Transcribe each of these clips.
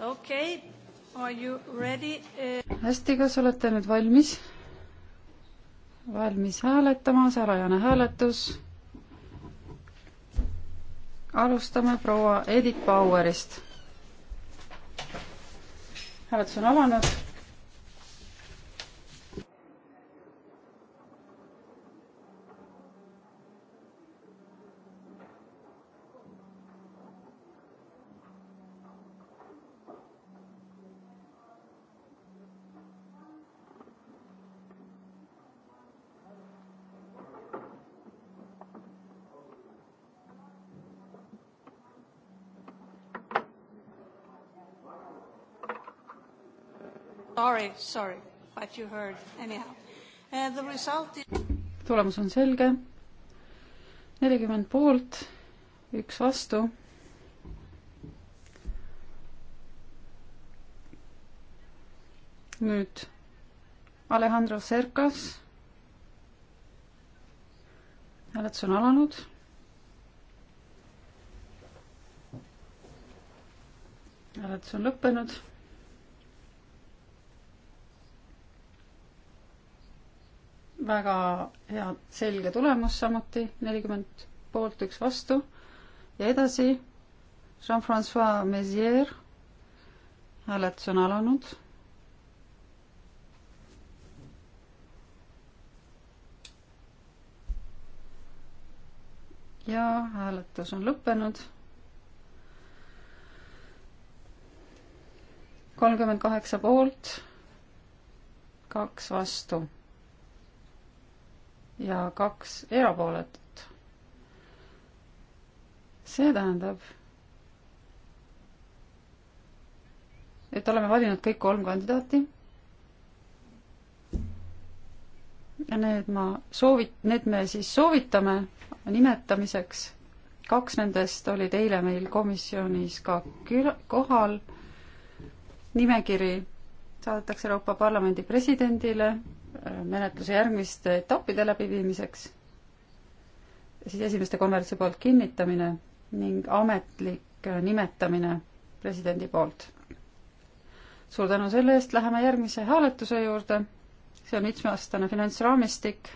okei okay., are you ready uh...? hästi, kas olete nüüd valmis? valmis hääletama, salajane hääletus. alustame proua Edith Bauerist. hääletus on alanud Sorry, sorry, what you heard anyhow uh,. The result is tulemus on selge. nelikümmend poolt, üks vastu. nüüd Alejandro Serkas. hääletus on alanud hääletus on lõppenud väga hea selge tulemus samuti, nelikümmend poolt, üks vastu ja edasi Jean-Francois Mezier, hääletus on alanud. ja hääletus on lõppenud. kolmkümmend kaheksa poolt, kaks vastu ja kaks erapooletut. see tähendab, et oleme valinud kõik kolm kandidaati. ja need ma soovit-, need me siis soovitame nimetamiseks. kaks nendest olid eile meil komisjonis ka küla-, kohal. nimekiri saadetakse Euroopa Parlamendi presidendile Äh, menetluse järgmiste etappide läbiviimiseks, siis esimeste konverentsi poolt kinnitamine ning ametlik äh, nimetamine presidendi poolt. suur tänu selle eest, läheme järgmise hääletuse juurde, see on mitmeaastane finantsraamistik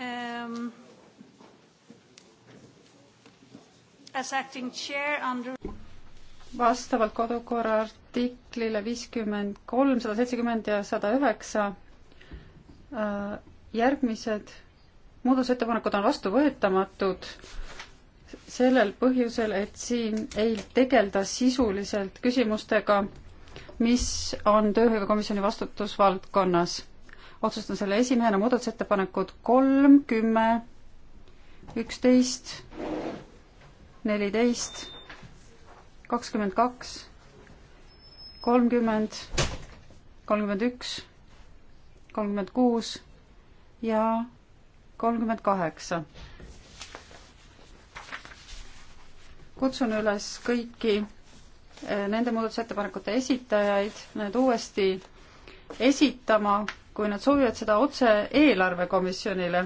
um,. as acting chair under vastavalt kodukorra artiklile viiskümmend kolm, sada seitsekümmend ja sada üheksa äh, järgmised muudatusettepanekud on vastuvõetamatud sellel põhjusel, et siin ei tegelda sisuliselt küsimustega, mis on Tööhõivekomisjoni vastutusvaldkonnas. otsustan selle esimehena muudatusettepanekud kolm, kümme, üksteist, neliteist, kakskümmend kaks, kolmkümmend, kolmkümmend üks, kolmkümmend kuus ja kolmkümmend kaheksa. kutsun üles kõiki eh, nende muudatusettepanekute esitajaid need uuesti esitama, kui nad soovivad seda otse eelarvekomisjonile,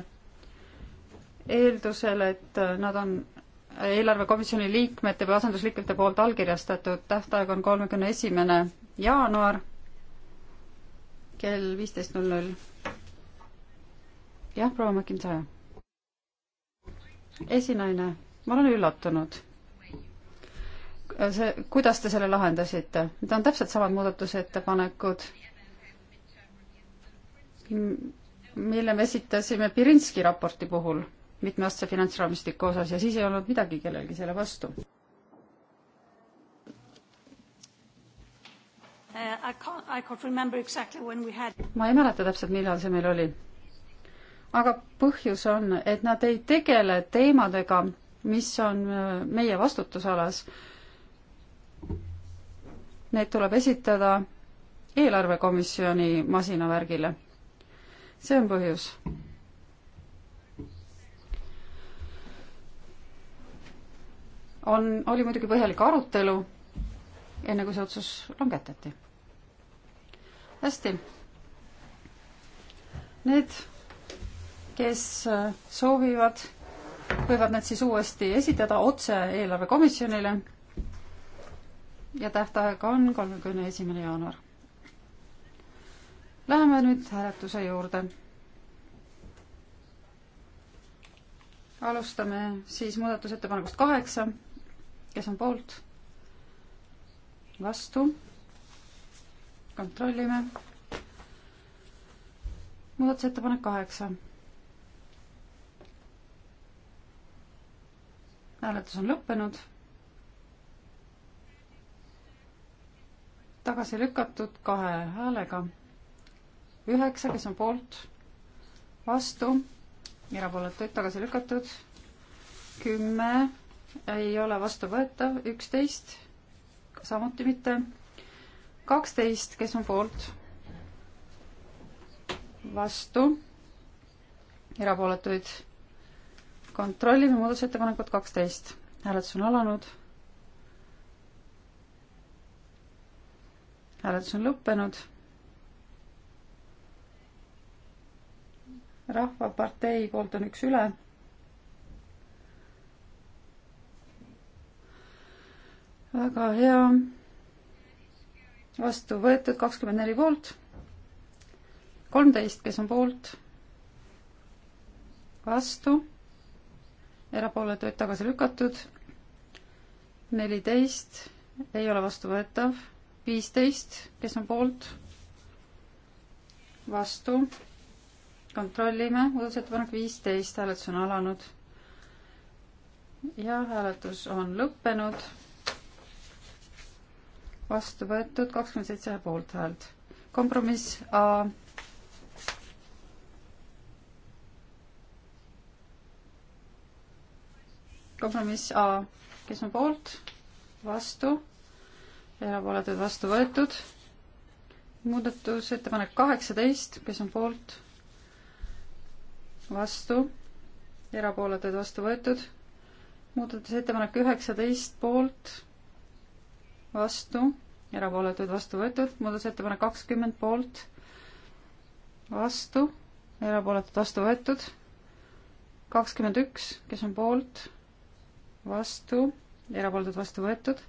eeldusel, et nad on eelarvekomisjoni liikmete või asendusliikmete poolt allkirjastatud, tähtaeg on kolmekümne esimene jaanuar kell viisteist null null. jah, proua Mäkinsaja. esinaine, ma olen üllatunud. see, kuidas te selle lahendasite? Need on täpselt samad muudatusettepanekud, mille me esitasime Pirinski raporti puhul mitmeaastase finantsraamistiku osas ja siis ei olnud midagi kellelgi selle vastu. Uh, ma ei mäleta täpselt, millal see meil oli. aga põhjus on, et nad ei tegele teemadega, mis on uh, meie vastutusalas. Need tuleb esitada eelarvekomisjoni masinavärgile. see on põhjus on, oli muidugi põhjalik arutelu, enne kui see otsus langetati. hästi. Need, kes äh, soovivad, võivad need siis uuesti esitada otse eelarvekomisjonile ja tähtaeg on kolmekümne esimene jaanuar. Läheme nüüd hääletuse juurde. alustame siis muudatusettepanekust kaheksa kes on poolt? vastu. kontrollime. muudatusettepanek kaheksa. hääletus on lõppenud. tagasi lükatud kahe häälega. üheksa, kes on poolt, vastu, erapooletuid tagasi lükatud. kümme ei ole vastuvõetav, üksteist samuti mitte, kaksteist, kes on poolt, vastu, erapooletuid kontrollime muudatusettepanekut kaksteist, hääletus on alanud hääletus on lõppenud. rahvapartei poolt on üks üle väga hea. vastu võetud kakskümmend neli poolt. kolmteist, kes on poolt? vastu. erapooletuid tagasi lükatud. neliteist ei ole vastuvõetav. viisteist, kes on poolt? vastu. kontrollime, muudatusettepanek viisteist, hääletus on alanud. ja hääletus on lõppenud vastu võetud kakskümmend seitse poolthäält. kompromiss A. kompromiss A, kes on poolt, vastu, erapooletud, vastu võetud. muudatusettepanek kaheksateist, kes on poolt, vastu, erapooletud, vastu võetud. muudatusettepanek üheksateist poolt vastu, erapooletud, vastu võetud, muudatusettepanek kakskümmend poolt, vastu, erapooletud, vastu võetud, kakskümmend üks, kes on poolt, vastu, erapooletud, vastu võetud,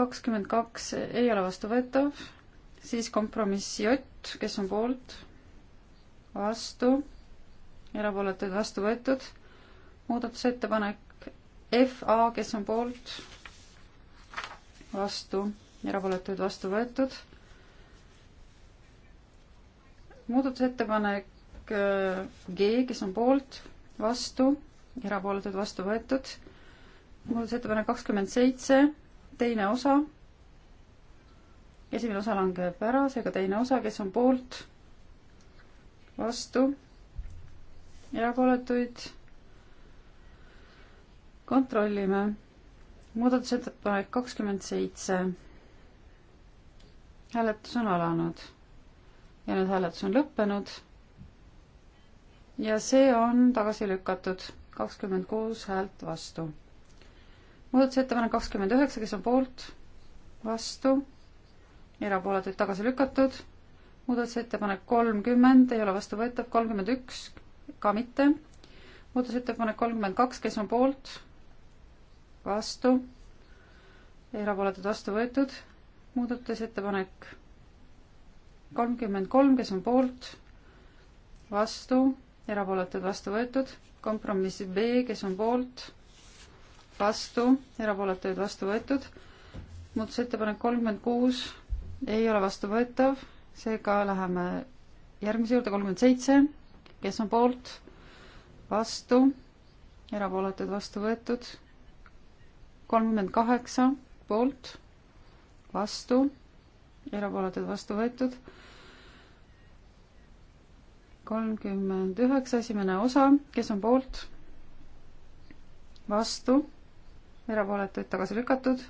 kakskümmend kaks ei ole vastuvõetav, siis kompromiss J, kes on poolt, vastu, erapooletud, vastu võetud, muudatusettepanek FA, kes on poolt, vastu, erapooletuid vastu võetud. muudatusettepanek äh, G, kes on poolt, vastu, erapooletuid vastu võetud. muudatusettepanek kakskümmend seitse, teine osa. esimene osa langeb ära, seega teine osa, kes on poolt, vastu, erapooletuid kontrollime muudatusettepanek kakskümmend seitse. hääletus on alanud ja nüüd hääletus on lõppenud. ja see on tagasi lükatud, kakskümmend kuus häält vastu. muudatusettepanek kakskümmend üheksa, kes on poolt, vastu, erapooletuid tagasi lükatud. muudatusettepanek kolmkümmend ei ole vastuvõetav, kolmkümmend üks ka mitte. muudatusettepanek kolmkümmend kaks, kes on poolt vastu, erapooletud vastu võetud, muudatusettepanek kolmkümmend kolm, kes on poolt, vastu, erapooletud vastu võetud, kompromiss B, kes on poolt, vastu, erapooletuid vastu võetud, muudatusettepanek kolmkümmend kuus ei ole vastuvõetav, seega läheme järgmise juurde, kolmkümmend seitse, kes on poolt, vastu, erapooletuid vastu võetud kolmkümmend kaheksa poolt, vastu, erapooletud vastu võetud. kolmkümmend üheksa, esimene osa, kes on poolt, vastu, erapooletuid tagasi lükatud.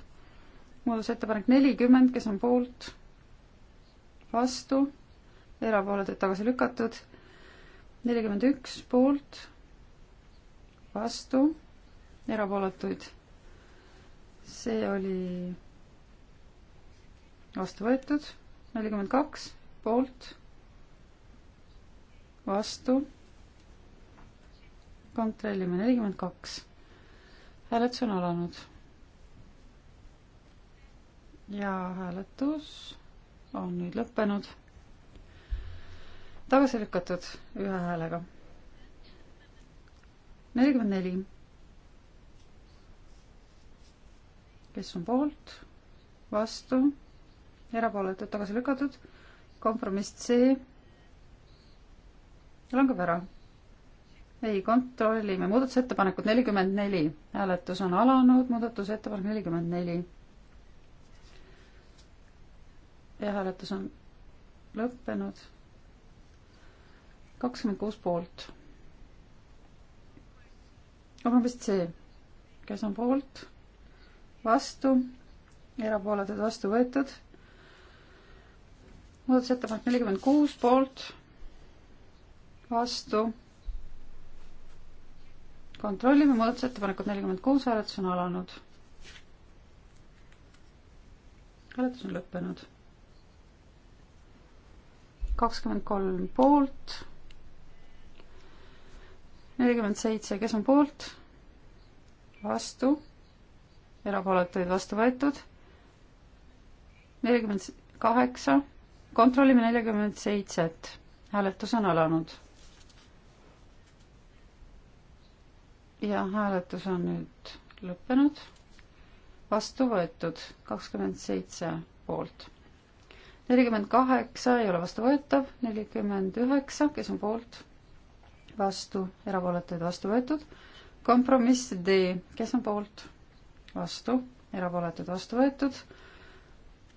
muudatusettepanek nelikümmend, kes on poolt, vastu, erapooletuid tagasi lükatud. nelikümmend üks poolt, vastu, erapooletuid see oli vastu võetud, nelikümmend kaks poolt, vastu, kontrollime, nelikümmend kaks. hääletus on alanud. ja hääletus on nüüd lõppenud. tagasi lükatud ühe häälega. nelikümmend neli kes on poolt, vastu, erapooletud, tagasi lükatud, kompromiss C langeb ära. ei, kontrollime muudatusettepanekut nelikümmend neli, hääletus on alanud, muudatusettepanek nelikümmend neli. ja hääletus on lõppenud. kakskümmend kuus poolt. kompromiss C, kes on poolt? vastu, erapooletud vastu võetud. muudatusettepanek nelikümmend kuus poolt, vastu. kontrollime muudatusettepanekut nelikümmend kuus, hääletus on alanud. hääletus on lõppenud. kakskümmend kolm poolt, nelikümmend seitse, kes on poolt? vastu erapooletuid vastu võetud. nelikümmend kaheksa, kontrollime nelikümmend seitset, hääletus on alanud. ja hääletus on nüüd lõppenud, vastu võetud kakskümmend seitse poolt nelikümmend kaheksa ei ole vastuvõetav, nelikümmend üheksa, kes on poolt, vastu, erapooletuid vastu võetud. kompromiss D, kes on poolt, vastu, erapooletud, vastu võetud.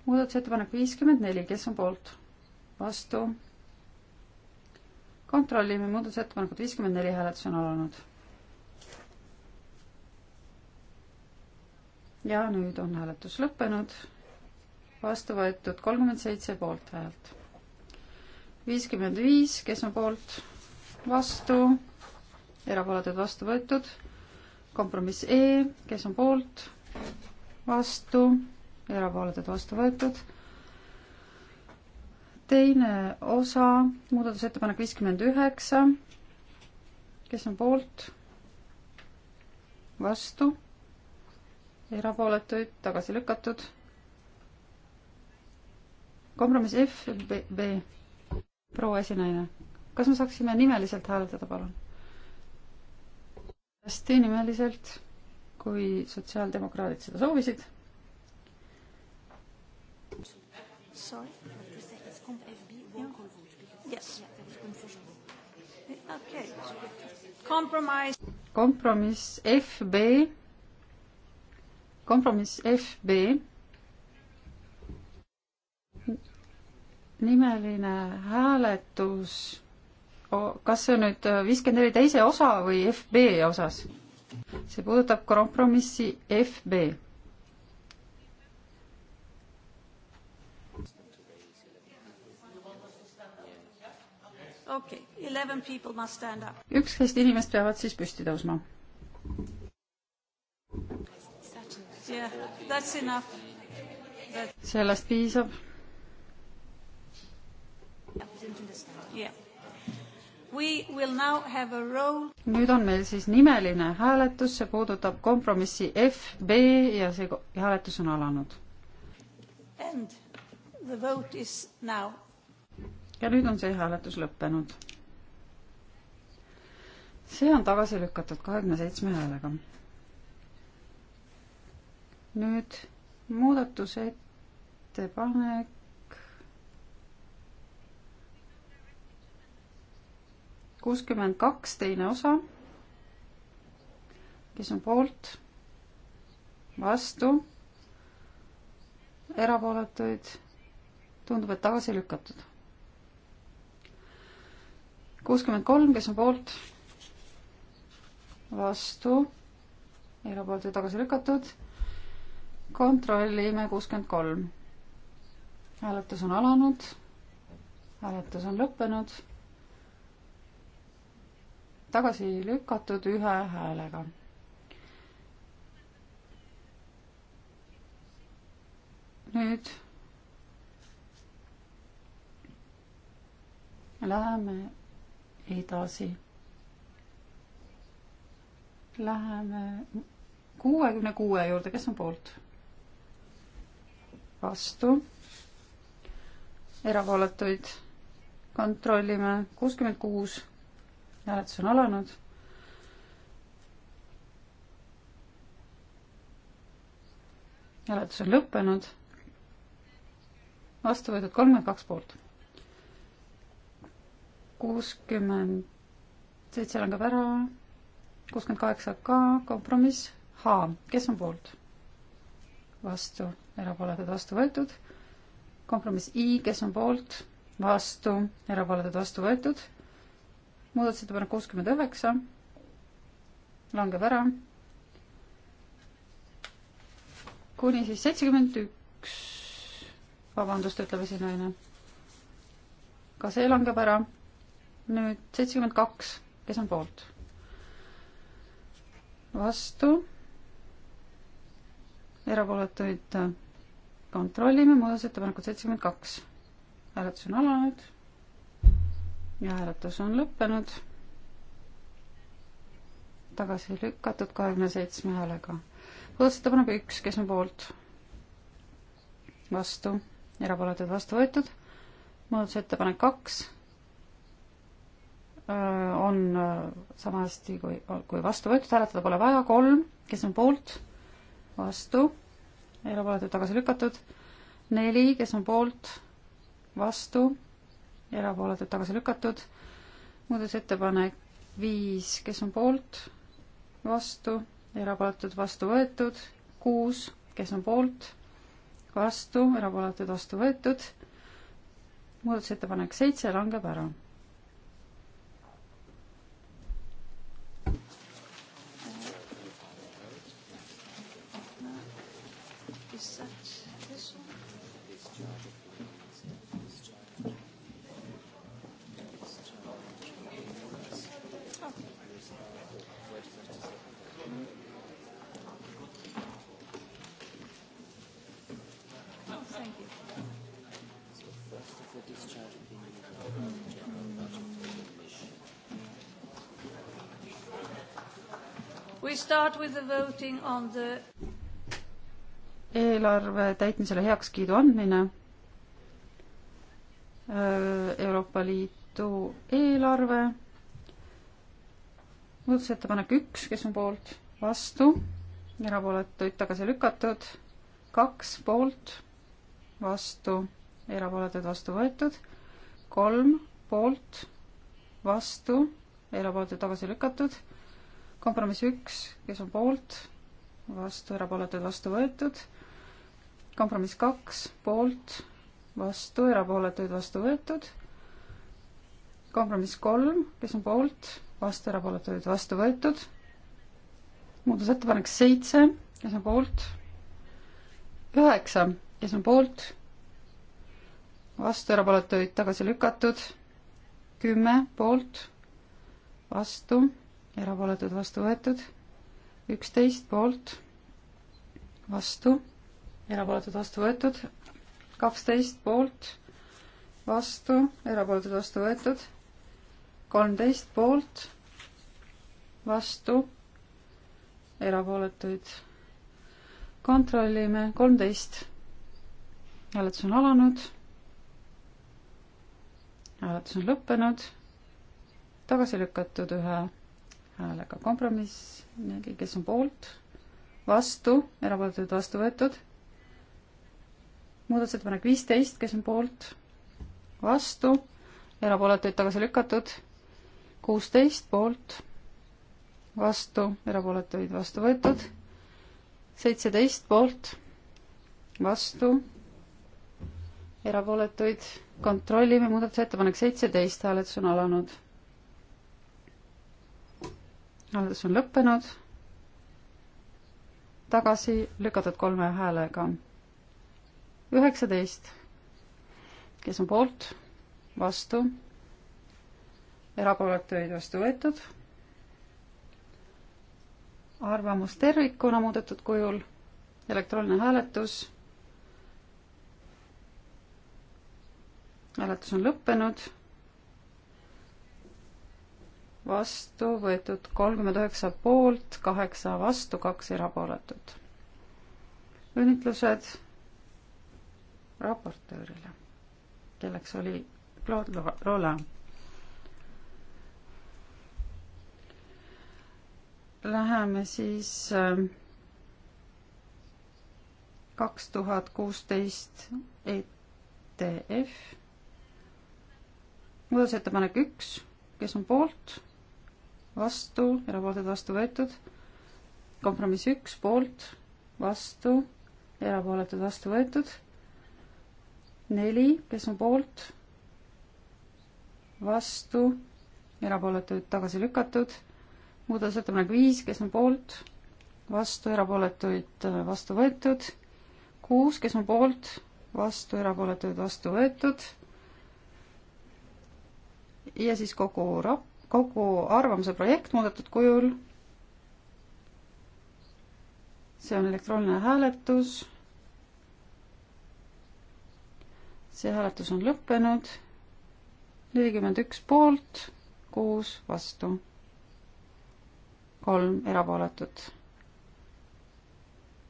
muudatusettepanek viiskümmend neli, kes on poolt, vastu. kontrollime muudatusettepanekut viiskümmend neli, hääletus on alanud. ja nüüd on hääletus lõppenud. vastu võetud kolmkümmend seitse poolthäält. viiskümmend viis, kes on poolt, vastu, erapooletud, vastu võetud kompromiss E, kes on poolt, vastu, erapooletud, vastu võetud. teine osa, muudatusettepanek viiskümmend üheksa, kes on poolt, vastu, erapooletuid, tagasi lükatud. kompromiss F, B, B, proua esinaine, kas me saaksime nimeliselt hääletada, palun? hästi nimeliselt, kui sotsiaaldemokraadid seda soovisid. kompromiss FB, kompromiss FB, nimeline hääletus kas see on nüüd viiskümmend neli teise osa või FB osas? see puudutab kompromissi FB. üksteist inimest peavad siis püsti tõusma. sellest piisab. Yeah nüüd on meil siis nimeline hääletus, see puudutab kompromissi F, B ja see hääletus on alanud. ja nüüd on see hääletus lõppenud. see on tagasi lükatud kahekümne seitsme häälega. nüüd muudatusettepanek kuuskümmend kaks teine osa, kes on poolt, vastu, erapooletuid, tundub, et tagasi lükatud. kuuskümmend kolm, kes on poolt, vastu, erapooletuid tagasi lükatud, kontrollime kuuskümmend kolm. hääletus on alanud, hääletus on lõppenud tagasi lükatud ühe häälega. nüüd läheme edasi. Läheme kuuekümne kuue juurde, kes on poolt? vastu. erapooletuid kontrollime kuuskümmend kuus hääletus on alanud. hääletus on lõppenud. vastu võetud kolmkümmend kaks poolt. kuuskümmend seitse langeb ära, kuuskümmend kaheksa ka, kompromiss H, kes on poolt? vastu, erapooletud, vastu võetud. kompromiss I, kes on poolt? vastu, erapooletud, vastu võetud muudatusettepanek kuuskümmend üheksa langeb ära. kuni siis seitsekümmend üks, vabandust, ütleb esinaine. ka see langeb ära. nüüd seitsekümmend kaks, kes on poolt? vastu. erapooletuid äh, kontrollime, muudatusettepanekud seitsekümmend kaks. hääletus on alanud ja hääletus on lõppenud. tagasi lükatud kahekümne seitsme häälega. muudatusettepanek üks, kes on poolt? vastu, erapooletud vastu võetud. muudatusettepanek kaks on sama hästi kui, kui vastu võetud, hääletada pole vaja, kolm, kes on poolt, vastu, erapooletud tagasi lükatud, neli, kes on poolt, vastu, erapooletud tagasi lükatud. muudatusettepanek viis, kes on poolt, vastu, erapooletud vastu võetud, kuus, kes on poolt, vastu, erapooletud vastu võetud. muudatusettepanek seitse langeb ära the... eelarve täitmisele heakskiidu andmine. Äh, Euroopa Liidu eelarve. muudatusettepanek üks, kes on poolt, vastu, erapooletuid tagasi lükatud, kaks poolt, vastu, erapooletud vastu võetud, kolm poolt, vastu, erapooletud tagasi lükatud kompromiss üks, kes on poolt, vastu, erapooletud, vastu võetud. kompromiss kaks, poolt, vastu, erapooletud, vastu võetud. kompromiss kolm, kes on poolt, vastu, erapooletud, vastu võetud. muudatusettepanek seitse, kes on poolt. üheksa, kes on poolt, vastu, erapooletuid tagasi lükatud. kümme poolt, vastu erapooletud vastu võetud, üksteist poolt, vastu, erapooletud vastu võetud, kaksteist poolt, vastu, erapooletud vastu võetud, kolmteist poolt, vastu, erapooletuid kontrollime, kolmteist. hääletus on alanud. hääletus on lõppenud, tagasi lükatud ühe häälega kompromiss, kes on poolt, vastu, erapooletud vastu võetud. muudatusettepanek viisteist, kes on poolt, vastu, erapooletuid tagasi lükatud, kuusteist poolt, vastu, erapooletuid vastu võetud, seitseteist poolt, vastu, erapooletuid kontrollime, muudatusettepanek seitseteist, hääletus on alanud hääletus on lõppenud. tagasi lükatud kolme häälega. üheksateist, kes on poolt, vastu, erapooletuid vastu võetud. arvamus tervikuna muudetud kujul, elektrooniline hääletus hääletus on lõppenud vastu võetud kolmkümmend üheksa poolt, kaheksa vastu, kaks erapooletut. õnnitlused raportöörile, kelleks oli Claude Roland. Läheme siis äh, kaks tuhat kuusteist ETF muudatusettepanek üks, kes on poolt vastu, erapooletud vastu võetud. kompromiss üks poolt, vastu, erapooletud vastu võetud. neli, kes on poolt, vastu, erapooletuid tagasi lükatud. muudatusettepanek viis, kes on poolt, vastu, erapooletuid äh, vastu võetud. kuus, kes on poolt, vastu, erapooletuid vastu võetud. ja siis kogu rap-, kogu arvamuse projekt muudetud kujul. see on elektrooniline hääletus. see hääletus on lõppenud. nelikümmend üks poolt, kuus vastu, kolm erapooletut.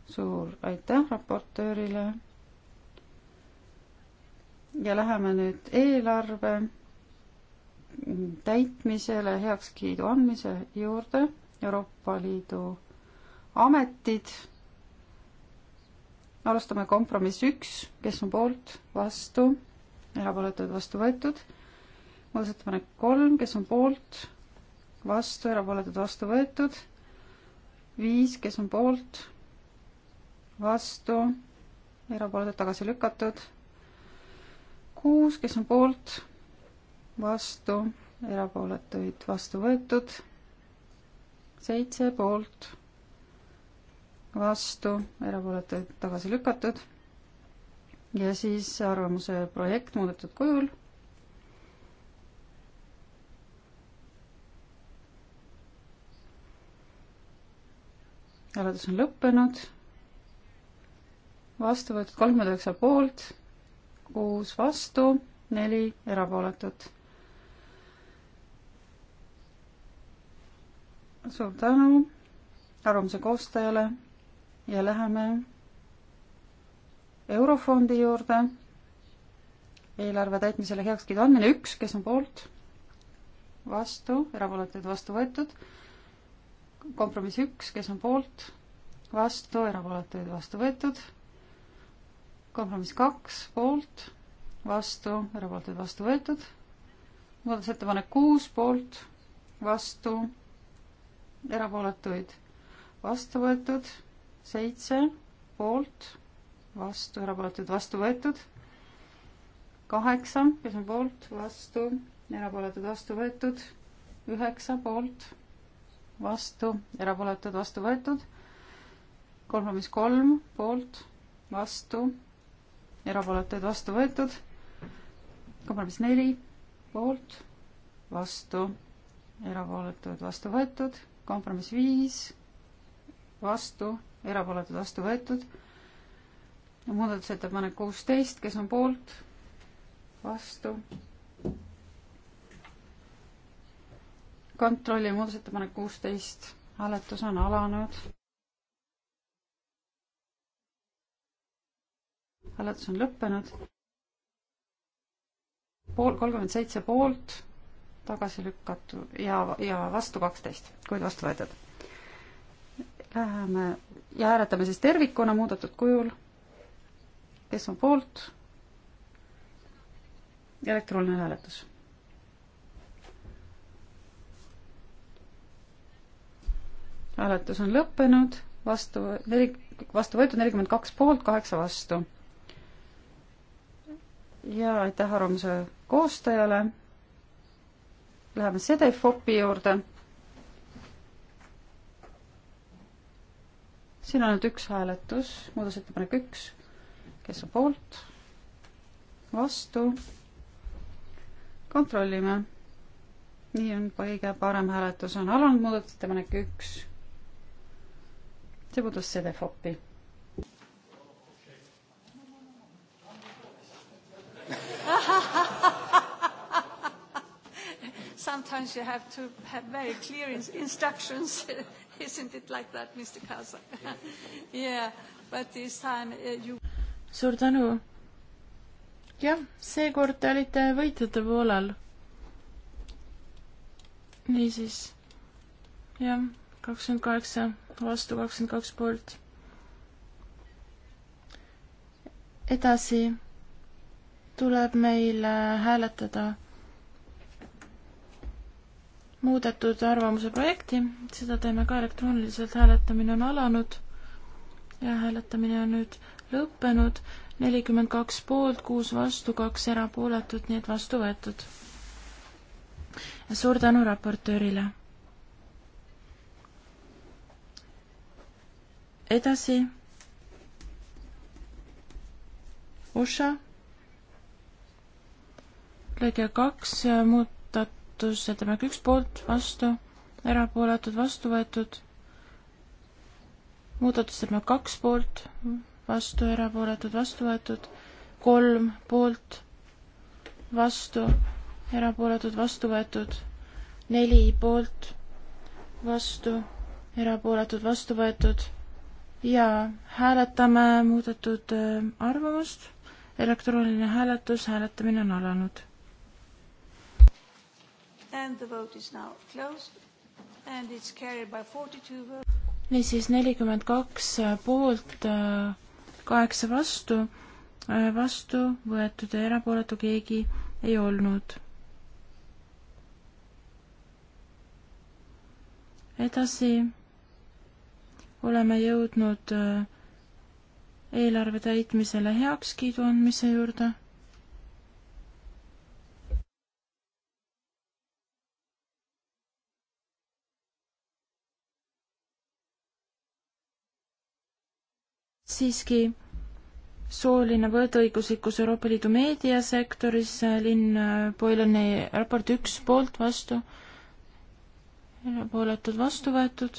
suur aitäh raportöörile. ja läheme nüüd eelarve täitmisele heakskiidu andmise juurde Euroopa Liidu ametid. alustame kompromiss üks, kes on poolt, vastu, erapooletud, vastu võetud. muudatusettepanek kolm, kes on poolt, vastu, erapooletud, vastu võetud. viis, kes on poolt, vastu, erapooletud, tagasi lükatud. kuus, kes on poolt vastu, erapooletuid vastu võetud, seitse poolt, vastu, erapooletuid tagasi lükatud ja siis arvamuse projekt muudetud kujul. hääletus on lõppenud, vastu võetud kolmkümmend üheksa poolt, kuus vastu, neli erapooletut suur tänu arvamuse koostajale ja läheme Eurofondi juurde. eelarve täitmisele heakskiidu andmine üks, kes on poolt, vastu, erapooletuid vastu võetud. kompromiss üks, kes on poolt, vastu, erapooletuid vastu võetud. kompromiss kaks, poolt, vastu, erapooletuid vastu võetud. muudatusettepanek kuus, poolt, vastu, erapooletuid vastu võetud, seitse poolt, vastu, erapooletuid vastu võetud, kaheksa, kes on poolt, vastu, erapooletud vastu võetud, üheksa poolt, vastu, erapooletud vastu võetud, kompromiss kolm poolt, vastu, erapooletuid vastu võetud, kompromiss neli poolt, vastu, erapooletuid vastu võetud kompromiss viis, vastu, erapooletud, vastu võetud. muudatusettepanek kuusteist, kes on poolt, vastu. kontrolli muudatusettepanek kuusteist, hääletus on alanud. hääletus on lõppenud. pool, kolmkümmend seitse poolt tagasi lükatu- ja, ja vastu kaksteist, kuid vastu võetud. Läheme ja hääletame siis tervikuna muudetud kujul. kes on poolt? elektrooniline hääletus. hääletus on lõppenud, vastu neli, vastu võetud nelikümmend kaks poolt, kaheksa vastu. ja aitäh arvamuse koostajale Läheme Sedefopi juurde. siin on ainult üks hääletus, muudatusettepanek üks, kes on poolt, vastu, kontrollime. nii on kõige parem hääletus on alanud, muudatusettepanek üks. see puudutas Sedefopi sometimes you have to have very clear in instructions. Isn't it like that, Mr. Kasa? yeah, but this time uh, you... Suur tänu. jah, seekord te olite võitjate poolel. niisiis, jah, kakskümmend kaheksa vastu kakskümmend kaks poolt. edasi tuleb meil äh, hääletada äh, muudetud arvamuse projekti, seda teeme ka elektrooniliselt, hääletamine on alanud ja hääletamine on nüüd lõppenud, nelikümmend kaks poolt, kuus vastu, kaks erapooletut, nii et vastu võetud. suur tänu raportöörile. edasi. Oša lõige kaks muud muudatusettepanek üks poolt, vastu, erapooletud, vastu võetud. muudatusettepanek kaks poolt, vastu, erapooletud, vastu võetud. kolm poolt, vastu, erapooletud, vastu võetud. neli poolt, vastu, erapooletud, vastu võetud. ja hääletame muudetud äh, arvamust. elektrooniline hääletus, hääletamine on alanud And the vote is now closed and it's carried by 42 votes. niisiis nelikümmend kaks äh, poolt, äh, kaheksa vastu, äh, vastu võetud ja erapooletu keegi ei olnud. edasi oleme jõudnud eelarve täitmisele heakskiidu andmise juurde siiski sooline võrdõiguslikkus Euroopa Liidu meediasektoris, Linn Boylani raport üks poolt vastu, erapooletud vastu võetud,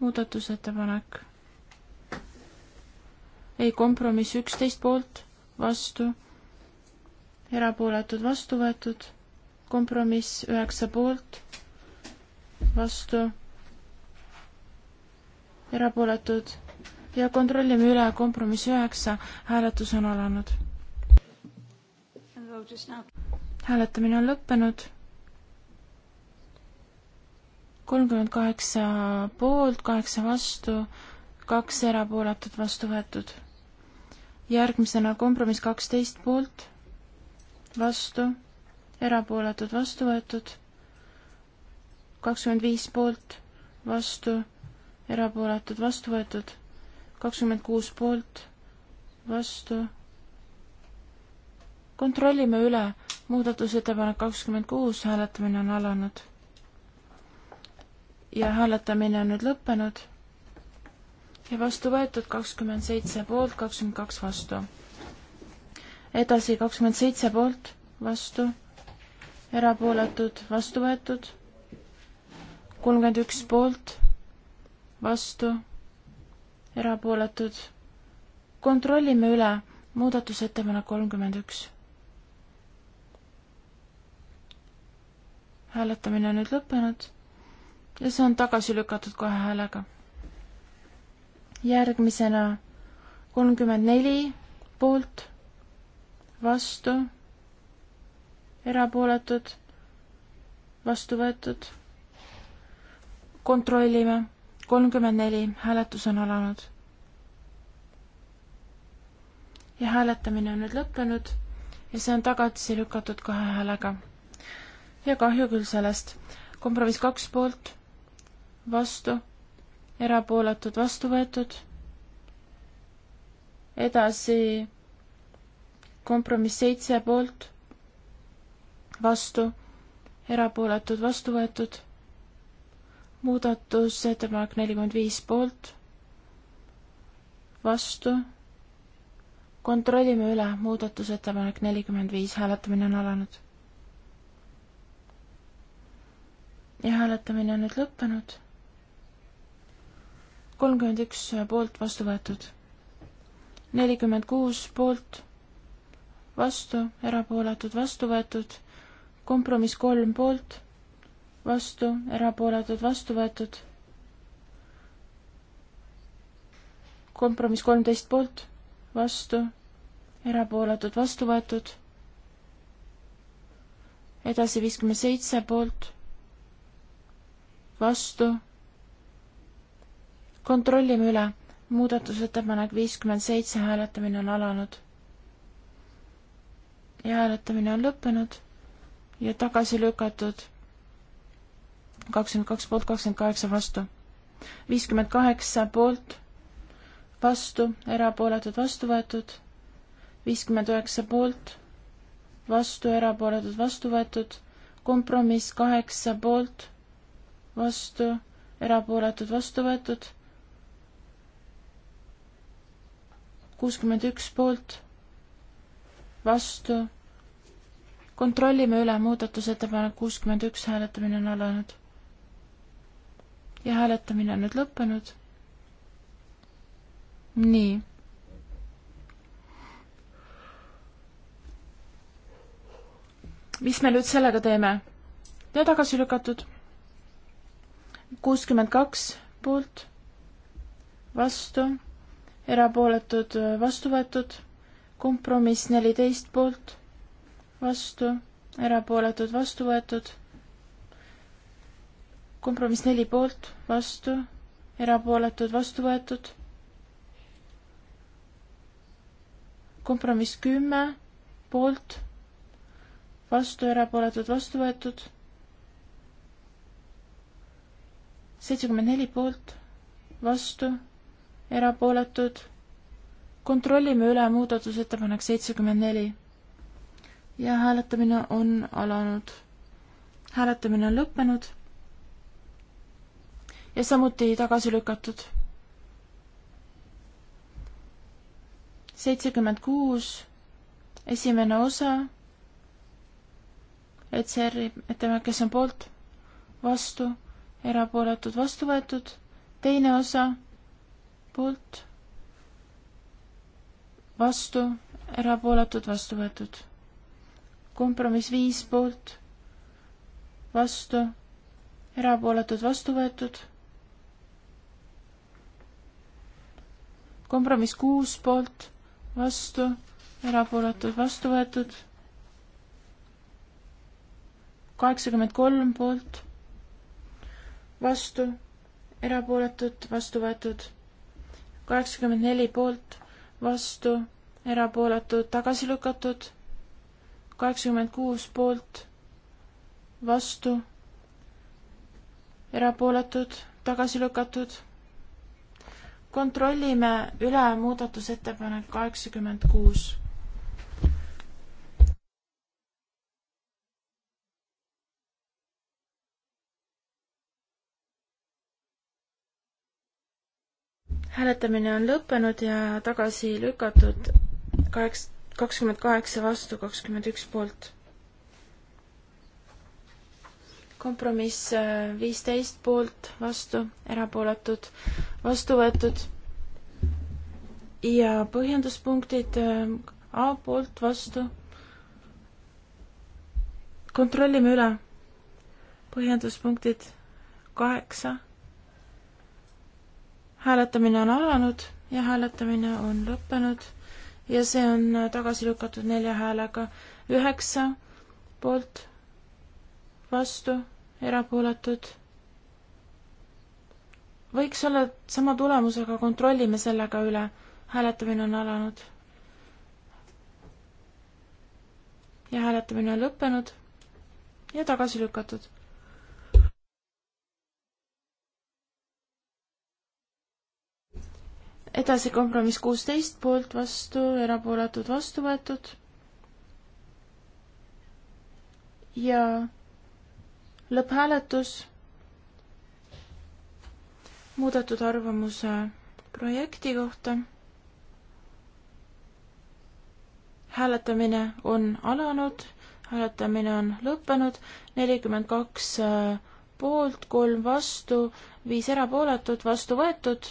muudatusettepanek. ei, kompromiss üksteist poolt vastu, erapooletud vastu võetud, kompromiss üheksa poolt vastu, erapooletud ja kontrollime üle kompromiss üheksa, hääletus on alanud. hääletamine on lõppenud. kolmkümmend kaheksa poolt, kaheksa vastu, kaks erapooletut vastu võetud. järgmisena kompromiss kaksteist poolt, vastu, erapooletud vastu võetud, kakskümmend viis poolt, vastu, erapooletud vastu võetud kakskümmend kuus poolt, vastu. kontrollime üle, muudatusettepanek kakskümmend kuus, hääletamine on alanud. ja hääletamine on nüüd lõppenud. ja vastu võetud kakskümmend seitse poolt, kakskümmend kaks vastu. edasi kakskümmend seitse poolt, vastu, erapooletud, vastu võetud, kolmkümmend üks poolt, vastu erapooletud. kontrollime üle, muudatusettepanek kolmkümmend üks. hääletamine on nüüd lõppenud ja see on tagasi lükatud kahe häälega. järgmisena kolmkümmend neli poolt, vastu, erapooletud, vastu võetud. kontrollime kolmkümmend neli, hääletus on alanud. ja hääletamine on nüüd lõppenud ja see on tagasi lükatud kahe häälega. ja kahju küll sellest. kompromiss kaks poolt, vastu, erapooletud, vastu võetud. edasi kompromiss seitse poolt, vastu, erapooletud, vastu võetud muudatusettepanek nelikümmend viis poolt, vastu. kontrollime üle, muudatusettepanek nelikümmend viis, hääletamine on alanud. ja hääletamine on nüüd lõppenud. kolmkümmend üks poolt vastu võetud, nelikümmend kuus poolt vastu, erapooletud vastu võetud, kompromiss kolm poolt vastu, erapooletud, vastu võetud. kompromiss kolmteist poolt, vastu, erapooletud, vastu võetud. edasi viiskümmend seitse poolt, vastu. kontrollime üle, muudatusettepanek viiskümmend seitse, hääletamine on alanud. ja hääletamine on lõppenud ja tagasi lükatud kakskümmend kaks poolt, kakskümmend kaheksa vastu. viiskümmend kaheksa poolt, vastu, erapooletud, vastu võetud. viiskümmend üheksa poolt, vastu, erapooletud, vastu võetud. kompromiss kaheksa poolt, vastu, erapooletud, vastu võetud. kuuskümmend üks poolt, vastu kontrollime üle muudatusettepanek kuuskümmend üks, hääletamine on alanud ja hääletamine on nüüd lõppenud. nii. mis me nüüd sellega teeme? ja tagasi lükatud. kuuskümmend kaks poolt, vastu, erapooletud, vastu võetud, kompromiss neliteist poolt, vastu, erapooletud, vastu võetud kompromiss neli poolt, vastu, erapooletud, vastu võetud. kompromiss kümme poolt, vastu, erapooletud, vastu võetud. seitsekümmend neli poolt, vastu, erapooletud. kontrollime üle muudatusettepanek seitsekümmend neli. ja hääletamine on alanud. hääletamine on lõppenud ja samuti tagasi lükatud. seitsekümmend kuus, esimene osa, et see, ütleme, kes on poolt, vastu, erapooletud, vastu võetud, teine osa, poolt, vastu, erapooletud, vastu võetud. kompromiss viis poolt, vastu, erapooletud, vastu võetud kompromiss kuus poolt, vastu, erapooletud, vastu võetud. kaheksakümmend kolm poolt, vastu, erapooletud, vastu võetud. kaheksakümmend neli poolt, vastu, erapooletud, tagasi lükatud. kaheksakümmend kuus poolt, vastu, erapooletud, tagasi lükatud kontrollime üle muudatusettepanek kaheksakümmend kuus. hääletamine on lõppenud ja tagasi lükatud kaheksa, kakskümmend kaheksa vastu, kakskümmend üks poolt kompromiss äh, viisteist poolt, vastu, erapooletud, vastu võetud. ja põhjenduspunktid äh, A poolt, vastu. kontrollime üle. põhjenduspunktid kaheksa. hääletamine on alanud ja hääletamine on lõppenud ja see on tagasi lükatud nelja häälega üheksa poolt vastu, erapooletud. võiks olla sama tulemus, aga kontrollime selle ka üle. hääletamine on alanud. ja hääletamine on lõppenud ja tagasi lükatud edasi kompromiss kuusteist poolt vastu, erapooletud vastu võetud. ja lõpphääletus muudetud arvamuse projekti kohta. hääletamine on alanud, hääletamine on lõppenud, nelikümmend kaks äh, poolt, kolm vastu, viis erapooletut, vastu võetud.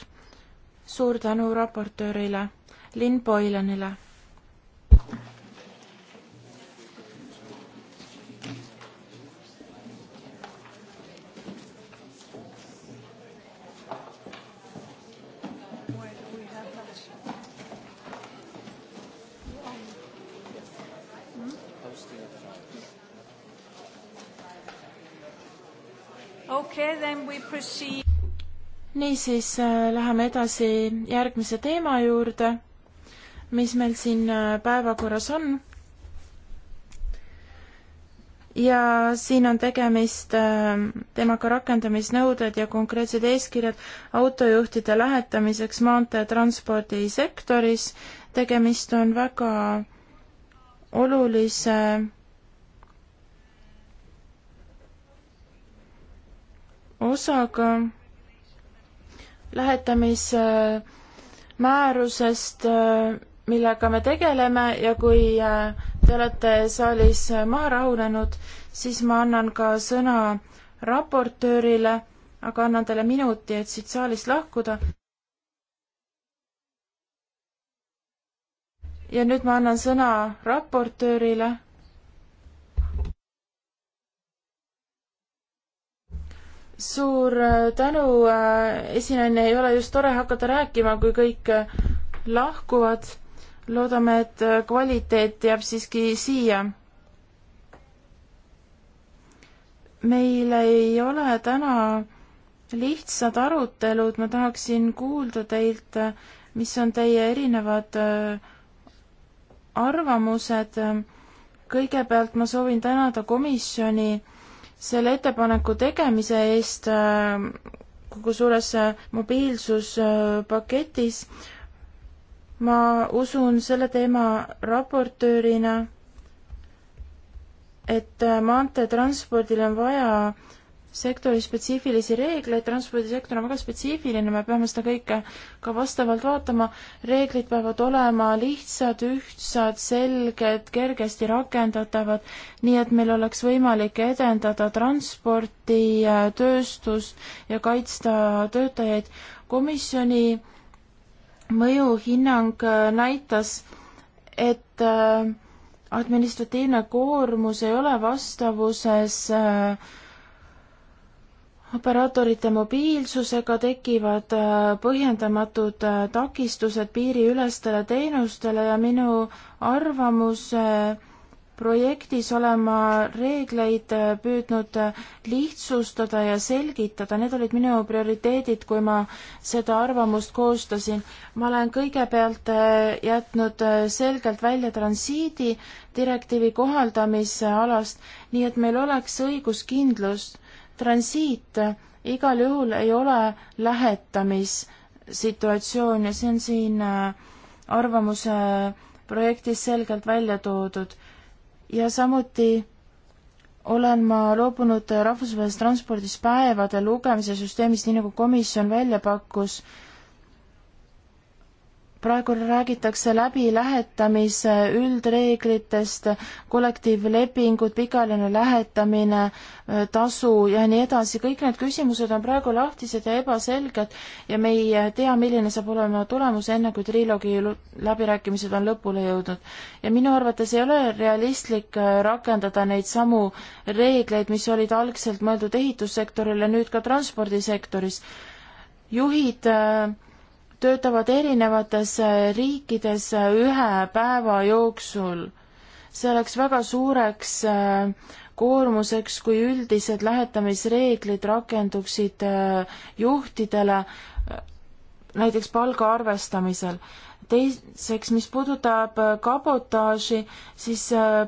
suur tänu raportöörile Lynn Boylanile okay,. niisiis äh, läheme edasi järgmise teema juurde, mis meil siin äh, päevakorras on. ja siin on tegemist äh, temaga rakendamisnõuded ja konkreetsed eeskirjad autojuhtide lähetamiseks maanteetranspordisektoris. tegemist on väga olulise osaga lähetamismäärusest, millega me tegeleme ja kui äh, te olete saalis äh, maha rahunenud, siis ma annan ka sõna raportöörile, aga annan talle minuti, et siit saalist lahkuda. ja nüüd ma annan sõna raportöörile suur äh, tänu, äh, esinaine, ei ole just tore hakata rääkima, kui kõik äh, lahkuvad. loodame, et kvaliteet jääb siiski siia. meil ei ole täna lihtsad arutelud, ma tahaksin kuulda teilt, mis on teie erinevad arvamused. kõigepealt ma soovin tänada komisjoni selle ettepaneku tegemise eest äh, kogu suures äh, mobiilsuspaketis. ma usun selle teema raportöörina, et äh, maanteetranspordil on vaja sektorispetsiifilisi reegleid, transpordisektor on väga spetsiifiline, me peame seda kõike ka vastavalt vaatama, reeglid peavad olema lihtsad, ühtsad, selged, kergesti rakendatavad, nii et meil oleks võimalik edendada transporti, tööstust ja kaitsta töötajaid. komisjoni mõjuhinnang äh, näitas, et äh, administratiivne koormus ei ole vastavuses äh, operaatorite mobiilsusega tekivad äh, põhjendamatud äh, takistused piiriülestele teenustele ja minu arvamuse projektis olema reegleid äh, püüdnud lihtsustada ja selgitada, need olid minu prioriteedid, kui ma seda arvamust koostasin. ma olen kõigepealt jätnud selgelt välja transiidi direktiivi kohaldamisalast, nii et meil oleks õiguskindlus transiit igal juhul ei ole lähetamissituatsioon ja see on siin äh, arvamuse äh, projektis selgelt välja toodud. ja samuti olen ma loobunud äh, rahvusvahelises transpordis päevade lugemise süsteemist, nii nagu komisjon välja pakkus praegu räägitakse läbi lähetamise üldreeglitest, kollektiivlepingud, pikaajaline lähetamine, tasu ja nii edasi, kõik need küsimused on praegu lahtised ja ebaselged ja me ei tea, milline saab olema tulemus, enne kui triloogi läbirääkimised on lõpule jõudnud. ja minu arvates ei ole realistlik rakendada neid samu reegleid, mis olid algselt mõeldud ehitussektorile, nüüd ka transpordisektoris. juhid äh, töötavad erinevates äh, riikides äh, ühe päeva jooksul. see oleks väga suureks äh, koormuseks, kui üldised lähetamisreeglid rakenduksid juhtidele näiteks palga arvestamisel. teiseks, mis puudutab kabotaaži, siis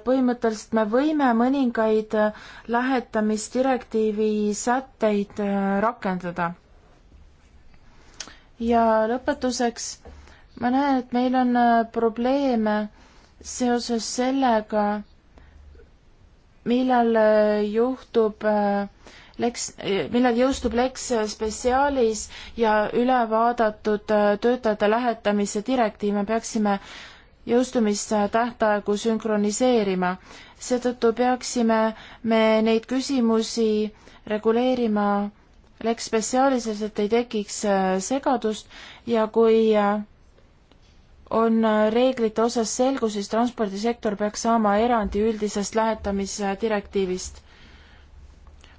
põhimõtteliselt me võime mõningaid lähetamisdirektiivi sätteid rakendada ja lõpetuseks ma näen, et meil on äh, probleeme seoses sellega, millal äh, juhtub äh, Lex, millal jõustub Lex Specialis ja ülevaadatud töötajate lähetamise direktiiv, me peaksime jõustumistähtaegu sünkroniseerima. seetõttu peaksime me neid küsimusi reguleerima Lex Specialises, et ei tekiks äh, segadust ja kui äh, on äh, reeglite osas selgus, siis transpordisektor peaks saama erandi üldisest lähetamisdirektiivist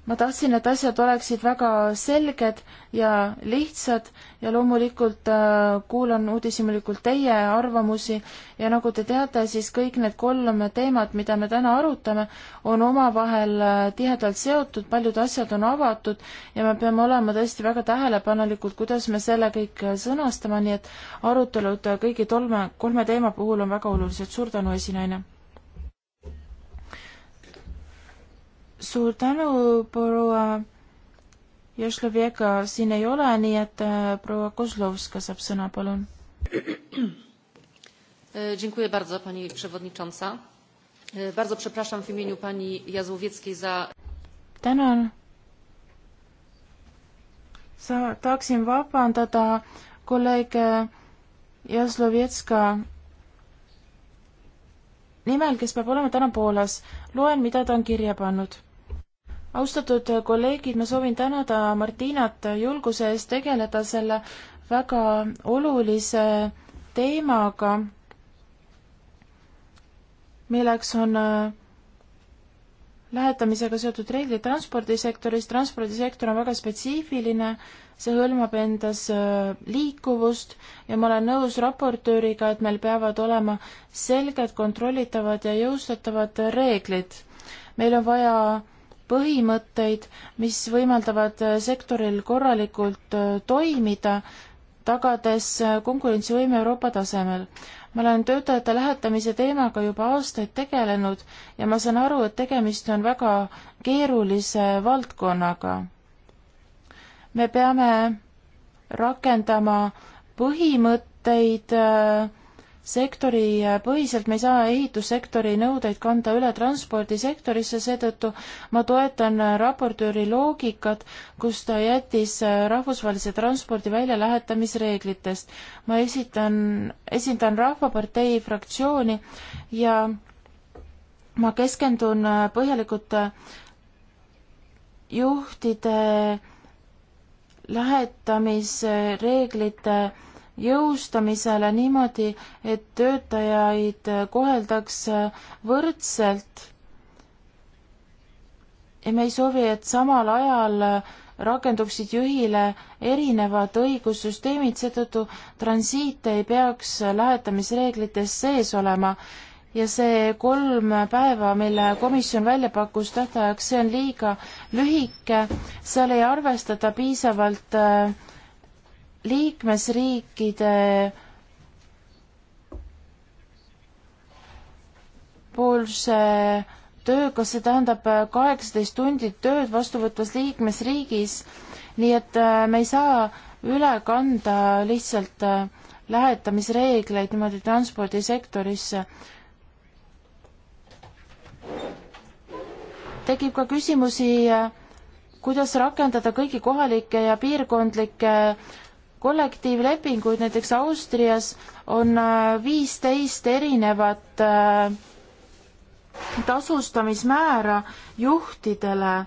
ma tahtsin, et asjad oleksid väga selged ja lihtsad ja loomulikult äh, kuulan uudishimulikult teie arvamusi ja nagu te teate, siis kõik need kolm teemat, mida me täna arutame, on omavahel äh, tihedalt seotud, paljud asjad on avatud ja me peame olema tõesti väga tähelepanelikud, kuidas me selle kõik äh, sõnastame, nii et arutelud äh, kõigi tolme, kolme teema puhul on väga olulised. suur tänu, esinaine! suur tänu, proua Jošlovjega siin ei ole, nii et äh, proua Kozlovska saab sõna, palun. E, dziękuję bardzo pani przewodnicząca. E, bardzo przepraszam w imieniu pani Jazłowieckiej za Tänan. Sa tahaksin vabandada kolleeg Jazlovetska nimel, kes peab olema täna Poolas. loen, mida ta on kirja pannud austatud kolleegid, ma soovin tänada Martinat julguse eest tegeleda selle väga olulise teemaga, milleks on äh, lähetamisega seotud reeglid transpordisektoris. transpordisektor on väga spetsiifiline, see hõlmab endas äh, liikuvust ja ma olen nõus raportööriga, et meil peavad olema selged, kontrollitavad ja jõustatavad reeglid. meil on vaja põhimõtteid, mis võimaldavad äh, sektoril korralikult äh, toimida, tagades äh, konkurentsivõime Euroopa tasemel. ma olen töötajate lähetamise teemaga juba aastaid tegelenud ja ma saan aru, et tegemist on väga keerulise valdkonnaga. me peame rakendama põhimõtteid äh, sektoripõhiselt, äh, me ei saa ehitussektori nõudeid kanda üle transpordisektorisse, seetõttu ma toetan äh, raportööri loogikat, kus ta jättis äh, rahvusvahelise transpordi väljalähetamisreeglitest. ma esitan, esindan Rahvapartei fraktsiooni ja ma keskendun põhjalikult juhtide lähetamisreeglite jõustamisele niimoodi, et töötajaid koheldaks võrdselt. ja me ei soovi, et samal ajal rakenduksid juhile erinevad õigussüsteemid, seetõttu transiit ei peaks lähetamisreeglites sees olema. ja see kolm päeva, mille komisjon välja pakkus tähtajaks, see on liiga lühike, seal ei arvestata piisavalt äh, liikmesriikide poolse tööga, see tähendab kaheksateist tundi tööd vastuvõtvas liikmesriigis, nii et äh, me ei saa üle kanda lihtsalt äh, lähetamisreegleid niimoodi transpordisektorisse. tekib ka küsimusi, äh, kuidas rakendada kõigi kohalike ja piirkondlike kollektiivlepinguid, näiteks Austrias on äh, viisteist erinevat äh, tasustamismäära juhtidele.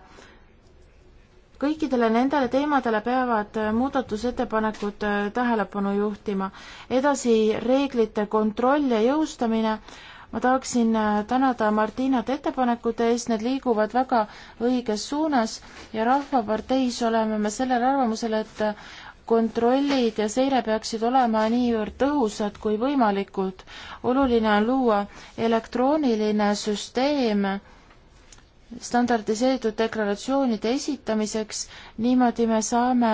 kõikidele nendele teemadele peavad äh, muudatusettepanekud tähelepanu juhtima. edasi reeglite kontroll ja jõustamine. ma tahaksin tänada Martinat ettepanekute eest, need liiguvad väga õiges suunas ja Rahvaparteis oleme me sellel arvamusel, et kontrollid ja seire peaksid olema niivõrd tõhusad kui võimalikud. oluline on luua elektrooniline süsteem standardiseeritud deklaratsioonide esitamiseks, niimoodi me saame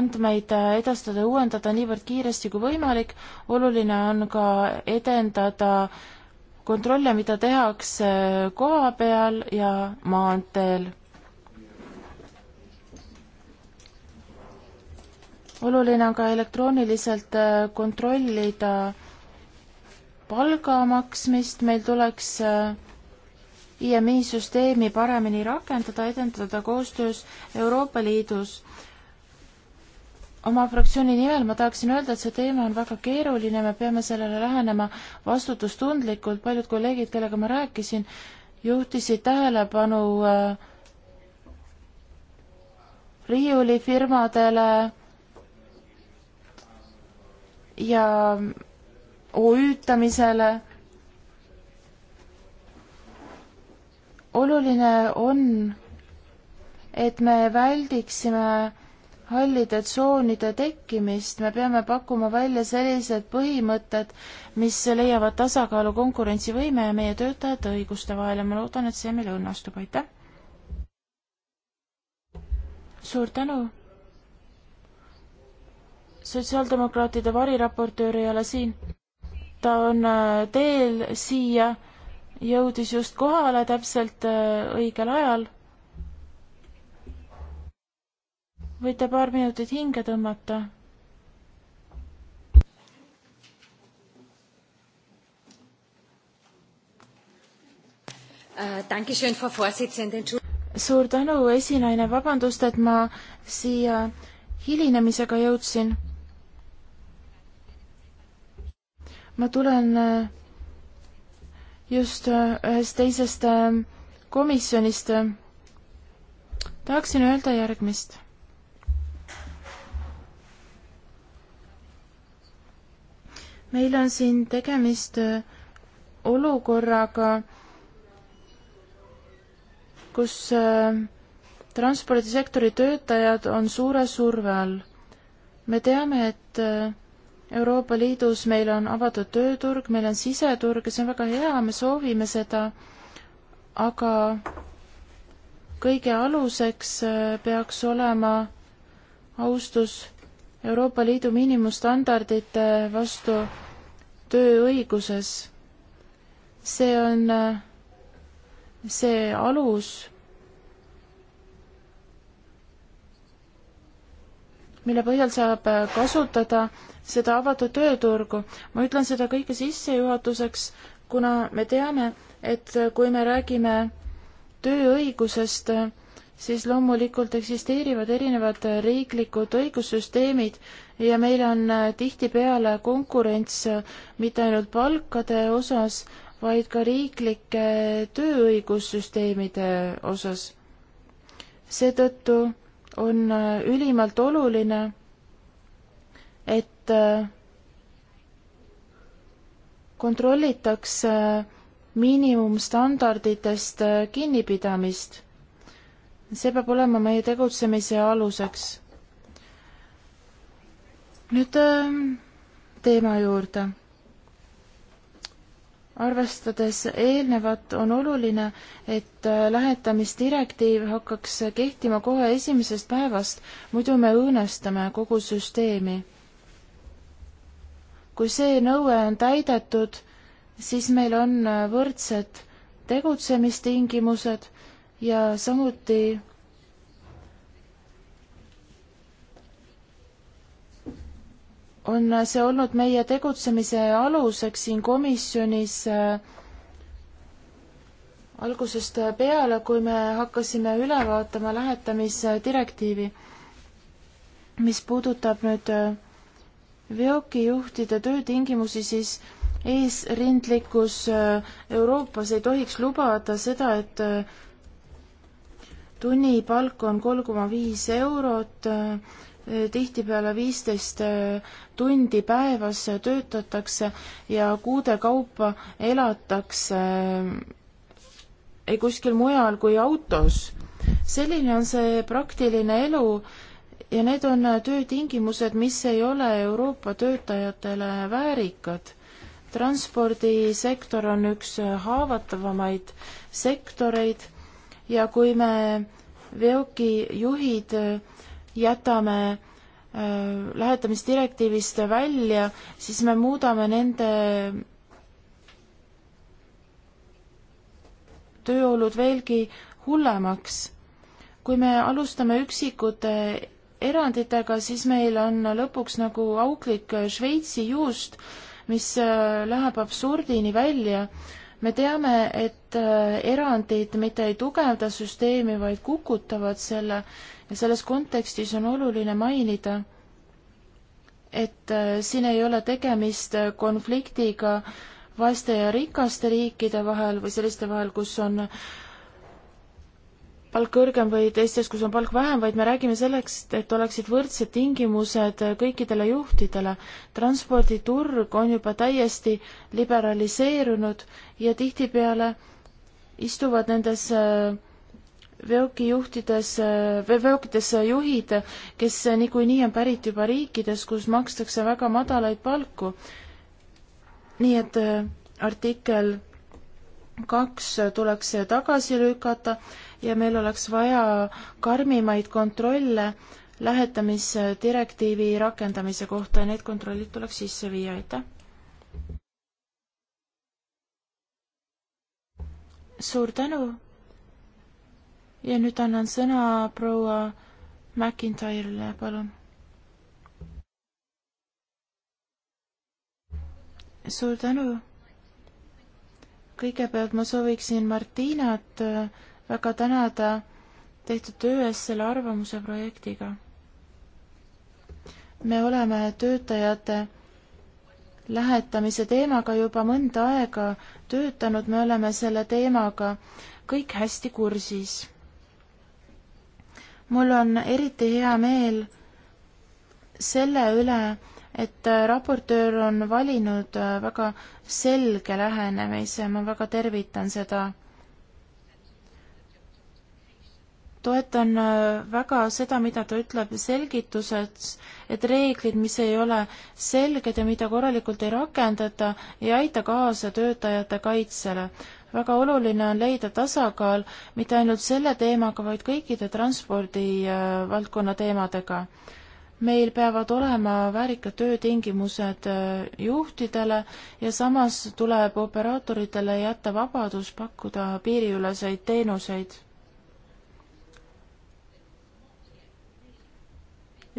andmeid edastada ja uuendada niivõrd kiiresti kui võimalik, oluline on ka edendada kontrolle, mida tehakse koha peal ja maanteel oluline on ka elektrooniliselt äh, kontrollida palga maksmist, meil tuleks IMI äh, süsteemi paremini rakendada, edendada koostöös Euroopa Liidus. oma fraktsiooni nimel ma tahaksin öelda, et see teema on väga keeruline, me peame sellele lähenema vastutustundlikult, paljud kolleegid, kellega ma rääkisin, juhtisid tähelepanu äh, riiulifirmadele ja OÜ-tamisele. oluline on, et me väldiksime hallide tsoonide tekkimist, me peame pakkuma välja sellised põhimõtted, mis leiavad tasakaalu konkurentsivõime ja meie töötajate õiguste vahel ja ma loodan, et see meil õnnestub, aitäh! suur tänu! sotsiaaldemokraatide variraportöör ei ole siin. ta on äh, teel siia, jõudis just kohale täpselt äh, õigel ajal. võite paar minutit hinge tõmmata äh, suur tänu, esinaine, vabandust, et ma siia hilinemisega jõudsin ma tulen äh, just äh, ühest teisest äh, komisjonist. tahaksin öelda järgmist. meil on siin tegemist olukorraga, kus transpordisektori töötajad on suure surve all. me teame, et Euroopa Liidus meil on avatud tööturg, meil on siseturg ja see on väga hea, me soovime seda, aga kõige aluseks äh, peaks olema austus Euroopa Liidu miinimumstandardite vastu tööõiguses. see on äh, see alus, mille põhjal saab äh, kasutada seda avatud tööturgu. ma ütlen seda kõike sissejuhatuseks, kuna me teame, et äh, kui me räägime tööõigusest, äh, siis loomulikult eksisteerivad erinevad riiklikud õigussüsteemid ja meil on tihtipeale konkurents mitte ainult palkade osas, vaid ka riiklike tööõigussüsteemide osas. seetõttu on äh, ülimalt oluline, et äh, kontrollitakse äh, miinimumstandarditest kinnipidamist. see peab olema meie tegutsemise aluseks. nüüd teema juurde arvestades eelnevat, on oluline, et äh, lähetamisdirektiiv hakkaks kehtima kohe esimesest päevast, muidu me õõnestame kogu süsteemi. kui see nõue on täidetud, siis meil on äh, võrdsed tegutsemistingimused ja samuti on see olnud meie tegutsemise aluseks siin komisjonis äh, algusest peale, kui me hakkasime üle vaatama lähetamisdirektiivi, mis puudutab nüüd äh, veokijuhtide töötingimusi, siis eesrindlikus äh, Euroopas ei tohiks lubada seda, et tunnipalk on kolm koma viis eurot tihtipeale viisteist äh, tundi päevas töötatakse ja kuude kaupa elatakse äh, ei kuskil mujal kui autos. selline on see praktiline elu ja need on äh, töötingimused, mis ei ole Euroopa töötajatele väärikad. transpordisektor on üks haavatavamaid sektoreid ja kui me veokijuhid jätame äh, lähetamisdirektiivist välja, siis me muudame nende tööolud veelgi hullemaks. kui me alustame üksikute eranditega, siis meil on lõpuks nagu auklik Šveitsi juust, mis äh, läheb absurdini välja me teame, et äh, erandid mitte ei tugevda süsteemi, vaid kukutavad selle ja selles kontekstis on oluline mainida, et äh, siin ei ole tegemist äh, konfliktiga vaeste ja rikaste riikide vahel või selliste vahel, kus on palk kõrgem või teistes, kus on palk vähem, vaid me räägime sellest, et oleksid võrdsed tingimused kõikidele juhtidele. transporditurg on juba täiesti liberaliseerunud ja tihtipeale istuvad nendes äh, veokijuhtides, äh, veokites äh, juhid, kes niikuinii on pärit juba riikides, kus makstakse väga madalaid palku. nii et artikkel kaks tuleks tagasi lükata ja meil oleks vaja karmimaid kontrolle lähetamisdirektiivi rakendamise kohta ja need kontrollid tuleks sisse viia, aitäh. suur tänu. ja nüüd annan sõna proua McIntyre'ile, palun. suur tänu kõigepealt ma sooviksin Martinat äh, väga tänada tehtud töö eest selle arvamuse projektiga. me oleme töötajate lähetamise teemaga juba mõnda aega töötanud, me oleme selle teemaga kõik hästi kursis. mul on eriti hea meel selle üle, et äh, raportöör on valinud äh, väga selge lähenemise, ma väga tervitan seda. toetan äh, väga seda, mida ta ütleb selgituseks, et reeglid, mis ei ole selged ja mida korralikult ei rakendata, ei aita kaasa töötajate kaitsele väga oluline on leida tasakaal mitte ainult selle teemaga, vaid kõikide transpordivaldkonna teemadega meil peavad olema väärikad töötingimused äh, juhtidele ja samas tuleb operaatoritele jätta vabadus pakkuda piiriüleseid teenuseid.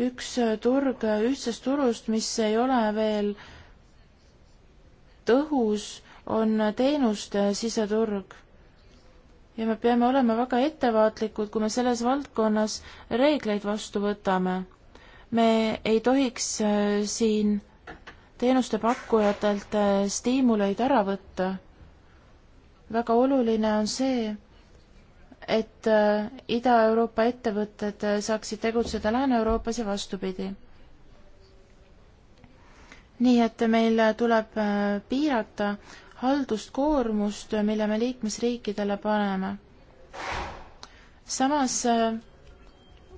üks äh, turg äh, ühtsest turust, mis ei ole veel tõhus, on teenuste siseturg ja me peame olema väga ettevaatlikud, kui me selles valdkonnas reegleid vastu võtame me ei tohiks äh, siin teenuste pakkujatelt äh, stiimuleid ära võtta. väga oluline on see, et äh, Ida-Euroopa ettevõtted saaksid tegutseda Lääne-Euroopas ja vastupidi. nii et meil tuleb piirata halduskoormust, mille me liikmesriikidele paneme. samas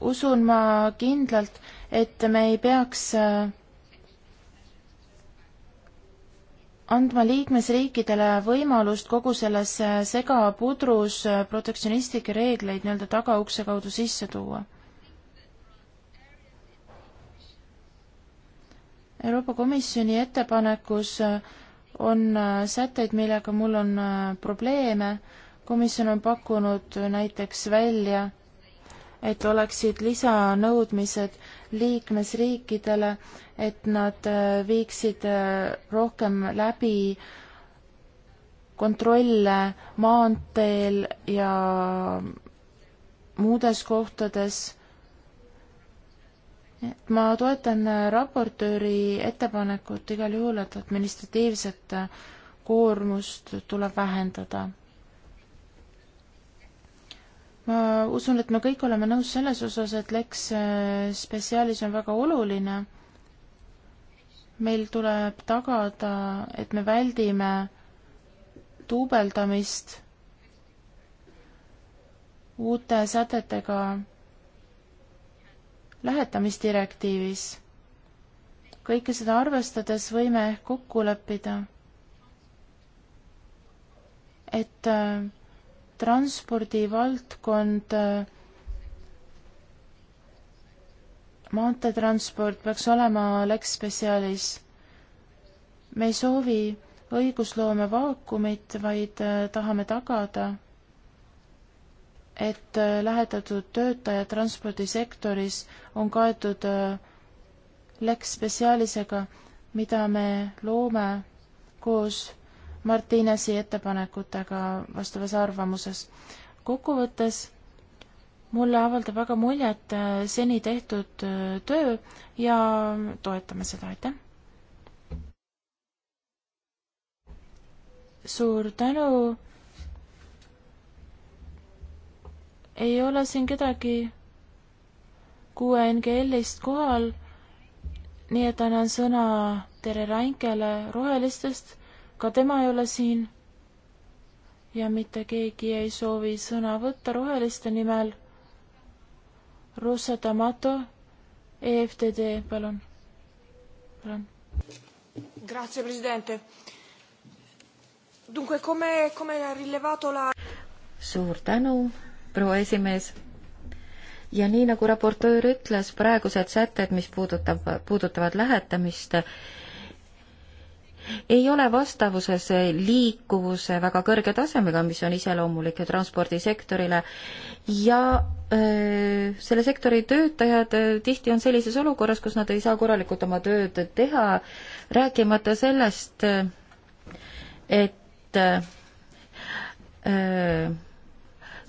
usun ma kindlalt, et me ei peaks äh, andma liikmesriikidele võimalust kogu selles äh, segapudrus äh, protektsionistlikke reegleid nii-öelda tagaukse kaudu sisse tuua. Euroopa Komisjoni ettepanekus on sätteid, millega mul on probleeme. komisjon on pakkunud näiteks välja, et oleksid lisanõudmised liikmesriikidele, et nad äh, viiksid äh, rohkem läbi kontrolle maanteel ja muudes kohtades. et ma toetan äh, raportööri ettepanekut igal juhul, et administratiivset koormust tuleb vähendada ma usun, et me kõik oleme nõus selles osas, et Lex äh, Specialis on väga oluline. meil tuleb tagada, et me väldime duubeldamist uute sätetega lähetamisdirektiivis. kõike seda arvestades võime ehk kokku leppida, et äh, transpordivaldkond, maanteetransport peaks olema Lex Specialis. me ei soovi õigusloome vaakumit, vaid äh, tahame tagada, et äh, lähetatud töötajad transpordisektoris on kaetud äh, Lex Specialisega, mida me loome koos Martinesi ettepanekutega vastavas arvamuses. kokkuvõttes mulle avaldab väga muljet äh, seni tehtud äh, töö ja toetame seda, aitäh! suur tänu! ei ole siin kedagi QNGL-ist kohal, nii et annan sõna Tere Rainkele Rohelistest ka tema ei ole siin. ja mitte keegi ei soovi sõna võtta roheliste nimel. Rosa D'Amato, EFTD, palun. palun. Grazie, president. Dunque, come, come rilevato la... suur tänu, proua esimees ja nii, nagu raportöör ütles, praegused sätted, mis puudutab, puudutavad lähetamist, ei ole vastavuses liikuvuse väga kõrge tasemega, mis on iseloomulik transpordisektorile ja öö, selle sektori töötajad öö, tihti on sellises olukorras, kus nad ei saa korralikult oma tööd teha, rääkimata sellest, et öö,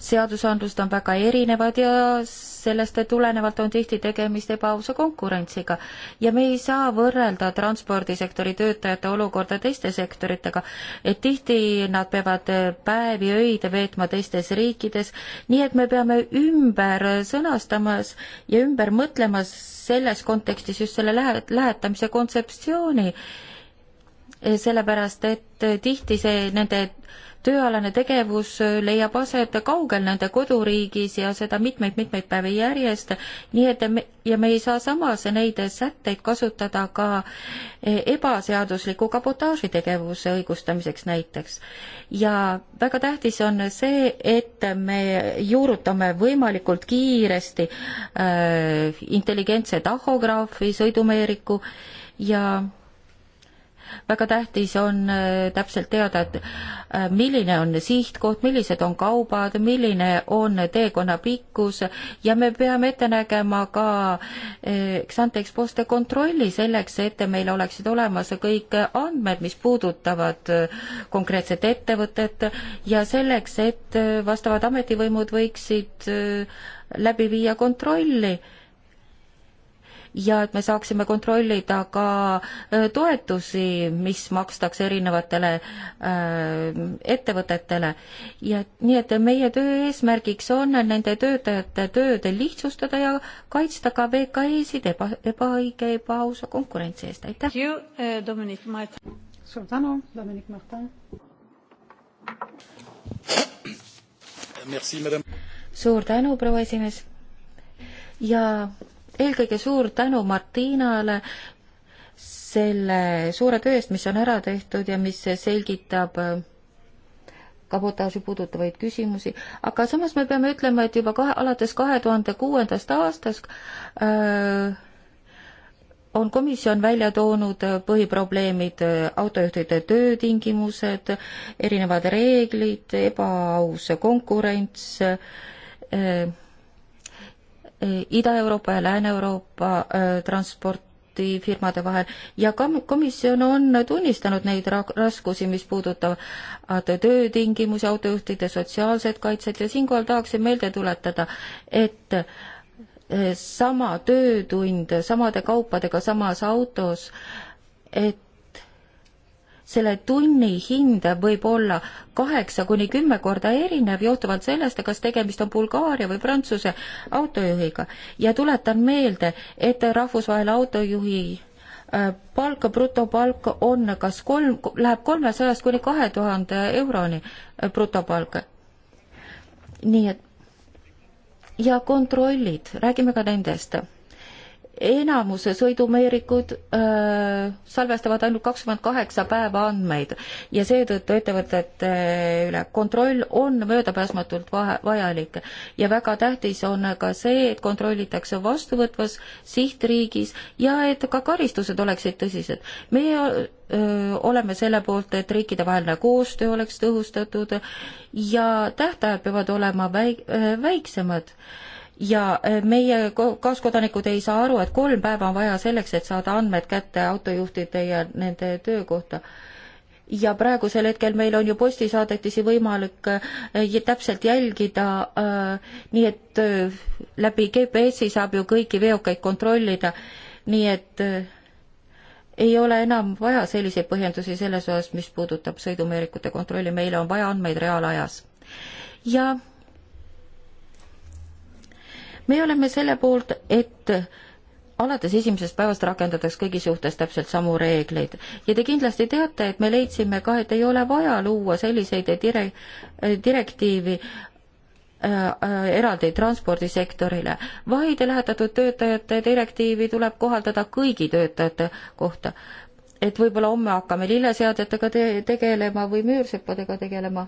seadusandlused on väga erinevad ja sellest tulenevalt on tihti tegemist ebaausa konkurentsiga. ja me ei saa võrrelda transpordisektori töötajate olukorda teiste sektoritega, et tihti nad peavad päevi, öid veetma teistes riikides, nii et me peame ümber sõnastamas ja ümber mõtlemas selles kontekstis just selle lähe-, lähetamise kontseptsiooni, sellepärast et tihti see nende tööalane tegevus leiab aset kaugel nende koduriigis ja seda mitmeid-mitmeid päevi järjest, nii et me, ja me ei saa samas neid sätteid kasutada ka ebaseadusliku kabotaažitegevuse õigustamiseks näiteks. ja väga tähtis on see, et me juurutame võimalikult kiiresti äh, intelligentse tahograafi, sõidumeeriku ja väga tähtis on äh, täpselt teada, et äh, milline on sihtkoht, millised on kaubad, milline on teekonna pikkus ja me peame ette nägema ka äh, eksante eksposte kontrolli selleks, et meil oleksid olemas kõik andmed, mis puudutavad konkreetset ettevõtet ja selleks, et vastavad ametivõimud võiksid läbi viia kontrolli ja et me saaksime kontrollida ka äh, toetusi, mis makstakse erinevatele äh, ettevõtetele. ja nii, et meie töö eesmärgiks on nende töötajate tööd lihtsustada ja kaitsta ka VKE-sid eba, ebaõige, ebaausa konkurentsi eest, aitäh! Äh, suur tänu, Dominic Martin! suur tänu, proua esimees ja eelkõige suur tänu Martinale selle suure töö eest, mis on ära tehtud ja mis selgitab äh, kabotaaži puudutavaid küsimusi, aga samas me peame ütlema, et juba kahe, alates kahe tuhande kuuendast aastast öö, äh, on komisjon välja toonud äh, põhiprobleemid, autojuhtide töötingimused, erinevad reeglid, ebaaus konkurents öö, Äh, Ida-Euroopa ja Lääne-Euroopa äh, transportifirmade vahel ja komisjon on tunnistanud neid raskusi, mis puudutavad töötingimusi, autojuhtide sotsiaalset kaitset ja siinkohal tahaksin meelde tuletada, et äh, sama töötund samade kaupadega samas autos, et selle tunni hind võib olla kaheksa kuni kümme korda erinev, johtuvalt sellest, kas tegemist on Bulgaaria või Prantsuse autojuhiga. ja tuletan meelde, et rahvusvaheline autojuhi äh, palk, brutopalk on kas kolm, läheb kolmesajast kuni kahe tuhande euroni äh, brutopalk. nii et ja kontrollid, räägime ka nendest enamuse sõidumeerikud öö, äh, salvestavad ainult kakskümmend kaheksa päeva andmeid ja seetõttu ettevõtete äh, üle kontroll on möödapääsmatult vahe, vajalik. ja väga tähtis on ka see, et kontrollitakse vastuvõtvas sihtriigis ja et ka karistused oleksid tõsised. meie öö, äh, oleme selle poolt, et riikidevaheline koostöö oleks tõhustatud ja tähtajad peavad olema väik-, väiksemad öö, ja e, meie kaaskodanikud ei saa aru, et kolm päeva on vaja selleks, et saada andmed kätte autojuhtide ja nende töö kohta ja praegusel hetkel meil on ju postisaadetisi võimalik e, täpselt jälgida, e, nii et läbi GPS-i saab ju kõiki veokeid kontrollida, nii et ei ole enam vaja selliseid põhjendusi selles osas, mis puudutab sõidumeerikute kontrolli, meile on vaja andmeid reaalajas. ja me oleme selle poolt, et alates esimesest päevast rakendatakse kõigi suhtes täpselt samu reegleid ja te kindlasti teate, et me leidsime ka, et ei ole vaja luua selliseid dire-, direktiivi äh, äh, eraldi transpordisektorile, vaid lähetatud töötajate direktiivi tuleb kohaldada kõigi töötajate kohta. et võib-olla homme hakkame lilleseadetega te tegelema või müürsepadega tegelema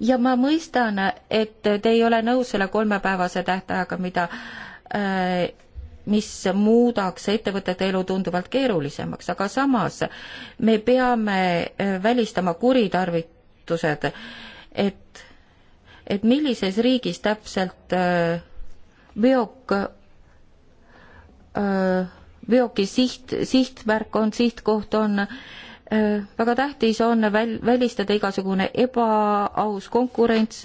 ja ma mõistan, et te ei ole nõus selle kolmepäevase tähtajaga, mida äh, mis muudaks ettevõtete elu tunduvalt keerulisemaks, aga samas me peame äh, välistama kuritarvitused, et, et millises riigis täpselt äh, veok, veoki siht, sihtmärk on, sihtkoht on äh, Äh, väga tähtis on väl-, välistada igasugune ebaaus konkurents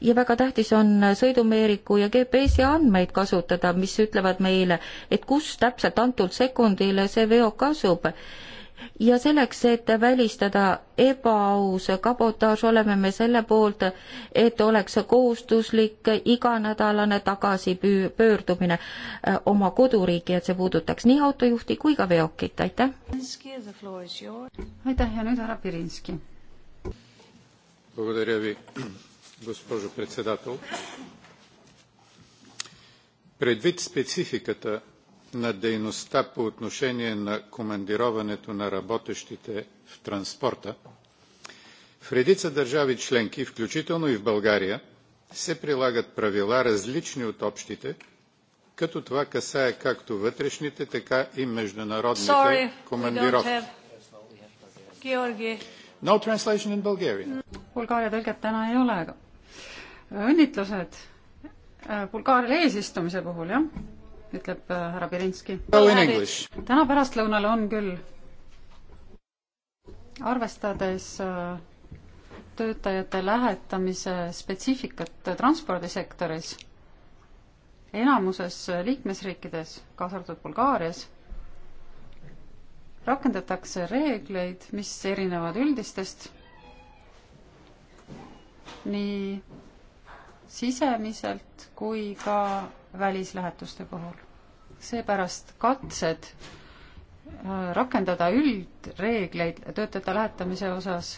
ja väga tähtis on sõidumeeriku ja GPS-i andmeid kasutada, mis ütlevad meile, et kus täpselt antud sekundil see veok asub ja selleks, et välistada ebaaus kabotaaž, oleme me selle poolt, et oleks kohustuslik iganädalane tagasipöördumine äh, oma koduriiki, et see puudutaks nii autojuhti kui ka veokit, aitäh. aitäh ja nüüd härra Pirinski. предвид спецификата на дейността по отношение на командироването на работещите в транспорта, в редица държави членки, включително и в България, се прилагат правила различни от общите, като това касае както вътрешните, така и международните Sorry, командировки. Have... No translation in Bulgarian. Bulgaaria tõlget täna ei ole, aga õnnitlused äh, Bulgaariale eesistumise puhul, jah ütleb äh, härra Pirinski. täna pärastlõunal on küll. arvestades äh, töötajate lähetamise spetsiifikat transpordisektoris, enamuses liikmesriikides, kaasa arvatud Bulgaarias, rakendatakse reegleid, mis erinevad üldistest nii sisemiselt kui ka välislähetuste puhul. seepärast katsed äh, rakendada üldreegleid töötajate lähetamise osas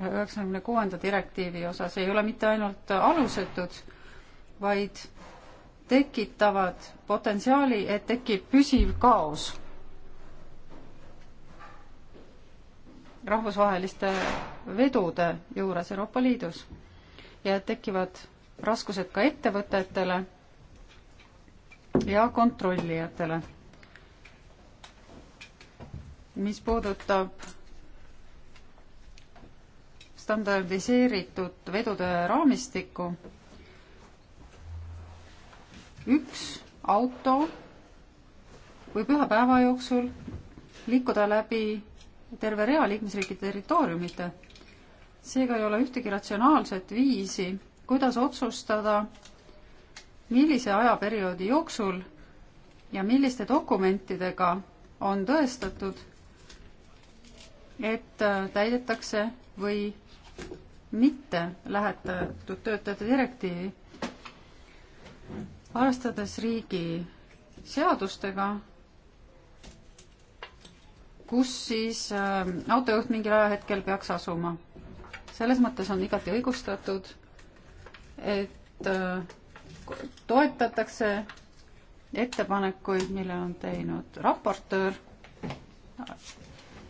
üheksakümne kuuenda direktiivi osas ei ole mitte ainult alusetud, vaid tekitavad potentsiaali, et tekib püsiv kaos rahvusvaheliste vedude juures Euroopa Liidus ja tekivad raskused ka ettevõtetele ja kontrollijatele. mis puudutab standardiseeritud vedude raamistikku, üks auto võib ühe päeva jooksul liikuda läbi terve rea liikmesriigi territooriumite. seega ei ole ühtegi ratsionaalset viisi, kuidas otsustada, millise ajaperioodi jooksul ja milliste dokumentidega on tõestatud, et äh, täidetakse või mitte lähetatud töötajate direktiivi. arvestades riigi seadustega, kus siis äh, autojuht mingil ajahetkel peaks asuma. selles mõttes on igati õigustatud, et äh, toetatakse ettepanekuid, mille on teinud raportöör.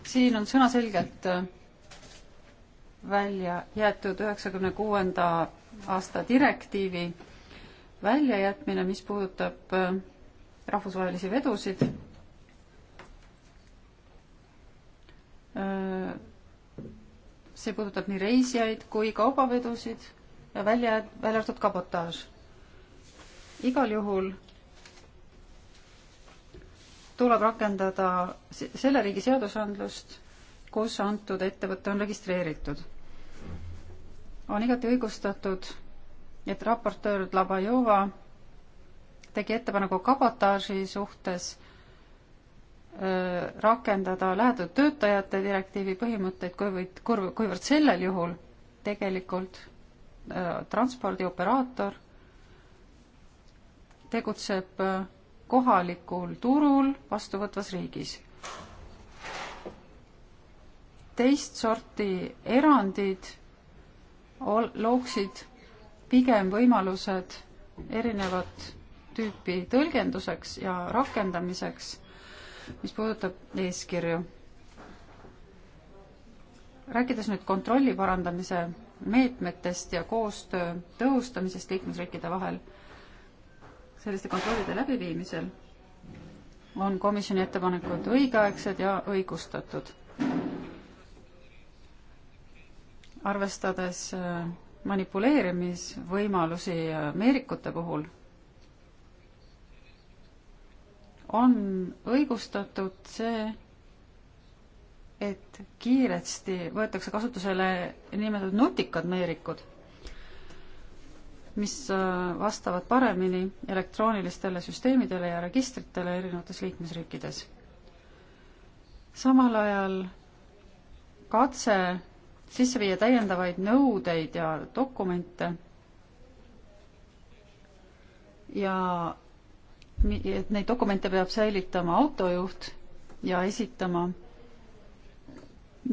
siin on sõnaselgelt välja jäetud üheksakümne kuuenda aasta direktiivi väljajätmine, mis puudutab äh, rahvusvahelisi vedusid. Äh, see puudutab nii reisijaid kui kaubavedusid ja välja, välja arvatud kabotaaž igal juhul tuleb rakendada selle riigi seadusandlust, kus antud ettevõte on registreeritud. on igati õigustatud, et raportöör Labajova tegi ettepaneku kabotaaži suhtes äh, rakendada lähedatud töötajate direktiivi põhimõtteid, kuivõrd, kuivõrd sellel juhul tegelikult äh, transpordioperaator tegutseb äh, kohalikul turul vastuvõtvas riigis. teist sorti erandid ol-, looksid pigem võimalused erinevat tüüpi tõlgenduseks ja rakendamiseks, mis puudutab eeskirju. rääkides nüüd kontrolli parandamise meetmetest ja koostöö tõhustamisest liikmesriikide vahel, selliste kontrollide läbiviimisel on komisjoni ettepanekud õigeaegsed ja õigustatud. arvestades äh, manipuleerimisvõimalusi äh, meerikute puhul, on õigustatud see, et kiiresti võetakse kasutusele niinimetatud nutikad meerikud mis äh, vastavad paremini elektroonilistele süsteemidele ja registritele erinevates liikmesriikides. samal ajal katse sisse viia täiendavaid nõudeid ja dokumente ja et neid dokumente peab säilitama autojuht ja esitama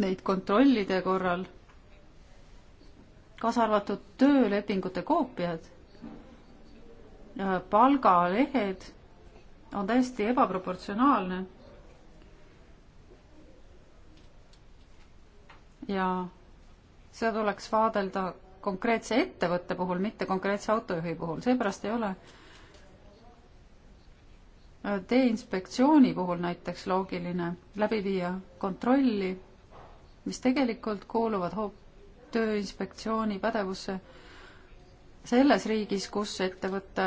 neid kontrollide korral kaasa arvatud töölepingute koopiad, äh, palgalehed on täiesti ebaproportsionaalne. ja seda tuleks vaadelda konkreetse ettevõtte puhul, mitte konkreetse autojuhi puhul, seepärast ei ole äh, teeinspektsiooni puhul näiteks loogiline läbi viia kontrolli, mis tegelikult kuuluvad hoop-, Tööinspektsiooni pädevusse selles riigis, kus ettevõte,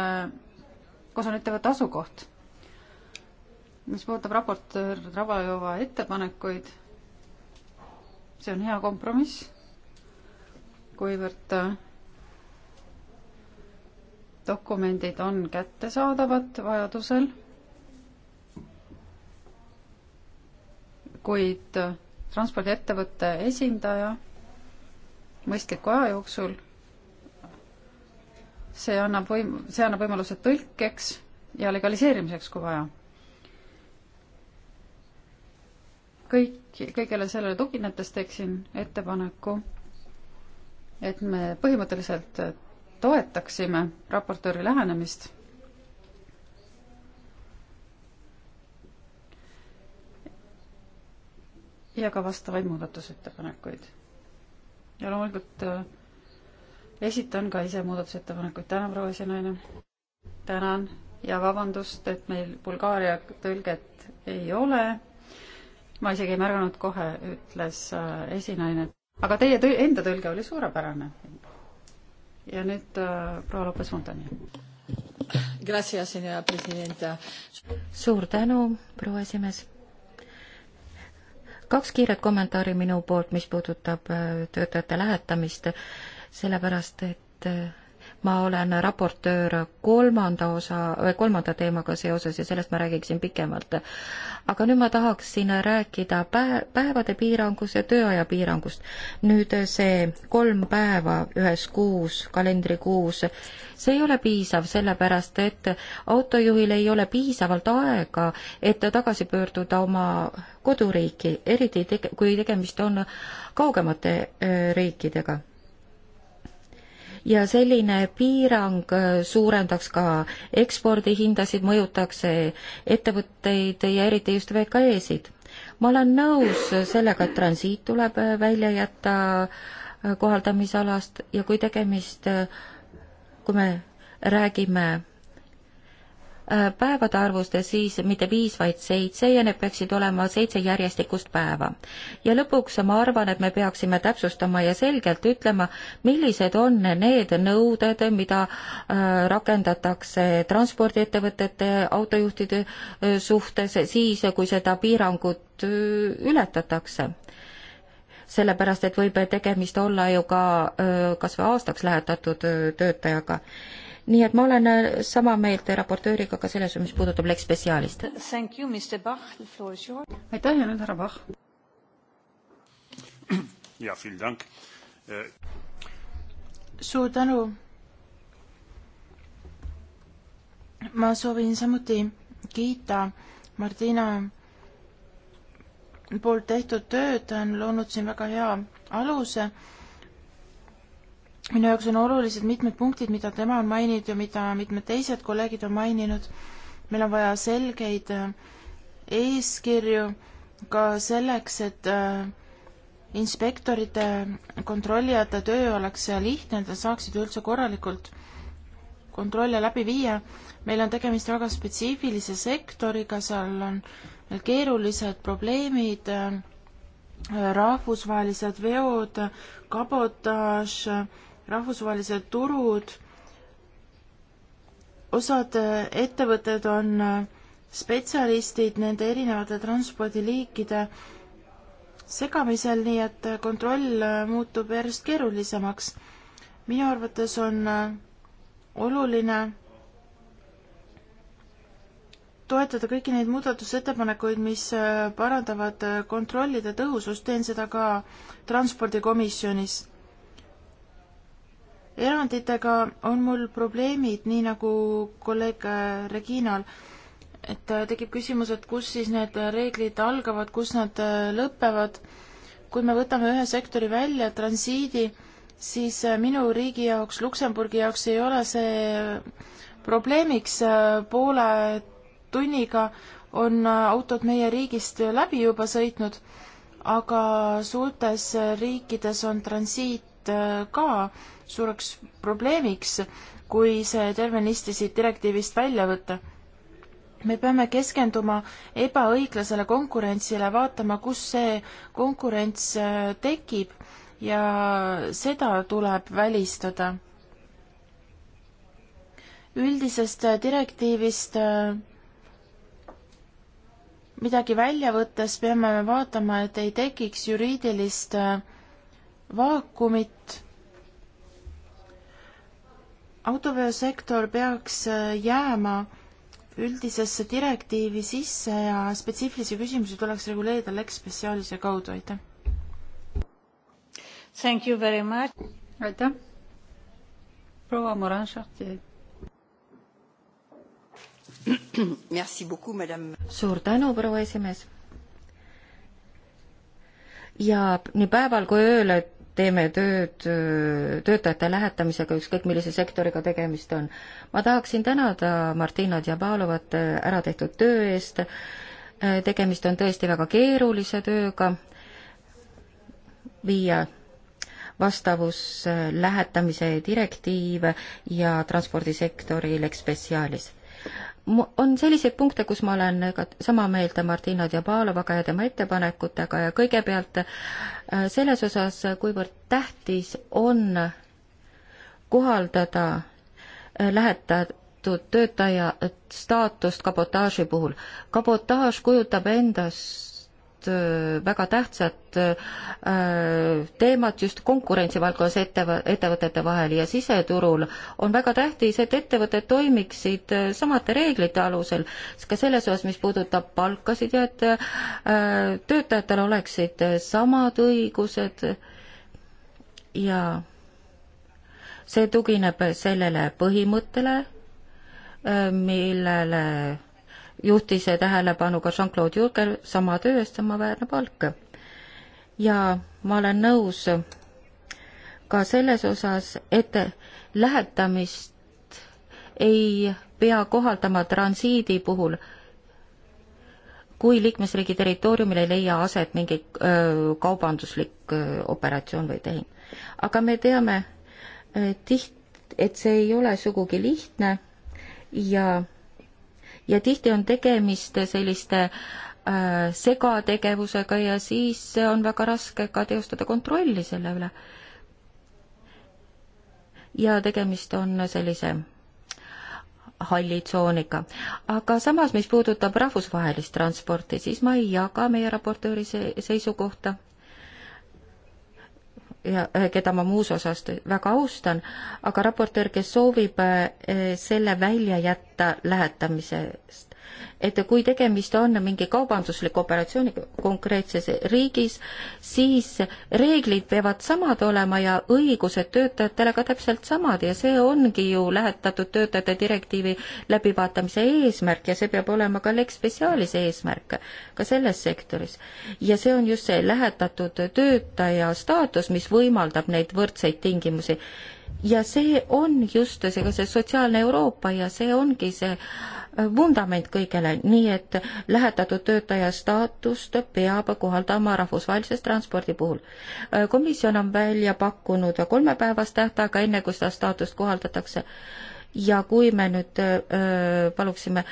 kus on ettevõtte asukoht. mis puudutab raportöör Ravajova ettepanekuid, see on hea kompromiss, kuivõrd äh, dokumendid on kättesaadavad vajadusel, kuid äh, transpordiettevõtte esindaja mõistliku aja jooksul. see annab võim-, see annab võimaluse tõlkeks ja legaliseerimiseks, kui vaja. kõik, kõigele sellele tuginedes teeksin ettepaneku, et me põhimõtteliselt toetaksime raportööri lähenemist ja ka vastavaid muudatusettepanekuid ja loomulikult äh, esitan ka ise muudatusettepanekuid. tänan, proua esinaine. tänan ja vabandust, et meil Bulgaaria tõlget ei ole. ma isegi ei märganud kohe, ütles äh, esinaine. aga teie tõ enda tõlge oli suurepärane. ja nüüd äh, proua Lopes-Fontani. Gracias, senora presidenta. suur tänu, proua esimees kaks kiiret kommentaari minu poolt, mis puudutab äh, töötajate lähetamist, sellepärast et äh, ma olen raportöör kolmanda osa, kolmanda teemaga seoses ja sellest ma räägiksin pikemalt. aga nüüd ma tahaksin rääkida pä-, päevade piirangust ja tööaja piirangust. nüüd see kolm päeva ühes kuus, kalendrikuus, see ei ole piisav, sellepärast et autojuhil ei ole piisavalt aega, et tagasi pöörduda oma koduriiki, eriti tege-, kui tegemist on kaugemate äh, riikidega ja selline piirang äh, suurendaks ka ekspordihindasid, mõjutaks äh, ettevõtteid ja eriti just VKE-sid. ma olen nõus sellega, et transiit tuleb äh, välja jätta kohaldamisalast ja kui tegemist, kui me räägime Äh, päevade arvust siis mitte viis, vaid seitse ja need peaksid olema seitse järjestikust päeva. ja lõpuks ma arvan, et me peaksime täpsustama ja selgelt ütlema, millised on need nõuded, mida äh, rakendatakse transpordiettevõtete, autojuhtide äh, suhtes siis, kui seda piirangut ületatakse sellepärast et võib tegemist olla ju ka kas või aastaks lähetatud töötajaga nii et ma olen äh, sama meelt raportööriga ka selles, mis puudutab Lex Specialist. aitäh ja nüüd härra Bach. ja, äh, suur tänu. ma soovin samuti kiita Martina poolt tehtud tööd, ta on loonud siin väga hea aluse minu jaoks on olulised mitmed punktid, mida tema on maininud ja mida mitmed teised kolleegid on maininud. meil on vaja selgeid äh, eeskirju ka selleks, et äh, inspektorite, kontrollijate töö oleks lihtne, et nad saaksid üldse korralikult kontrolle läbi viia. meil on tegemist väga spetsiifilise sektoriga, seal on keerulised probleemid, äh, rahvusvahelised veod, kabotaaž rahvusvahelised turud, osad äh, ettevõtted on äh, spetsialistid nende erinevate transpordiliikide segamisel, nii et äh, kontroll muutub järjest keerulisemaks. minu arvates on oluline toetada kõiki neid muudatusettepanekuid, mis parandavad kontrollide tõhusust, teen seda ka transpordikomisjonis eranditega on mul probleemid, nii nagu kolleeg äh, Reginal, et äh, tekib küsimus, et kus siis need äh, reeglid algavad, kus nad lõpevad. kui me võtame ühe sektori välja, transiidi, siis minu riigi jaoks, Luksemburgi jaoks ei ole see probleemiks, poole tunniga on autod meie riigist läbi juba sõitnud, aga suurtes riikides on transiit ka suureks probleemiks, kui see tervenisti siit direktiivist välja võtta. me peame keskenduma ebaõiglasele konkurentsile, vaatama, kus see konkurents äh, tekib ja seda tuleb välistada. üldisest äh, direktiivist äh, midagi välja võttes peame me vaatama, et ei tekiks juriidilist vaakumit autoveosektor peaks äh, jääma üldisesse direktiivi sisse ja spetsiifilisi küsimusi tuleks reguleerida Lex Specialise kaudu, aitäh! Thank you very much! aitäh! proua Morin Chartier. Merci beaucoup, madame. suur tänu, proua esimees! ja nii päeval kui ööl, et teeme tööd töötajate lähetamisega, ükskõik millise sektoriga tegemist on. ma tahaksin tänada Martina Djabalovat ära tehtud töö eest, tegemist on tõesti väga keerulise tööga, viia vastavus lähetamise direktiiv ja transpordisektori Lex Specialis on selliseid punkte, kus ma olen ka sama meelt Martina Diabalovaga ja tema ettepanekutega ja kõigepealt äh, selles osas, kuivõrd tähtis on kohaldada äh, lähetatud töötaja staatust kabotaaži puhul. kabotaaž kujutab endast väga tähtsat äh, teemat just konkurentsivaldkonnas etteva-, ettevõtete vahel ja siseturul on väga tähtis, et ettevõtted toimiksid äh, samade reeglite alusel, ka selles osas, mis puudutab palkasid ja et äh, töötajatel oleksid samad õigused ja see tugineb sellele põhimõttele, millele juhtis tähelepanu ka Jean-Claude Juncker, sama töö eest samaväärne palk. ja ma olen nõus ka selles osas, et lähetamist ei pea kohaldama transiidi puhul, kui liikmesriigi territooriumil ei leia aset mingi öö, kaubanduslik öö, operatsioon või tehing. aga me teame öö, tiht-, et see ei ole sugugi lihtne ja ja tihti on tegemist selliste äh, segategevusega ja siis on väga raske ka teostada kontrolli selle üle. ja tegemist on sellise halli tsooniga. aga samas, mis puudutab rahvusvahelist transporti, siis ma ei jaga meie raportööri seisukohta ja äh, keda ma muus osas väga austan, aga raportöör, kes soovib äh, selle välja jätta lähetamisest et kui tegemist on mingi kaubandusliku operatsiooniga konkreetses riigis, siis reeglid peavad samad olema ja õigused töötajatele ka täpselt samad ja see ongi ju lähetatud töötajate direktiivi läbivaatamise eesmärk ja see peab olema ka Lex Specialis eesmärk ka selles sektoris. ja see on just see lähetatud töötaja staatus, mis võimaldab neid võrdseid tingimusi ja see on just see, ka see sotsiaalne Euroopa ja see ongi see vundament kõigele, nii et lähetatud töötaja staatust peab kohaldama rahvusvahelises transpordi puhul. komisjon on välja pakkunud kolmepäevast tähtaega, enne kui seda staatust kohaldatakse. ja kui me nüüd öö, paluksime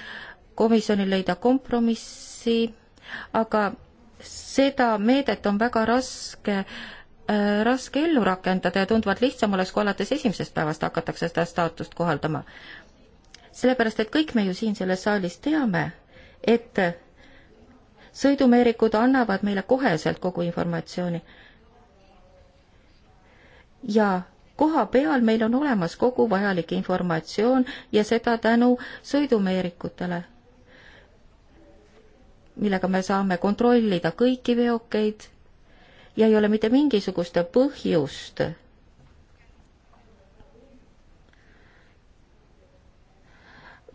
komisjonil leida kompromissi, aga seda meedet on väga raske raske ellu rakendada ja tunduvalt lihtsam oleks, kui alates esimesest päevast hakatakse seda staatust kohaldama sellepärast et kõik me ju siin selles saalis teame, et sõidumeerikud annavad meile koheselt kogu informatsiooni. ja koha peal meil on olemas kogu vajalik informatsioon ja seda tänu sõidumeerikutele, millega me saame kontrollida kõiki veokeid ja ei ole mitte mingisugust põhjust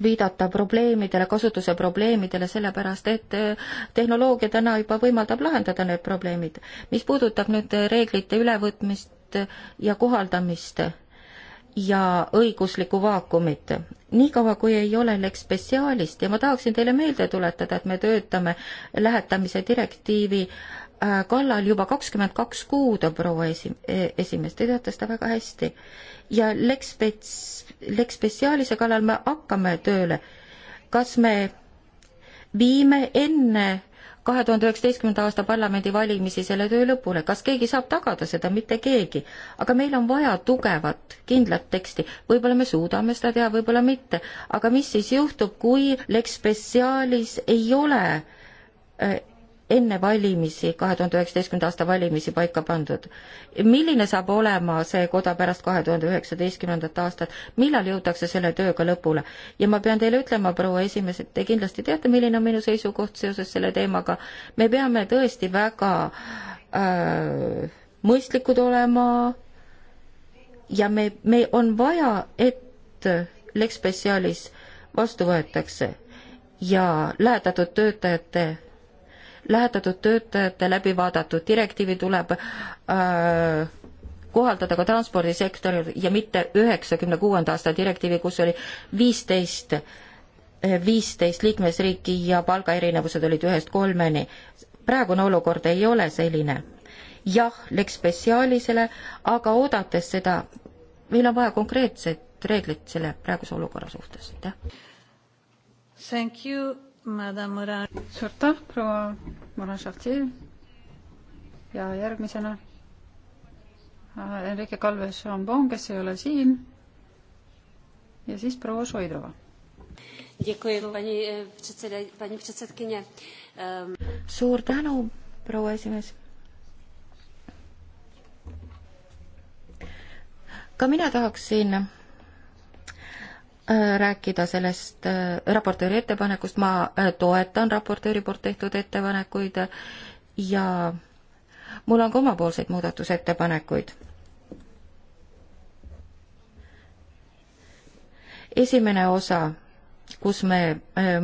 viidata probleemidele, kasutuse probleemidele, sellepärast et eh, tehnoloogia täna juba võimaldab lahendada need probleemid. mis puudutab nüüd eh, reeglite ülevõtmist eh, ja kohaldamist ja õiguslikku vaakumit, niikaua kui ei ole Lex Specialist ja ma tahaksin teile meelde tuletada, et me töötame lähetamise direktiivi kallal juba kakskümmend kaks kuud on proua esi-, esimees, te teate seda väga hästi. ja Lex Spets-, Lex Specialise kallal me hakkame tööle, kas me viime enne kahe tuhande üheksateistkümnenda aasta parlamendivalimisi selle töö lõpule, kas keegi saab tagada seda, mitte keegi. aga meil on vaja tugevat, kindlat teksti, võib-olla me suudame seda teha, võib-olla mitte, aga mis siis juhtub, kui Lex Specialis ei ole äh, enne valimisi, kahe tuhande üheksateistkümnenda aasta valimisi paika pandud. milline saab olema see koda pärast kahe tuhande üheksateistkümnendat aastat, millal jõutakse selle tööga lõpule? ja ma pean teile ütlema, proua esimees, et te kindlasti teate, milline on minu seisukoht seoses selle teemaga. me peame tõesti väga äh, mõistlikud olema ja me, me, on vaja, et Lex Specialis vastu võetakse ja lähetatud töötajate lähetatud töötajate läbi vaadatud, direktiivi tuleb äh, kohaldada ka transpordisektoril ja mitte üheksakümne kuuenda aasta direktiivi, kus oli viisteist, viisteist liikmesriiki ja palgaerinevused olid ühest kolmeni. praegune olukord ei ole selline. jah, läks spetsiaalisele, aga oodates seda, meil on vaja konkreetset reeglit selle praeguse olukorra suhtes, aitäh. Thank you suur aitäh, proua Morašavtšev. ja järgmisena äh, Enrique Calves Rambon, kes ei ole siin. ja siis proua Šoidrova. E, suur tänu, proua esimees. ka mina tahaksin Äh, rääkida sellest äh, raportööri ettepanekust, ma äh, toetan raportööri poolt tehtud ettepanekuid ja mul on ka omapoolseid muudatusettepanekuid. esimene osa, kus me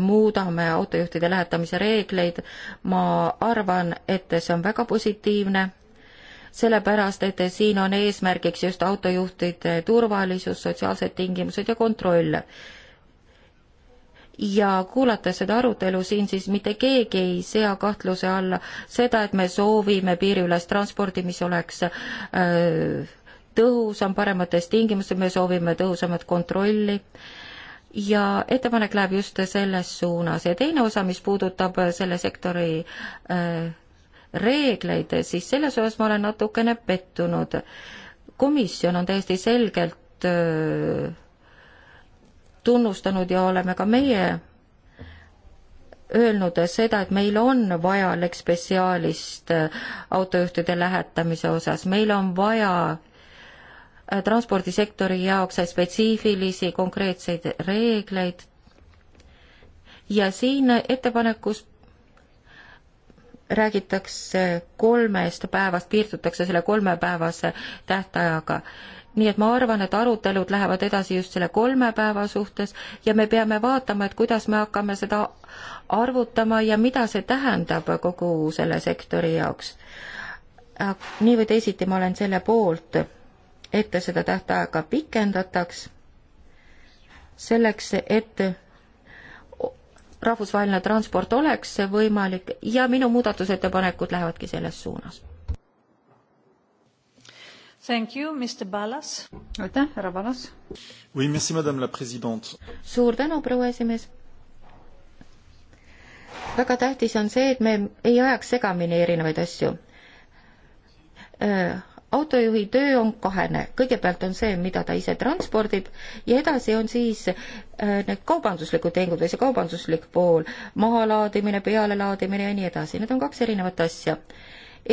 muudame autojuhtide lähetamise reegleid, ma arvan, et see on väga positiivne sellepärast et siin on eesmärgiks just autojuhtide turvalisus, sotsiaalsed tingimused ja kontroll. ja kuulates seda arutelu siin, siis mitte keegi ei sea kahtluse alla seda, et me soovime piiriülest transpordi, mis oleks öö, äh, tõhusam, paremates tingimustes, me soovime tõhusamat kontrolli ja ettepanek läheb just selles suunas ja teine osa, mis puudutab selle sektori öö, äh, reegleid, siis selles osas ma olen natukene pettunud. komisjon on täiesti selgelt äh, tunnustanud ja oleme ka meie öelnud seda, et meil on vaja Lex Specialist äh, autojuhtide lähetamise osas, meil on vaja äh, transpordisektori jaoks spetsiifilisi konkreetseid reegleid ja siin ettepanekus räägitakse kolmest päevast, piirdutakse selle kolmepäevase tähtajaga. nii et ma arvan, et arutelud lähevad edasi just selle kolme päeva suhtes ja me peame vaatama, et kuidas me hakkame seda arvutama ja mida see tähendab kogu selle sektori jaoks. nii või teisiti ma olen selle poolt, et seda tähtaega pikendataks, selleks et rahvusvaheline transport oleks võimalik ja minu muudatusettepanekud lähevadki selles suunas. Thank you, Mr Ballas. aitäh, härra Ballas. Oui, merci, madame la présidente. suur tänu, proua esimees. väga tähtis on see, et me ei ajaks segamini erinevaid asju äh, autojuhi töö on kahene, kõigepealt on see, mida ta ise transpordib ja edasi on siis äh, need kaubanduslikud tehingud või see kaubanduslik pool, mahalaadimine, pealelaadimine ja nii edasi, need on kaks erinevat asja.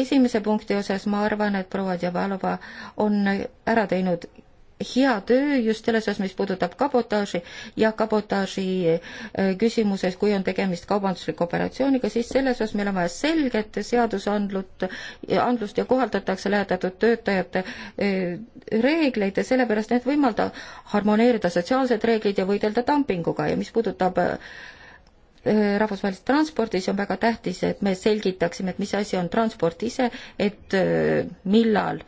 esimese punkti osas ma arvan, et proua Djabalova on ära teinud hea töö just selles osas, mis puudutab kabotaaži ja kabotaaži äh, küsimuses, kui on tegemist kaubandusliku operatsiooniga, siis selles osas meil on vaja selget seadusandlut, andlust ja kohaldatakse lähetatud töötajate äh, reegleid ja sellepärast need võimalda harmoneerida sotsiaalsed reeglid ja võidelda dumpinguga ja mis puudutab äh, rahvusvahelises transpordis on väga tähtis, et me selgitaksime, et mis asi on transport ise, et millal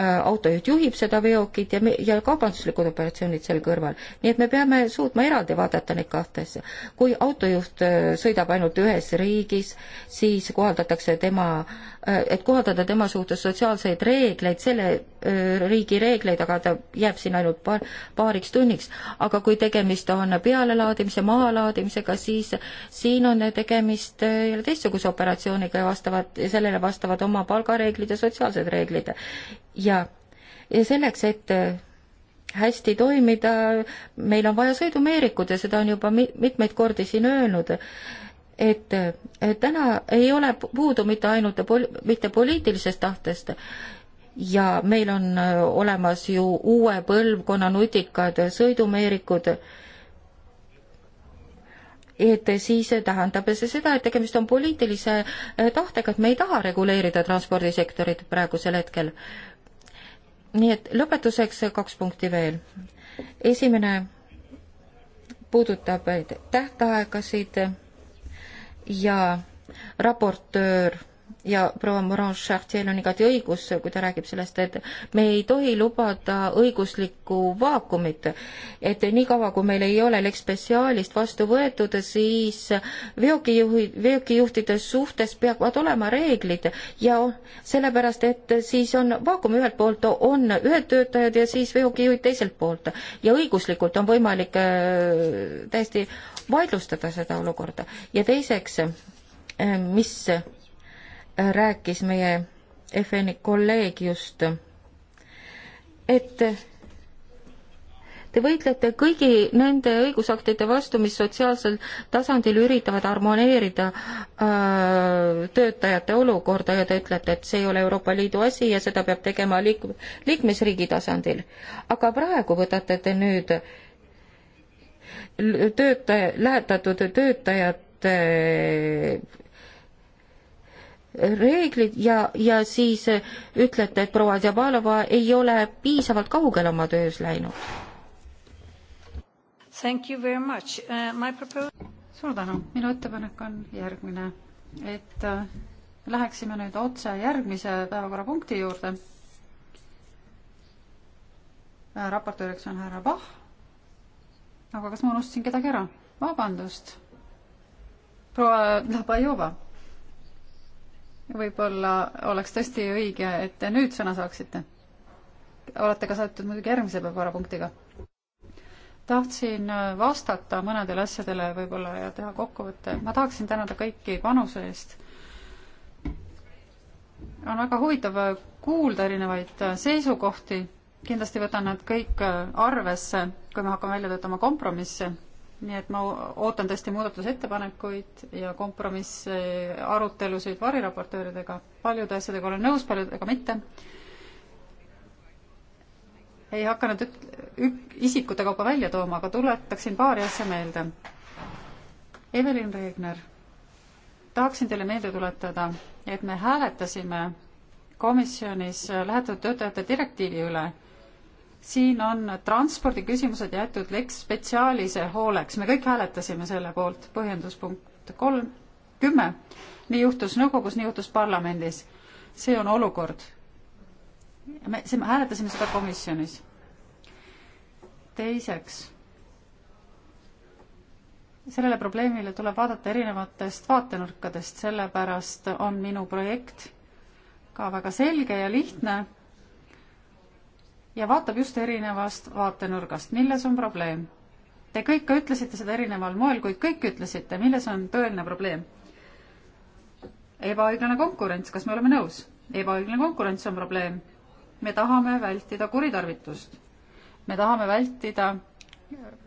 Äh, autojuht juhib seda veokit ja me, ja kaubanduslikud operatsioonid seal kõrval. nii et me peame suutma eraldi vaadata neid kahte asja. kui autojuht äh, sõidab ainult ühes riigis, siis kohaldatakse tema, äh, et kohaldada tema suhtes sotsiaalseid reegleid, selle riigi reegleid, aga ta jääb siin ainult paar, paariks tunniks. aga kui tegemist on pealelaadimise, mahalaadimisega, siis siin on tegemist jälle teistsuguse operatsiooniga ja vastavad, sellele vastavad oma palgareeglid ja sotsiaalsed reeglid ja, ja selleks, et äh, hästi toimida, meil on vaja sõidumeerikud ja seda on juba mitmeid kordi siin öelnud, et äh, täna ei ole puudu mitte ainult pol-, mitte poliitilisest tahtest ja meil on äh, olemas ju uue põlvkonna nutikad sõidumeerikud, et siis tähendab see seda, et tegemist on poliitilise tahtega, et me ei taha reguleerida transpordisektorit praegusel hetkel nii et lõpetuseks kaks punkti veel. esimene puudutab tähtaegasid ja raportöör ja proua Moran Chartier on igati õigus, kui ta räägib sellest, et me ei tohi lubada õiguslikku vaakumit. et niikaua, kui meil ei ole Lex Specialist vastu võetud, siis veokijuhi, veokijuhtide suhtes peavad olema reeglid ja sellepärast, et siis on vaakum ühelt poolt, on ühed töötajad ja siis veokijuhid teiselt poolt. ja õiguslikult on võimalik äh, täiesti vaidlustada seda olukorda. ja teiseks, äh, mis rääkis meie FN-i kolleeg just, et Te võitlete kõigi nende õigusaktide vastu, mis sotsiaalsel tasandil üritavad harmoneerida öö, äh, töötajate olukorda ja te ütlete, et see ei ole Euroopa Liidu asi ja seda peab tegema liik-, liikmesriigi tasandil. aga praegu võtate te nüüd töötaja, lähetatud töötajate reeglid ja, ja siis ütlete, et proua Djabalova ei ole piisavalt kaugele oma töös läinud. Thank you very much uh,. My proposal suur tänu, minu ettepanek on järgmine, et äh, läheksime nüüd otse järgmise päevakorrapunkti juurde. Äh, raportööriks on härra Pahh. aga kas ma unustasin kedagi ära? vabandust. proua Labajova võib-olla oleks tõesti õige, et te nüüd sõna saaksite. olete ka saadetud muidugi järgmise päevakorrapunktiga. tahtsin äh, vastata mõnedele asjadele võib-olla ja teha kokkuvõtte. ma tahaksin tänada kõiki panuse eest. on väga huvitav äh, kuulda erinevaid äh, seisukohti. kindlasti võtan nad kõik arvesse, kui me hakkame välja töötama kompromisse nii et ma ootan tõesti muudatusettepanekuid ja kompromissarutelusid äh, variraportööridega. paljude asjadega olen nõus, paljudega mitte. ei hakka nüüd ük-, ük-, isikute kaupa välja tooma, aga tuletaksin paari asja meelde. Evelin Regner, tahaksin teile meelde tuletada, et me hääletasime komisjonis äh, lähetatud töötajate direktiivi üle siin on transpordiküsimused jäetud Lex Specialise hooleks, me kõik hääletasime selle poolt, põhjenduspunkt kolm, kümme. nii juhtus nõukogus, nii juhtus parlamendis. see on olukord. me, see, me hääletasime seda komisjonis. teiseks, sellele probleemile tuleb vaadata erinevatest vaatenurkadest, sellepärast on minu projekt ka väga selge ja lihtne ja vaatab just erinevast vaatenurgast, milles on probleem. Te kõik ka ütlesite seda erineval moel, kuid kõik ütlesite, milles on tõeline probleem. ebaõiglane konkurents, kas me oleme nõus? ebaõiglane konkurents on probleem. me tahame vältida kuritarvitust. me tahame vältida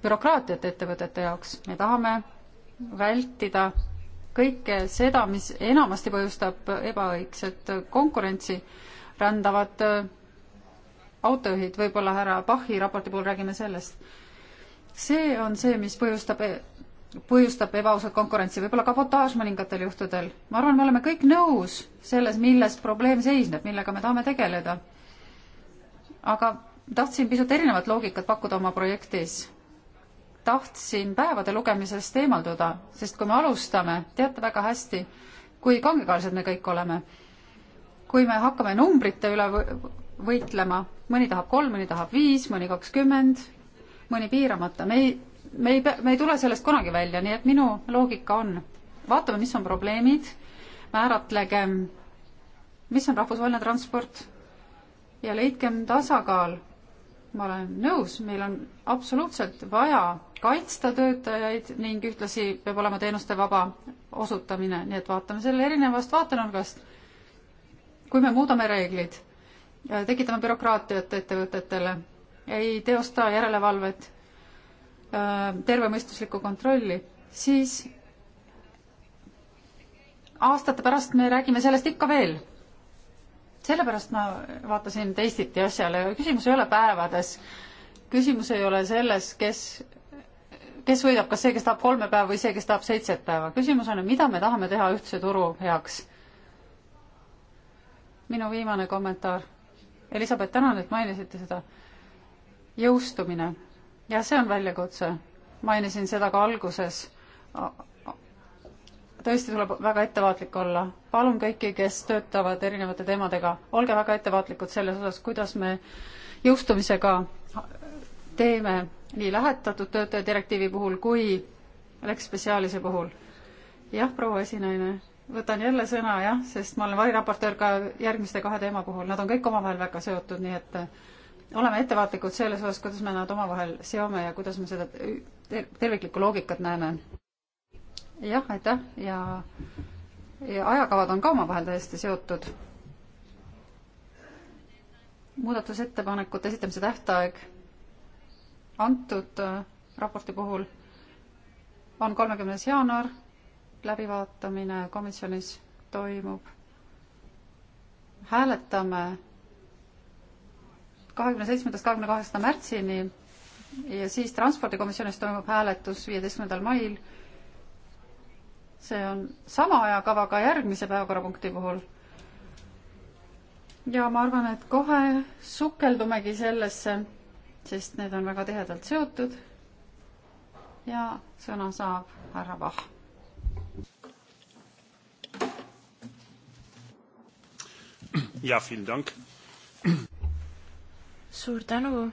bürokraatiat ettevõtete jaoks, me tahame vältida kõike seda, mis enamasti põhjustab ebaõigset konkurentsi, rändavad autojuhid, võib-olla härra Bachi raporti puhul räägime sellest. see on see, mis põhjustab e-, põhjustab ebaausat konkurentsi, võib-olla kabotaaž mõningatel juhtudel. ma arvan, me oleme kõik nõus selles, milles probleem seisneb, millega me tahame tegeleda. aga tahtsin pisut erinevat loogikat pakkuda oma projektis. tahtsin päevade lugemisest eemalduda, sest kui me alustame, teate väga hästi, kui kangekaelsed me kõik oleme, kui me hakkame numbrite üle võitlema, mõni tahab kolm, mõni tahab viis, mõni kakskümmend, mõni piiramata, me ei, me ei, me ei tule sellest kunagi välja, nii et minu loogika on, vaatame, mis on probleemid, määratlegem, mis on rahvusvaheline transport ja leidkem tasakaal. ma olen nõus, meil on absoluutselt vaja kaitsta töötajaid ning ühtlasi peab olema teenuste vaba osutamine, nii et vaatame selle erinevast vaatenurgast. kui me muudame reeglid tekitame bürokraatiat ettevõtetele, ei teosta järelevalvet, äh, tervemõistuslikku kontrolli, siis aastate pärast me räägime sellest ikka veel. sellepärast ma vaatasin teisiti asjale, küsimus ei ole päevades, küsimus ei ole selles, kes, kes võidab, kas see, kes tahab kolme päeva või see, kes tahab seitset päeva, küsimus on, mida me tahame teha ühtse turu heaks. minu viimane kommentaar Elizabeth, tänan, et mainisite seda. jõustumine, jah, see on väljakutse. mainisin seda ka alguses. tõesti tuleb väga ettevaatlik olla. palun kõiki, kes töötavad erinevate teemadega, olge väga ettevaatlikud selles osas, kuidas me jõustumisega teeme nii lähetatud töötaja direktiivi puhul kui Lex Specialise puhul. jah, proua esinaine võtan jälle sõna jah, sest ma olen variraportöör ka järgmiste kahe teema puhul, nad on kõik omavahel väga seotud, nii et äh, oleme ettevaatlikud selles osas, kuidas me nad omavahel seome ja kuidas me seda terviklikku loogikat näeme. jah, aitäh ja, ja ajakavad on ka omavahel täiesti seotud. muudatusettepanekute esitamise tähtaeg antud äh, raporti puhul on kolmekümnes jaanuar läbivaatamine komisjonis toimub. hääletame kahekümne seitsmendast kahekümne kaheksanda märtsini ja siis Transpordikomisjonis toimub hääletus viieteistkümnendal mail. see on sama ajakavaga järgmise päevakorrapunkti puhul. ja ma arvan, et kohe sukeldumegi sellesse, sest need on väga tihedalt seotud. ja sõna saab härra Pahv. ja, vielen Dank. suur tänu.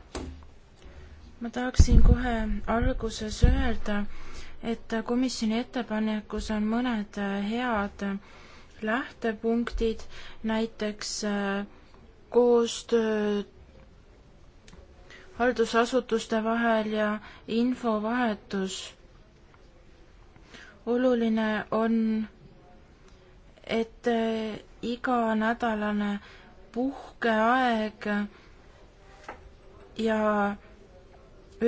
ma tahaksin kohe alguses öelda, et komisjoni ettepanekus on mõned head lähtepunktid, näiteks äh, koostöö haldusasutuste vahel ja infovahetus. oluline on, et äh, iganädalane puhkeaeg ja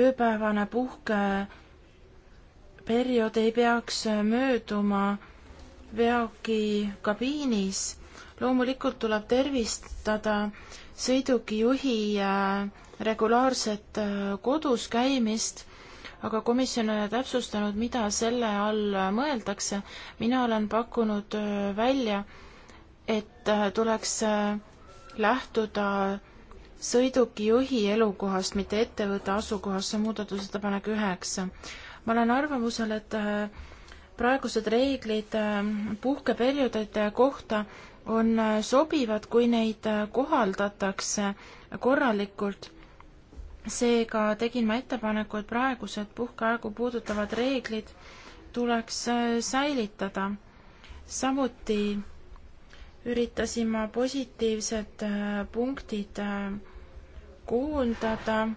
ööpäevane puhkeperiood ei peaks mööduma veokikabiinis. loomulikult tuleb tervistada sõidukijuhi äh, regulaarset äh, kodus käimist aga komisjon ei ole täpsustanud, mida selle all äh, mõeldakse. mina olen pakkunud välja, et äh, tuleks äh, lähtuda sõiduki juhi elukohast, mitte ettevõtte asukohast, see on muudatusettepanek üheksa. ma olen arvamusel, et äh, praegused reeglid puhkeperioodide kohta on sobivad, kui neid kohaldatakse korralikult. seega tegin ma ettepaneku, et praegused puhkeaegu puudutavad reeglid tuleks säilitada. samuti üritasin ma positiivsed äh, punktid äh, koondada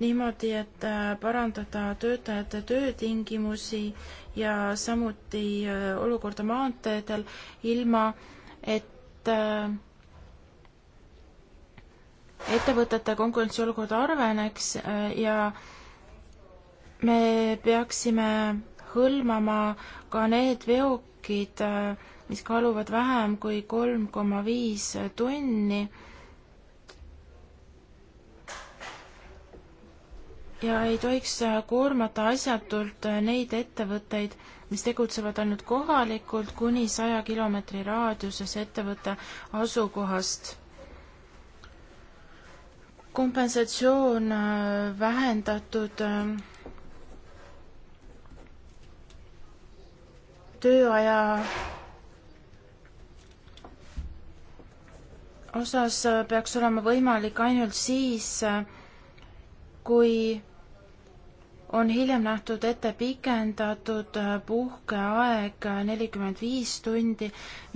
niimoodi, et äh, parandada töötajate töötingimusi ja samuti olukorda maanteedel, ilma et ettevõtete konkurentsiolukord arveneks ja me peaksime hõlmama ka need veokid, mis kaaluvad vähem kui kolm koma viis tonni. ja ei tohiks koormata asjatult neid ettevõtteid, mis tegutsevad ainult kohalikult kuni saja kilomeetri raadiuses ettevõtte asukohast. kompensatsioon vähendatud tööaja osas peaks olema võimalik ainult siis, kui on hiljem nähtud ette pikendatud puhkeaeg nelikümmend viis tundi,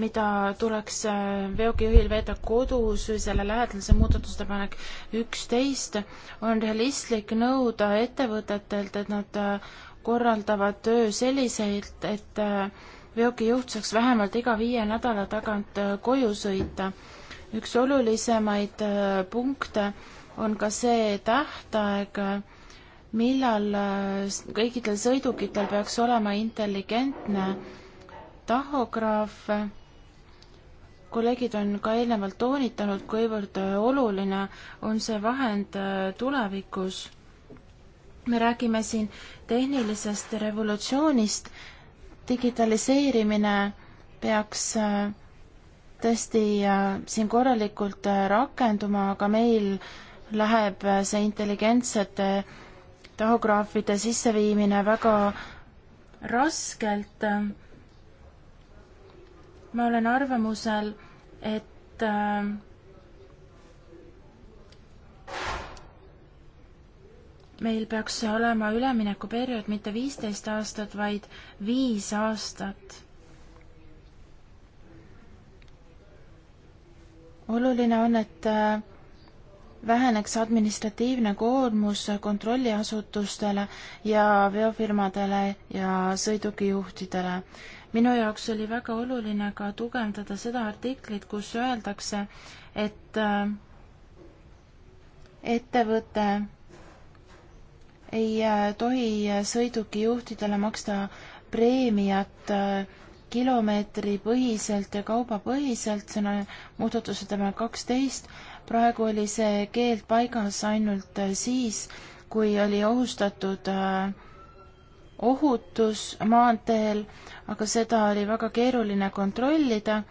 mida tuleks veokijuhil veeta kodus või selle lähedal, see muudatusettepanek üksteist, on realistlik nõuda ettevõtetelt, et nad korraldavad töö selliselt, et äh, veokijuht saaks vähemalt iga viie nädala tagant äh, koju sõita. üks olulisemaid äh, punkte on ka see tähtaeg, millal kõikidel sõidukitel peaks olema intelligentne tahograaf. kolleegid on ka eelnevalt toonitanud, kuivõrd oluline on see vahend tulevikus me räägime siin tehnilisest revolutsioonist, digitaliseerimine peaks äh, tõesti äh, siin korralikult äh, rakenduma, aga meil läheb see intelligentsete tahograafide sisseviimine väga raskelt. ma olen arvamusel, et äh, meil peaks olema üleminekuperiood mitte viisteist aastat, vaid viis aastat. oluline on, et äh, väheneks administratiivne koormus kontrolliasutustele ja veofirmadele ja sõidukijuhtidele. minu jaoks oli väga oluline ka tugevdada seda artiklit, kus öeldakse, et äh, ettevõte ei äh, tohi sõidukijuhtidele maksta preemiat äh, kilomeetripõhiselt ja kaubapõhiselt, see on äh, muudatusettepanek kaksteist. praegu oli see keeld paigas ainult siis, kui oli ohustatud ohutus maanteel, aga seda oli väga keeruline kontrollida,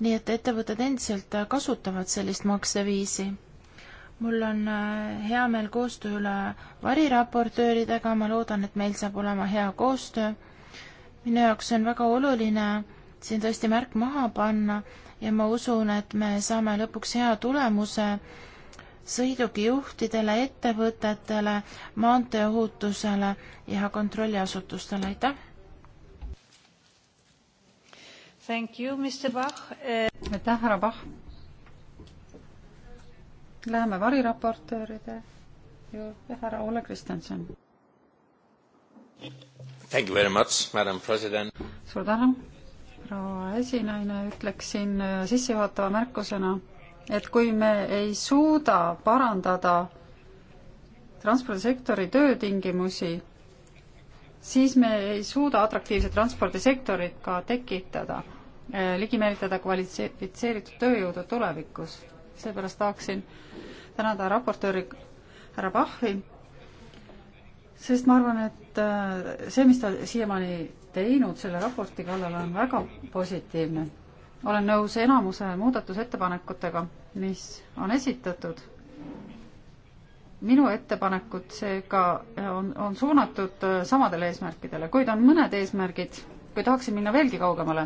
nii et ettevõtted endiselt kasutavad sellist makseviisi mul on äh, hea meel koostöö üle variraportööridega, ma loodan, et meil saab olema hea koostöö. minu jaoks on väga oluline siin tõesti märk maha panna ja ma usun, et me saame lõpuks hea tulemuse sõidukijuhtidele, ettevõtetele, maanteeohutusele ja kontrolliasutustele, aitäh! Eh, aitäh, härra Pahv! Läheme variraportööride juurde, härra Ole Kristjanson. Thank you very much, madam president. suur tänu, proua esinaine, ütleksin äh, sissejuhatava märkusena, et kui me ei suuda parandada transpordisektori töötingimusi, siis me ei suuda atraktiivset transpordisektorit ka tekitada, äh, ligimeelitada kvalifitseeritud tööjõudu tulevikus seepärast tahaksin tänada raportööri härra Pahvi, sest ma arvan, et äh, see, mis ta siiamaani teinud selle raporti kallal, on väga positiivne. olen nõus enamuse muudatusettepanekutega, mis on esitatud. minu ettepanekud seega on, on suunatud äh, samadele eesmärkidele, kuid on mõned eesmärgid, kui tahaksin minna veelgi kaugemale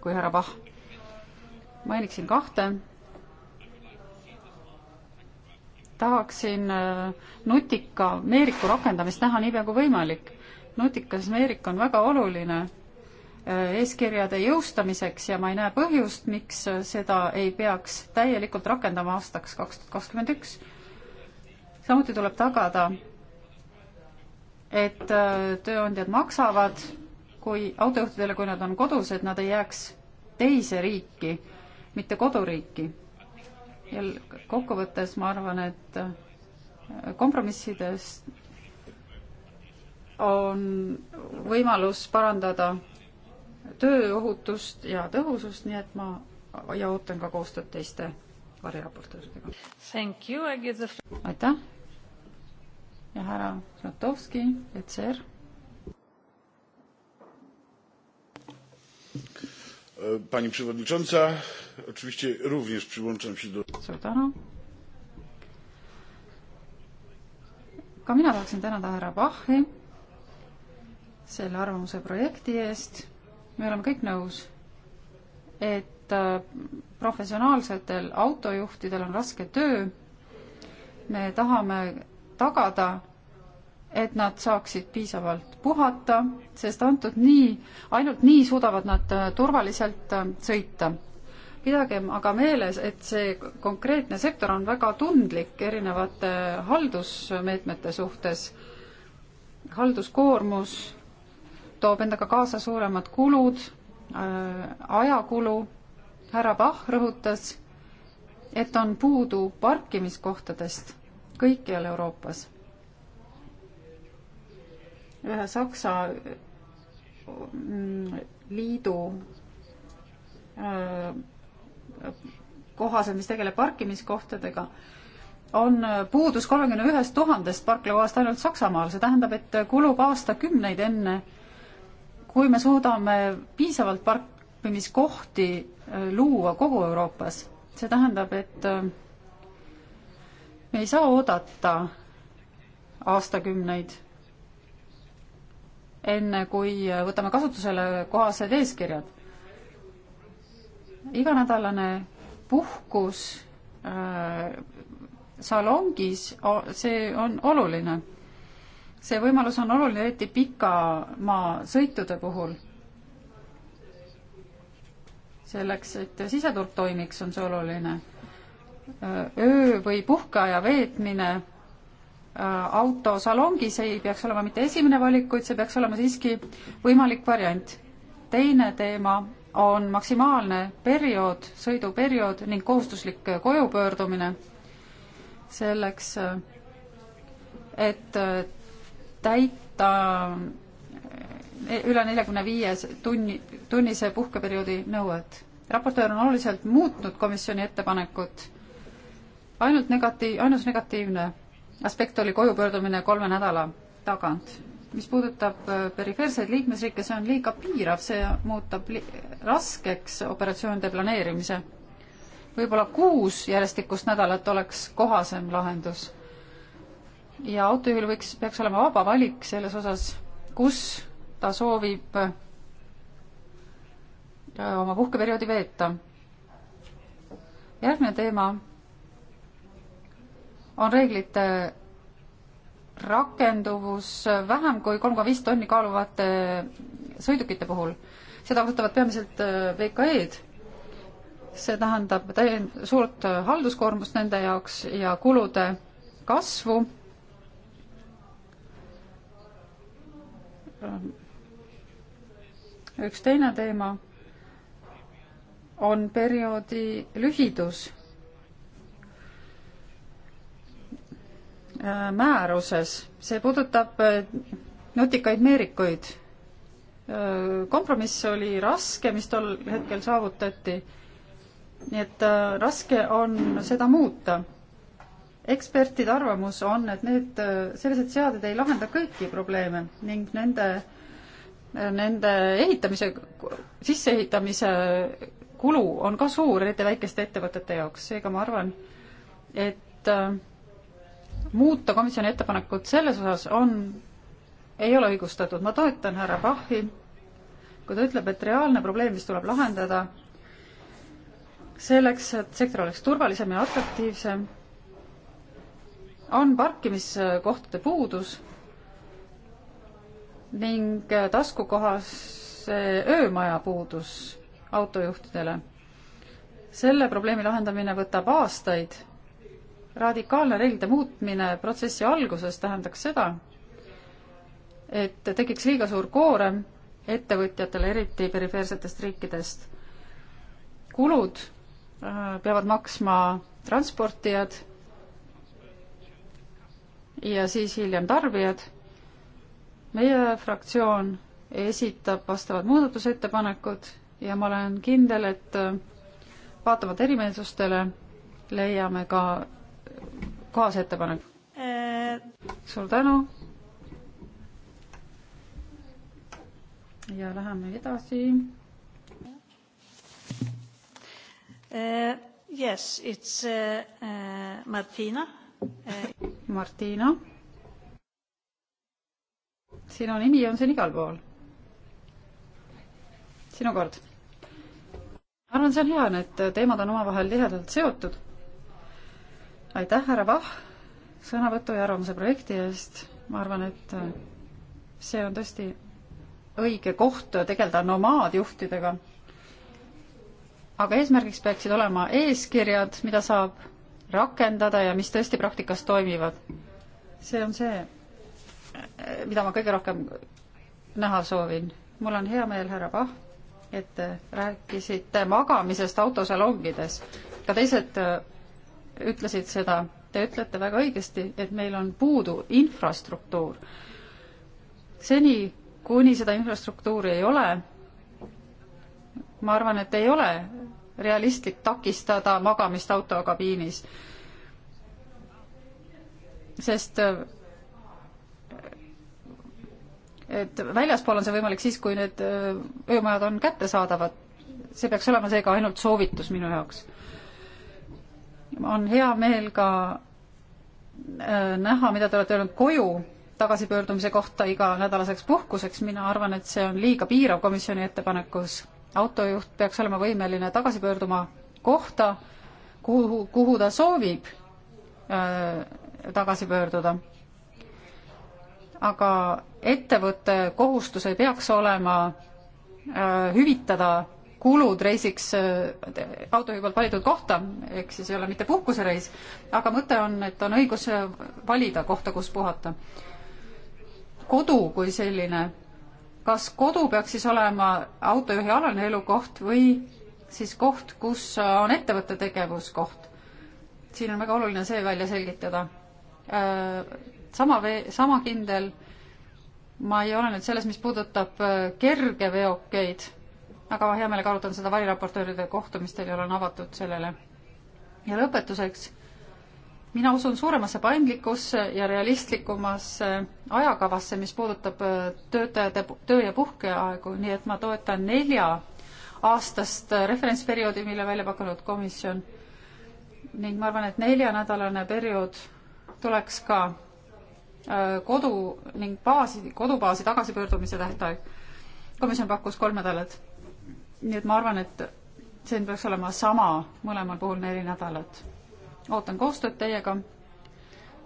kui härra Pahv. mainiksin kahte tahaksin äh, nutika Ameeriku rakendamist näha niipea kui võimalik. nutikas Ameerika on väga oluline äh, eeskirjade jõustamiseks ja ma ei näe põhjust, miks äh, seda ei peaks täielikult rakendama aastaks kaks tuhat kakskümmend üks. samuti tuleb tagada, et tööandjad maksavad, kui autojuhtidele, kui nad on kodus, et nad ei jääks teise riiki, mitte koduriiki ja kokkuvõttes ma arvan, et äh, kompromissidest on võimalus parandada tööohutust ja tõhusust, nii et ma ja ootan ka koostööd teiste variraportööridega. aitäh ja härra Zlatovski, ETSR pani przewodnicząca! oczywiście również przyłączam się do. ka mina tahaksin tänada härra Bachi selle arvamuse projekti eest. me oleme kõik nõus, et äh, professionaalsetel autojuhtidel on raske töö. me tahame tagada et nad saaksid piisavalt puhata, sest antud nii, ainult nii suudavad nad äh, turvaliselt äh, sõita. pidagem aga meeles, et see konkreetne sektor on väga tundlik erinevate haldusmeetmete suhtes. halduskoormus toob endaga kaasa suuremad kulud, äh, ajakulu, härra Pahh rõhutas, et on puudu parkimiskohtadest kõikjal Euroopas ühe Saksa mm, liidu äh, kohaselt, mis tegeleb parkimiskohtadega, on äh, puudus kolmekümne ühest tuhandest parklakohast ainult Saksamaal, see tähendab, et äh, kulub aastakümneid enne, kui me suudame piisavalt parkimiskohti luua kogu Euroopas. see tähendab, et me ei saa oodata aastakümneid enne kui võtame kasutusele kohased eeskirjad. iganädalane puhkus äh, salongis, see on oluline. see võimalus on oluline eriti pikamaa sõitude puhul. selleks, et siseturg toimiks, on see oluline öö või puhkeaja veetmine Äh, autosalongis ei peaks olema mitte esimene valik, kuid see peaks olema siiski võimalik variant. teine teema on maksimaalne periood, sõiduperiood ning kohustuslik koju pöördumine selleks, äh, et äh, täita üle neljakümne viie tunni, tunnise puhkeperioodi nõuet. raportöör on oluliselt muutnud komisjoni ettepanekut. ainult negati-, ainus negatiivne aspekt oli koju pöördumine kolme nädala tagant. mis puudutab äh, perifeerseid liikmesriike, see on liiga piirav, see muutab li-, raskeks operatsioonide planeerimise. võib-olla kuus järjestikust nädalat oleks kohasem lahendus. ja autojuhil võiks, peaks olema vaba valik selles osas, kus ta soovib äh, oma puhkeperioodi veeta. järgmine teema on reeglite rakenduvus vähem kui kolm koma viis tonni kaaluvate sõidukite puhul. seda kasutavad peamiselt äh, VKE-d. see tähendab täiend-, suurt halduskoormust nende jaoks ja kulude kasvu. üks teine teema on perioodi lühidus Äh, määruses, see puudutab äh, nutikaid meerikuid. Äh, kompromiss oli raske, mis tol hetkel saavutati. nii et raske on seda muuta. ekspertide arvamus on, et need, sellised seaded ei lahenda kõiki probleeme ning nende, nende ehitamise, sisseehitamise kulu on ka suur, eriti väikeste ettevõtete jaoks, seega ma arvan, et äh, muuta komisjoni ettepanekut selles osas on, ei ole õigustatud. ma toetan härra Bachi, kui ta ütleb, et reaalne probleem, mis tuleb lahendada, selleks, et sektor oleks turvalisem ja atraktiivsem, on parkimiskohtade puudus ning taskukohase öömaja puudus autojuhtidele. selle probleemi lahendamine võtab aastaid radikaalne reeglite muutmine protsessi alguses tähendaks seda, et tekiks liiga suur koorem ettevõtjatele, eriti perifeersetest riikidest. kulud äh, peavad maksma transportijad ja siis hiljem tarbijad. meie fraktsioon esitab vastavad muudatusettepanekud ja ma olen kindel, et äh, vaatamata erimeelsustele leiame ka kaasettepanek äh...? suur tänu. ja läheme edasi äh,. Yes, it's äh, äh Martina. Äh. Martina. sinu nimi on siin igal pool. sinu kord arvan, see on hea, need teemad on omavahel tihedalt seotud aitäh, härra Pahh, sõnavõtu ja arvamuse projekti eest. ma arvan, et äh, see on tõesti õige koht tegeleda nomaadjuhtidega. aga eesmärgiks peaksid olema eeskirjad, mida saab rakendada ja mis tõesti praktikas toimivad. see on see, äh, mida ma kõige rohkem näha soovin. mul on hea meel, härra Pahv, et rääkisite magamisest autosalongides. ka teised äh, ütlesid seda, te ütlete väga õigesti, et meil on puudu infrastruktuur. seni, kuni seda infrastruktuuri ei ole, ma arvan, et ei ole realistlik takistada magamist autokabiinis. sest et väljaspool on see võimalik siis, kui need äh, öömajad on kättesaadavad. see peaks olema seega ainult soovitus minu jaoks on hea meel ka äh, näha, mida te olete öelnud koju tagasipöördumise kohta iganädalaseks puhkuseks, mina arvan, et see on liiga piirav komisjoni ettepanekus. autojuht peaks olema võimeline tagasi pöörduma kohta, kuhu, kuhu ta soovib öö, äh, tagasi pöörduda. aga ettevõtte kohustus ei peaks olema öö, äh, hüvitada kulud reisiks äh, autojuhi poolt valitud kohta, ehk siis ei ole mitte puhkusereis, aga mõte on, et on õigus äh, valida kohta, kus puhata. kodu kui selline, kas kodu peaks siis olema autojuhi alaline elukoht või siis koht, kus äh, on ettevõtte tegevuskoht? siin on väga oluline see välja selgitada. sama vee, sama kindel ma ei ole nüüd selles, mis puudutab kergeveokeid aga ma hea meelega arutan seda variraportööride kohtumistel ja olen avatud sellele. ja lõpetuseks, mina usun suuremasse paindlikkusse ja realistlikumasse ajakavasse, mis puudutab äh, töötajate töö- ja puhkeaegu, nii et ma toetan nelja aastast äh, referentsperioodi, mille välja pakkunud komisjon ning ma arvan, et neljanädalane periood tuleks ka äh, kodu ning baasi, kodubaasi tagasipöördumise tähtaeg. komisjon pakkus kolm nädalat nii et ma arvan, et see peaks olema sama mõlemal puhul neli nädalat. ootan koostööd teiega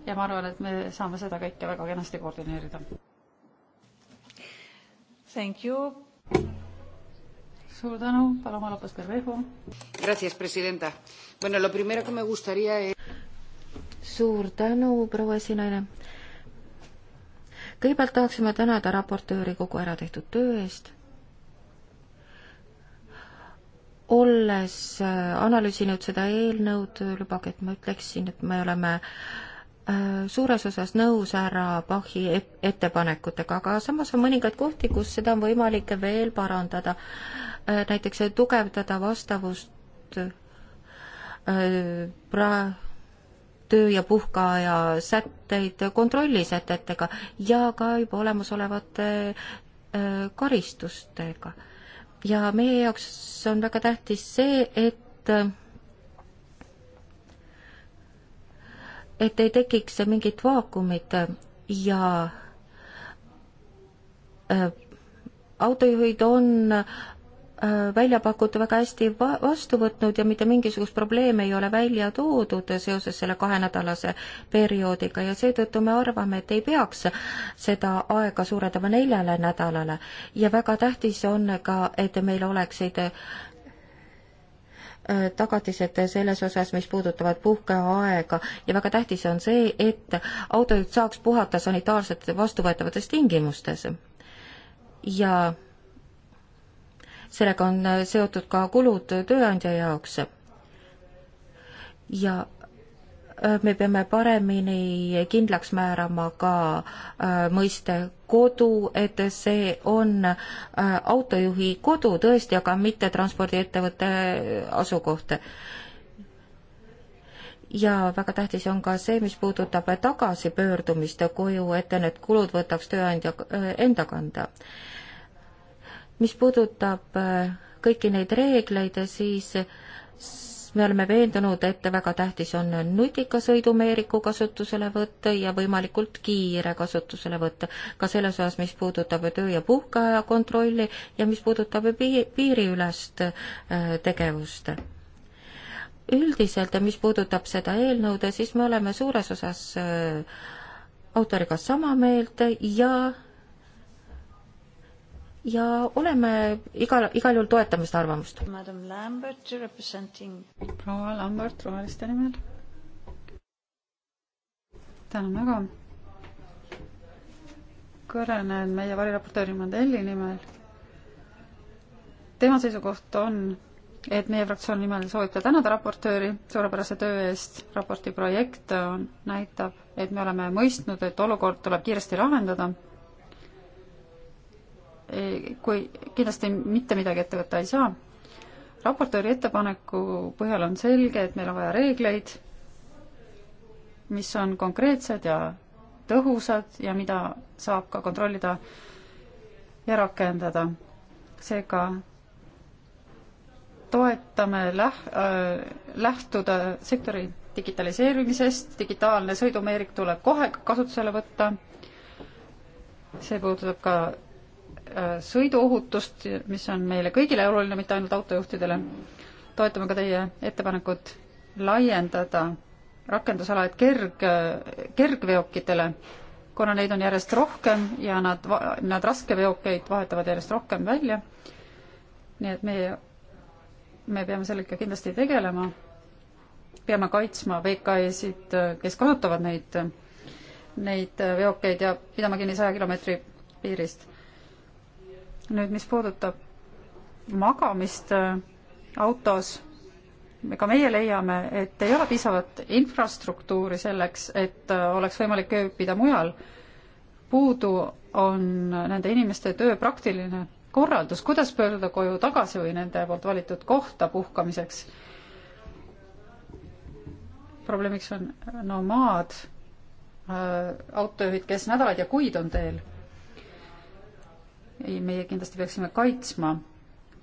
ja ma arvan, et me saame seda kõike väga kenasti koordineerida. Thank you. suur tänu, Paloma Lopez-Pervejo. Gracias, presidenta. Bueno, lo primero que me gustaría es... suur tänu, proua esinaine. kõigepealt tahaksime tänada raportööri kogu ära tehtud töö eest olles äh, analüüsinud seda eelnõud, lubage, et ma ütleksin, et me oleme äh, suures osas nõus härra Bachi ettepanekutega, aga samas on mõningaid kohti, kus seda on võimalik veel parandada. Äh, näiteks tugevdada vastavust pra-, töö- ja puhkeaja sätteid kontrollisätetega ja ka juba olemasolevate karistustega ja meie jaoks on väga tähtis see, et et ei tekiks mingit vaakumit ja äh, autojuhid on äh, Äh, välja pakutu väga hästi va-, vastu võtnud ja mitte mingisugust probleemi ei ole välja toodud seoses selle kahenädalase perioodiga ja seetõttu me arvame, et ei peaks seda aega suurendama neljale nädalale. ja väga tähtis on ka, et meil oleksid äh, tagatised selles osas, mis puudutavad puhkeaega ja väga tähtis on see, et autojuht saaks puhata sanitaarselt vastuvõetavates tingimustes. ja sellega on äh, seotud ka kulud tööandja jaoks. ja äh, me peame paremini kindlaks määrama ka äh, mõiste kodu, et see on autojuhi kodu tõesti, aga mitte transpordiettevõtte asukoht ja väga tähtis on ka see, mis puudutab tagasipöördumist koju, et need kulud võtaks tööandja enda kanda mis puudutab äh, kõiki neid reegleid, siis me oleme veendunud, et väga tähtis on nutika sõidumeeriku kasutuselevõtt ja võimalikult kiire kasutuselevõtt. ka selles osas, mis puudutab töö- ja puhkeaja kontrolli ja mis puudutab piiriülest äh, tegevust. üldiselt, mis puudutab seda eelnõud, siis me oleme suures osas äh, autoriga sama meelt ja ja oleme igal, igal juhul toetame seda arvamust. proua Lambert roheliste nimel. tänan väga. kõnelen meie variraportööri Mandelli nimel. tema seisukoht on, et meie fraktsiooni nimel soovib ta tänada raportööri suurepärase töö eest. raporti projekt on, näitab, et me oleme mõistnud, et olukord tuleb kiiresti lahendada kui kindlasti mitte midagi ette võtta ei saa. raportööri ettepaneku põhjal on selge, et meil on vaja reegleid, mis on konkreetsed ja tõhusad ja mida saab ka kontrollida ja rakendada. seega toetame läh- äh,, lähtuda sektori digitaliseerimisest, digitaalne sõidumeerik tuleb kohe kasutusele võtta, see puudutab ka Äh, sõiduohutust, mis on meile kõigile oluline, mitte ainult autojuhtidele. toetame ka teie ettepanekut laiendada rakendusala, et kerg, kergveokitele, kuna neid on järjest rohkem ja nad, nad raskeveokeid vahetavad järjest rohkem välja. nii et meie, me peame sellega kindlasti tegelema. peame kaitsma VKE-sid, kes kasutavad neid, neid veokeid ja pidama kinni saja kilomeetri piirist nüüd, mis puudutab magamist äh, autos, ka meie leiame, et ei ole piisavat infrastruktuuri selleks, et äh, oleks võimalik ööbida mujal. puudu on nende inimeste töö praktiline korraldus, kuidas pöörduda koju tagasi või nende poolt valitud kohta puhkamiseks. probleemiks on nomaad, äh, autojuhid, kes nädalaid ja kuid on teel ei, meie kindlasti peaksime kaitsma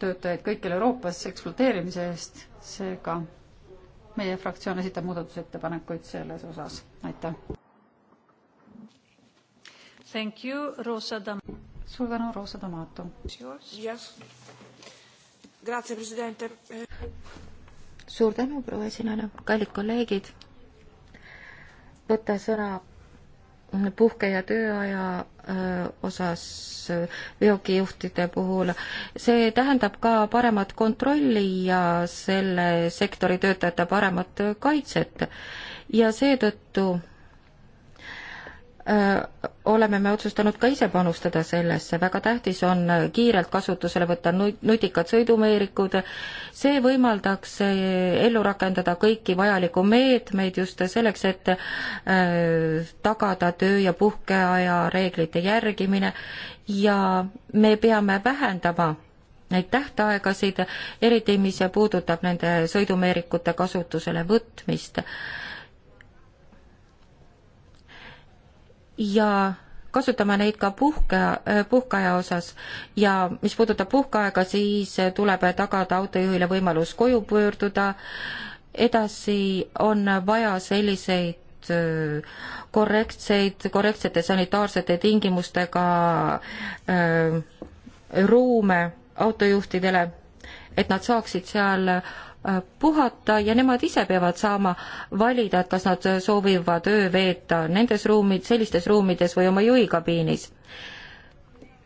töötajaid kõikjal Euroopas ekspluateerimise eest, seega meie fraktsioon esitab muudatusettepanekuid selles osas, aitäh. Thank you, Rosa Dam-. suur tänu, Rosa Damato. Yes. Grazie, president. suur tänu, proua esinejana, kallid kolleegid. võtta sõna puhke- ja tööaja äh, osas äh, veokijuhtide puhul. see tähendab ka paremat kontrolli ja selle sektori töötajate paremat kaitset ja seetõttu oleme me otsustanud ka ise panustada sellesse, väga tähtis on kiirelt kasutusele võtta nutikad sõidumeerikud, see võimaldaks eh, ellu rakendada kõiki vajalikku meetmeid just selleks, et tagada töö- ja puhkeaja reeglite järgimine ja me peame vähendama neid tähtaegasid, eriti mis puudutab nende sõidumeerikute kasutusele võtmist ja kasutama neid ka puhke, puhkeaja osas ja mis puudutab puhkeaega, siis tuleb tagada autojuhile võimalus koju pöörduda, edasi on vaja selliseid äh, korrektseid, korrektsete sanitaarsete tingimustega öö, äh, ruume autojuhtidele, et nad saaksid seal Äh, puhata ja nemad ise peavad saama valida, et kas nad soovivad öö veeta nendes ruumid, sellistes ruumides või oma jõikabiinis.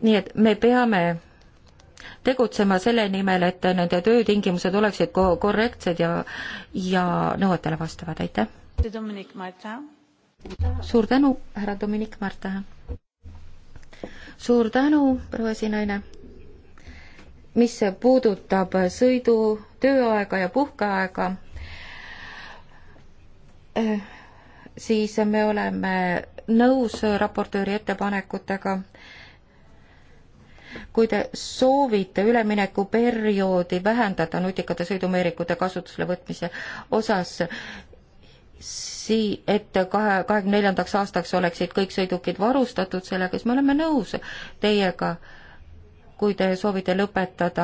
nii et me peame tegutsema selle nimel, et nende töötingimused oleksid ko-, korrektsed ja, ja nõuetele vastavad, aitäh! suur tänu, härra Dominik Marta! suur tänu, proua esinaine! mis puudutab sõidu, tööaega ja puhkeaega, eh, siis me oleme nõus raportööri ettepanekutega. kui te soovite üleminekuperioodi vähendada nutikate sõidumeerikute kasutusele võtmise osas, sii-, et kahe, kahekümne neljandaks aastaks oleksid kõik sõidukid varustatud sellega, siis me oleme nõus teiega äh, kui te soovite lõpetada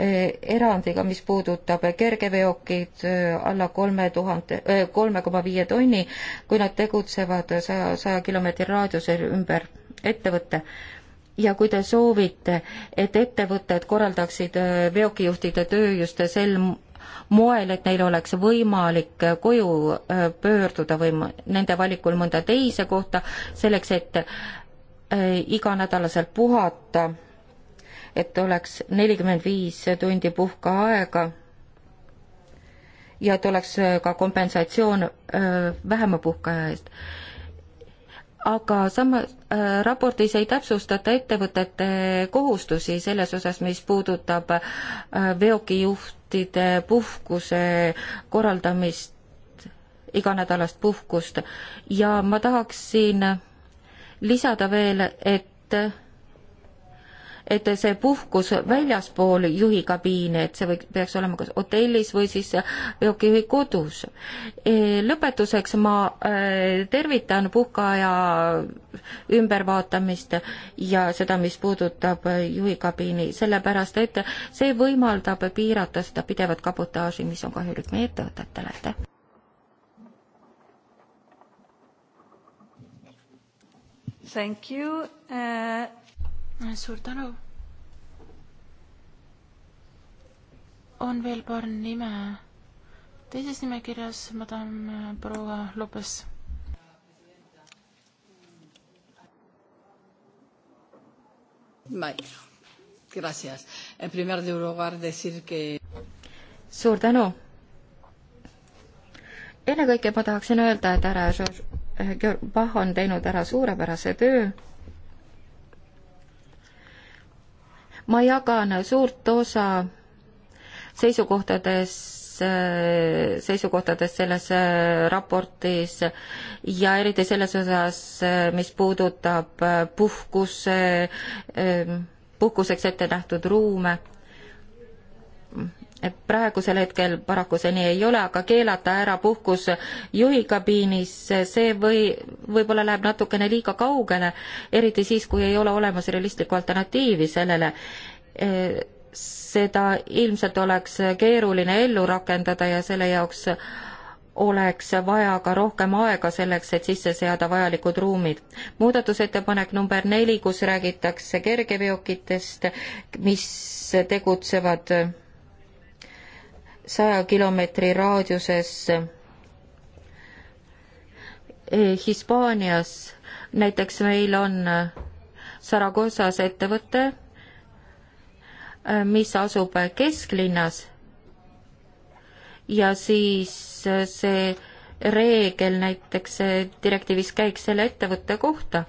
eh, erandiga, mis puudutab kergeveokid eh, alla kolme tuhande, eh, kolme koma viie tonni, kui nad tegutsevad saja, saja kilomeetri raadiusel ümber ettevõtte ja kui te soovite, et ettevõtted korraldaksid veokijuhtide töö just sel moel, et neil oleks võimalik koju pöörduda või nende valikul mõnda teise kohta, selleks et iganädalaselt puhata et oleks nelikümmend viis tundi puhkeaega ja et oleks ka kompensatsioon vähema puhkeaja eest. aga samas äh, raportis ei täpsustata ettevõtete kohustusi selles osas, mis puudutab äh, veokijuhtide puhkuse korraldamist, iganädalast puhkust ja ma tahaksin lisada veel, et et see puhkus väljaspool juhi kabiine, et see või, peaks olema kas hotellis või siis veokijuhi kodus. E, lõpetuseks ma e, tervitan puhkeaja ümbervaatamist ja seda, mis puudutab juhi kabiini, sellepärast et see võimaldab piirata seda pidevat kabotaaži, mis on kahjulik meie ettevõtetele, aitäh! Thank you. Uh, suur tänu. on veel paar nime teises nimekirjas, madam äh, proua Lopes Vale. Gracias. En primer lugar, decir que... suur tänu! ennekõike ma tahaksin öelda, et härra George äh, Bach on teinud ära suurepärase töö ma jagan suurt osa seisukohtades äh, seisukohtades selles äh, raportis ja eriti selles osas, äh, mis puudutab puhkuse, puhkuseks ette nähtud ruume et praegusel hetkel paraku see nii ei ole, aga keelata ära puhkus juhi kabiinis, see või, võib-olla läheb natukene liiga kaugele, eriti siis, kui ei ole olemas realistlikku alternatiivi sellele. E, seda ilmselt oleks keeruline ellu rakendada ja selle jaoks oleks vaja ka rohkem aega selleks, et sisse seada vajalikud ruumid. muudatusettepanek number neli, kus räägitakse kergeveokitest, mis tegutsevad saja kilomeetri raadiuses eh, Hispaanias, näiteks meil on eh, Saragossas ettevõte, eh, mis asub kesklinnas ja siis see reegel näiteks direktiivis käiks selle ettevõtte kohta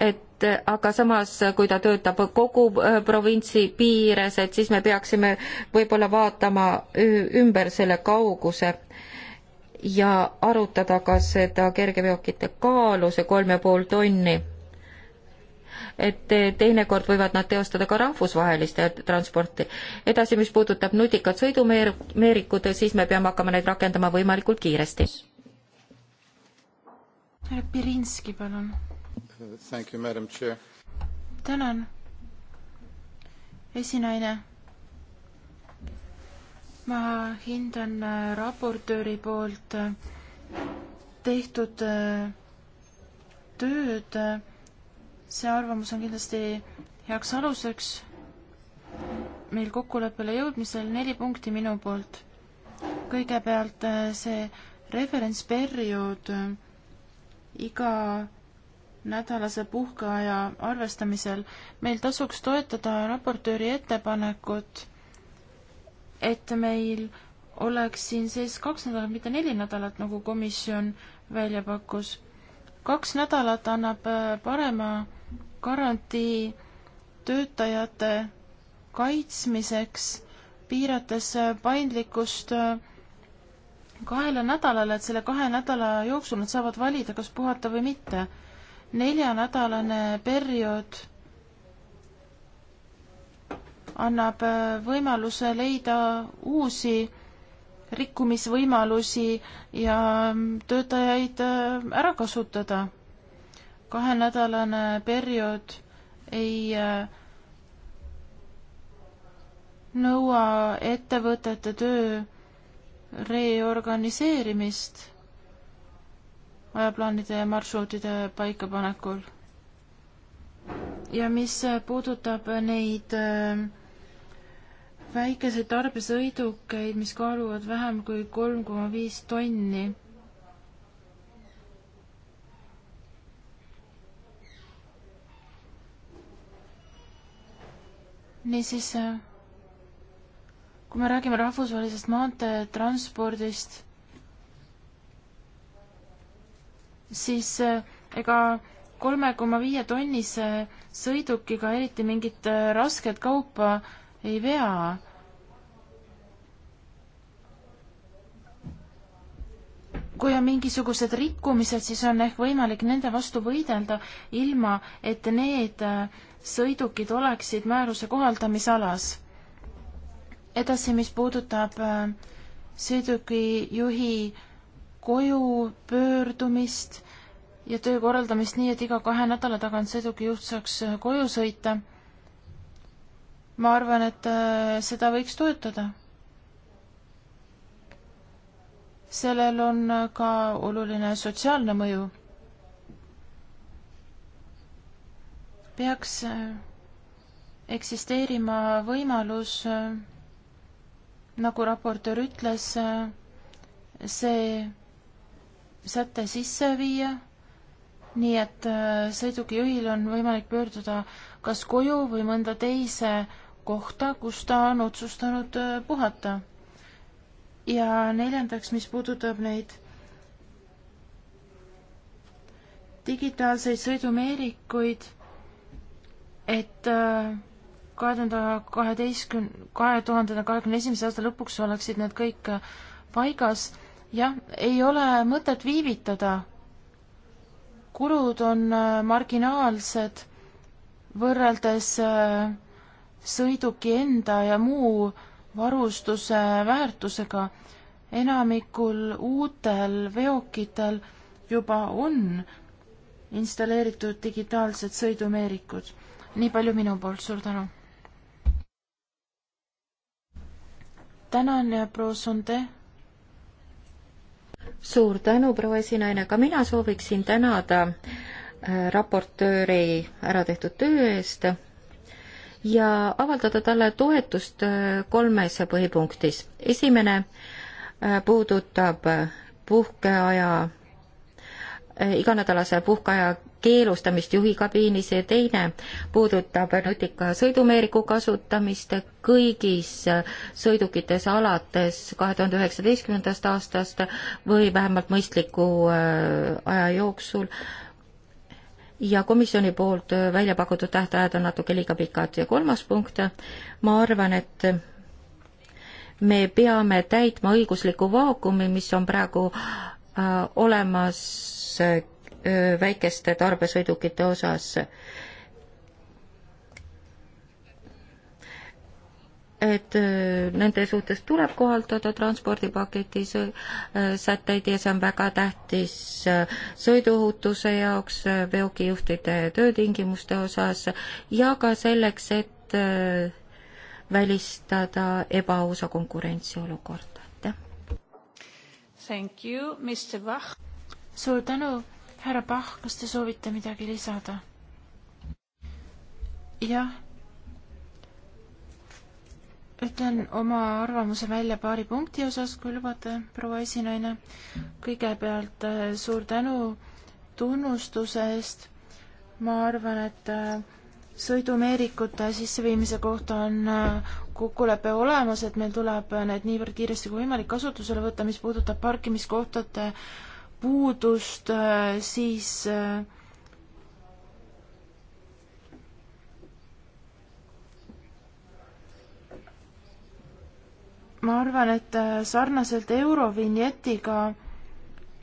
et aga samas, kui ta töötab kogu äh, provintsi piires, et siis me peaksime võib-olla vaatama ümber selle kauguse ja arutada ka seda kergeveokite kaalu, see kolm ja pool tonni. et teinekord võivad nad teostada ka rahvusvahelist transporti. edasi, mis puudutab nutikat sõidumeerikud, siis me peame hakkama neid rakendama võimalikult kiiresti. härra Pirinski, palun tänan, esinaine. ma hindan äh, raportööri poolt äh, tehtud äh, tööd. see arvamus on kindlasti heaks aluseks meil kokkuleppele jõudmisel neli punkti minu poolt. kõigepealt see referentsperiood iga nädalase puhkeaja arvestamisel, meil tasuks toetada raportööri ettepanekut, et meil oleks siin sees kaks nädalat, mitte neli nädalat, nagu komisjon välja pakkus. kaks nädalat annab äh, parema garantii töötajate kaitsmiseks, piirates äh, paindlikkust äh, kahele nädalale, et selle kahe nädala jooksul nad saavad valida, kas puhata või mitte neljanädalane periood annab äh, võimaluse leida uusi rikkumisvõimalusi ja mm, töötajaid äh, ära kasutada. kahenädalane periood ei äh, nõua ettevõtete töö reorganiseerimist ajaplaanide ja marsruutide paikapanekul. ja mis puudutab neid ähm, väikeseid tarbesõidukeid, mis kaaluvad vähem kui kolm koma viis tonni niisiis, äh, kui me räägime rahvusvahelisest maanteetranspordist, siis äh, ega kolme koma viie tonnise sõidukiga eriti mingit äh, rasket kaupa ei vea. kui on mingisugused rikkumised, siis on ehk võimalik nende vastu võidelda, ilma et need äh, sõidukid oleksid määruse kohaldamisalas. edasi, mis puudutab sõidukijuhi äh, koju pöördumist ja töö korraldamist nii, et iga kahe nädala tagant sõidukijuht saaks äh, koju sõita. ma arvan, et äh, seda võiks toetada. sellel on äh, ka oluline sotsiaalne mõju. peaks eksisteerima võimalus, nagu raportöör ütles, see säte sisse viia, nii et äh, sõidukijuhil on võimalik pöörduda kas koju või mõnda teise kohta, kus ta on otsustanud äh, puhata. ja neljandaks, mis puudutab neid digitaalseid sõidumeerikuid, et äh, kahe tuhande kaheteistkümne, kahe tuhande kahekümne esimese aasta lõpuks oleksid need kõik paigas jah, ei ole mõtet viivitada. kulud on äh, marginaalsed võrreldes äh, sõiduki enda ja muu varustuse väärtusega. enamikul uutel veokitel juba on installeeritud digitaalsed sõidumeerikud. nii palju minu poolt, suur tänu. tänan ja proua Sunde suur tänu, proua esinaine, ka mina sooviksin tänada äh, raportööri ära tehtud töö eest ja avaldada talle toetust äh, kolmes põhipunktis. esimene äh, puudutab puhkeaja, iganädalase puhkeaja keelustamist juhikabiinis ja teine puudutab nutika sõidumeeriku kasutamist kõigis sõidukites alates kahe tuhande üheksateistkümnendast aastast või vähemalt mõistliku äh, aja jooksul ja komisjoni poolt äh, välja pakutud tähtajad on natuke liiga pikad ja kolmas punkt, ma arvan, et me peame täitma õigusliku vaakumi, mis on praegu äh, olemas väikeste tarbesõidukite osas. et nende suhtes tuleb kohaldada transpordipaketis sätteid ja see on väga tähtis sõiduohutuse jaoks, veokijuhtide töötingimuste osas ja ka selleks, et välistada ebaausa konkurentsi olukorda, aitäh! suur tänu, härra Pahh, kas te soovite midagi lisada? jah. ütlen oma arvamuse välja paari punkti osas, kui lubate, proua esinaine. kõigepealt äh, suur tänu tunnustuse eest. ma arvan, et äh, sõidumeerikute sisseviimise kohta on äh, kokkulepe olemas, et meil tuleb need niivõrd kiiresti kui võimalik kasutusele võtta, mis puudutab parkimiskohtade puudust, äh, siis äh, ma arvan, et äh, sarnaselt Eurovinjetiga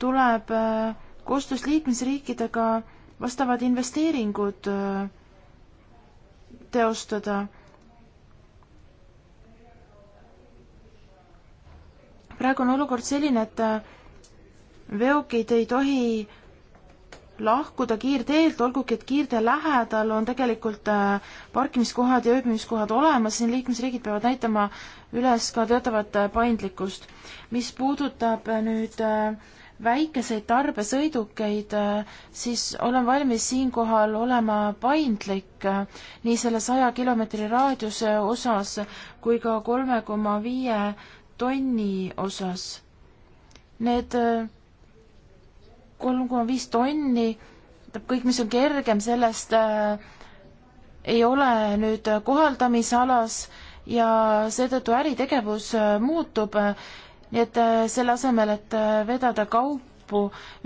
tuleb koostöös liikmesriikidega vastavad investeeringud teostada. praegu on olukord selline, et veokid ei tohi lahkuda kiirteelt, olgugi et kiirtee lähedal on tegelikult äh, parkimiskohad ja ööbimiskohad olemas, siin liikmesriigid peavad näitama üles ka teatavat äh, paindlikkust. mis puudutab äh, nüüd väikeseid tarbesõidukeid, siis olen valmis siinkohal olema paindlik nii selle saja kilomeetri raadiuse osas kui ka kolme koma viie tonni osas. Need kolm koma viis tonni, tähendab kõik, mis on kergem, sellest äh, ei ole nüüd kohaldamisalas ja seetõttu äritegevus äh, muutub äh,. nii et äh, selle asemel, et äh, vedada kaupu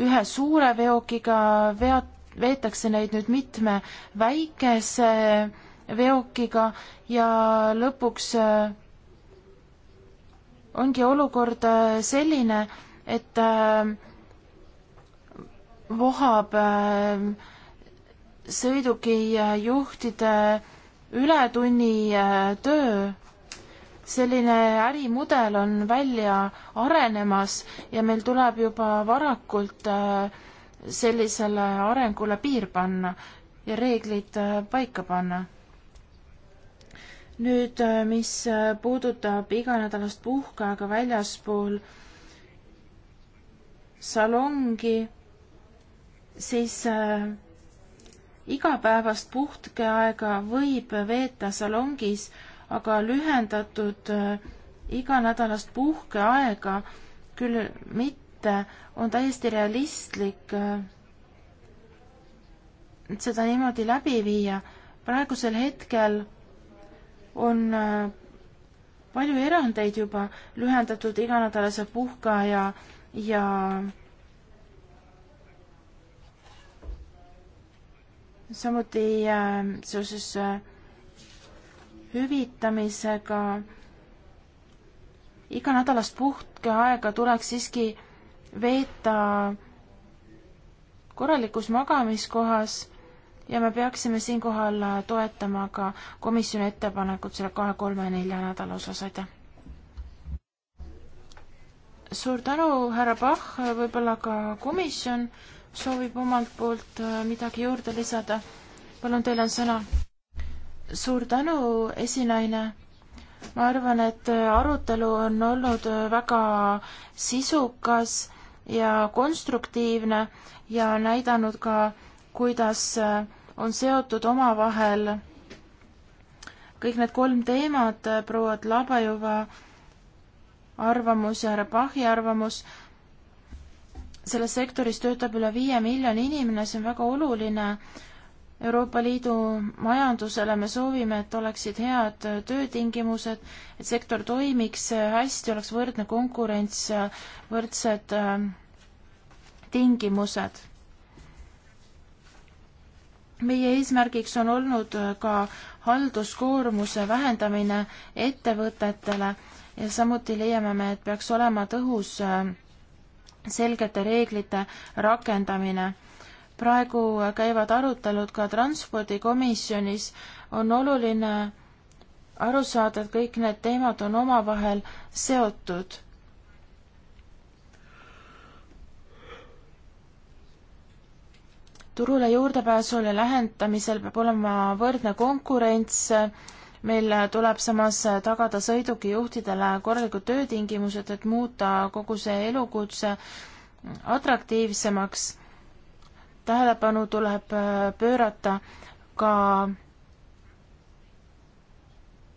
ühe suure veokiga, vead, veetakse neid nüüd mitme väikese äh, veokiga ja lõpuks äh, ongi olukord äh, selline, et äh, vohab ähm, sõidukijuhtide ületunnitöö. Äh, selline ärimudel on välja arenemas ja meil tuleb juba varakult äh, sellisele arengule piir panna ja reeglid äh, paika panna. nüüd, mis puudutab iganädalast puhkeaega väljaspool salongi siis äh, igapäevast puhkeaega võib veeta salongis, aga lühendatud äh, iganädalast puhkeaega küll mitte, on täiesti realistlik äh, seda niimoodi läbi viia. praegusel hetkel on äh, palju erandeid juba lühendatud iganädalase puhkeaja ja, ja samuti äh, seoses äh, hüvitamisega iganädalast puhkeaega tuleks siiski veeta korralikus magamiskohas ja me peaksime siinkohal äh, toetama ka komisjoni ettepanekut selle kahe, kolme, nelja nädala osas, aitäh! suur tänu, härra Pahh, võib-olla ka komisjon soovib omalt poolt äh, midagi juurde lisada? palun, teil on sõna. suur tänu, esinaine. ma arvan, et äh, arutelu on olnud äh, väga sisukas ja konstruktiivne ja näidanud ka, kuidas on seotud omavahel kõik need kolm teemat, proua Tlabajova arvamus ja härra Pahi arvamus selles sektoris töötab üle viie miljoni inimene, see on väga oluline Euroopa Liidu majandusele, me soovime, et oleksid head töötingimused, et sektor toimiks hästi, oleks võrdne konkurents, võrdsed äh, tingimused. meie eesmärgiks on olnud äh, ka halduskoormuse vähendamine ettevõtetele ja samuti leiame me, et peaks olema tõhus äh, selgete reeglite rakendamine. praegu käivad arutelud ka transpordikomisjonis, on oluline aru saada, et kõik need teemad on omavahel seotud. turule juurdepääsule lähendamisel peab olema võrdne konkurents meil tuleb samas tagada sõidukijuhtidele korralikud töötingimused, et muuta kogu see elukutse atraktiivsemaks. tähelepanu tuleb pöörata ka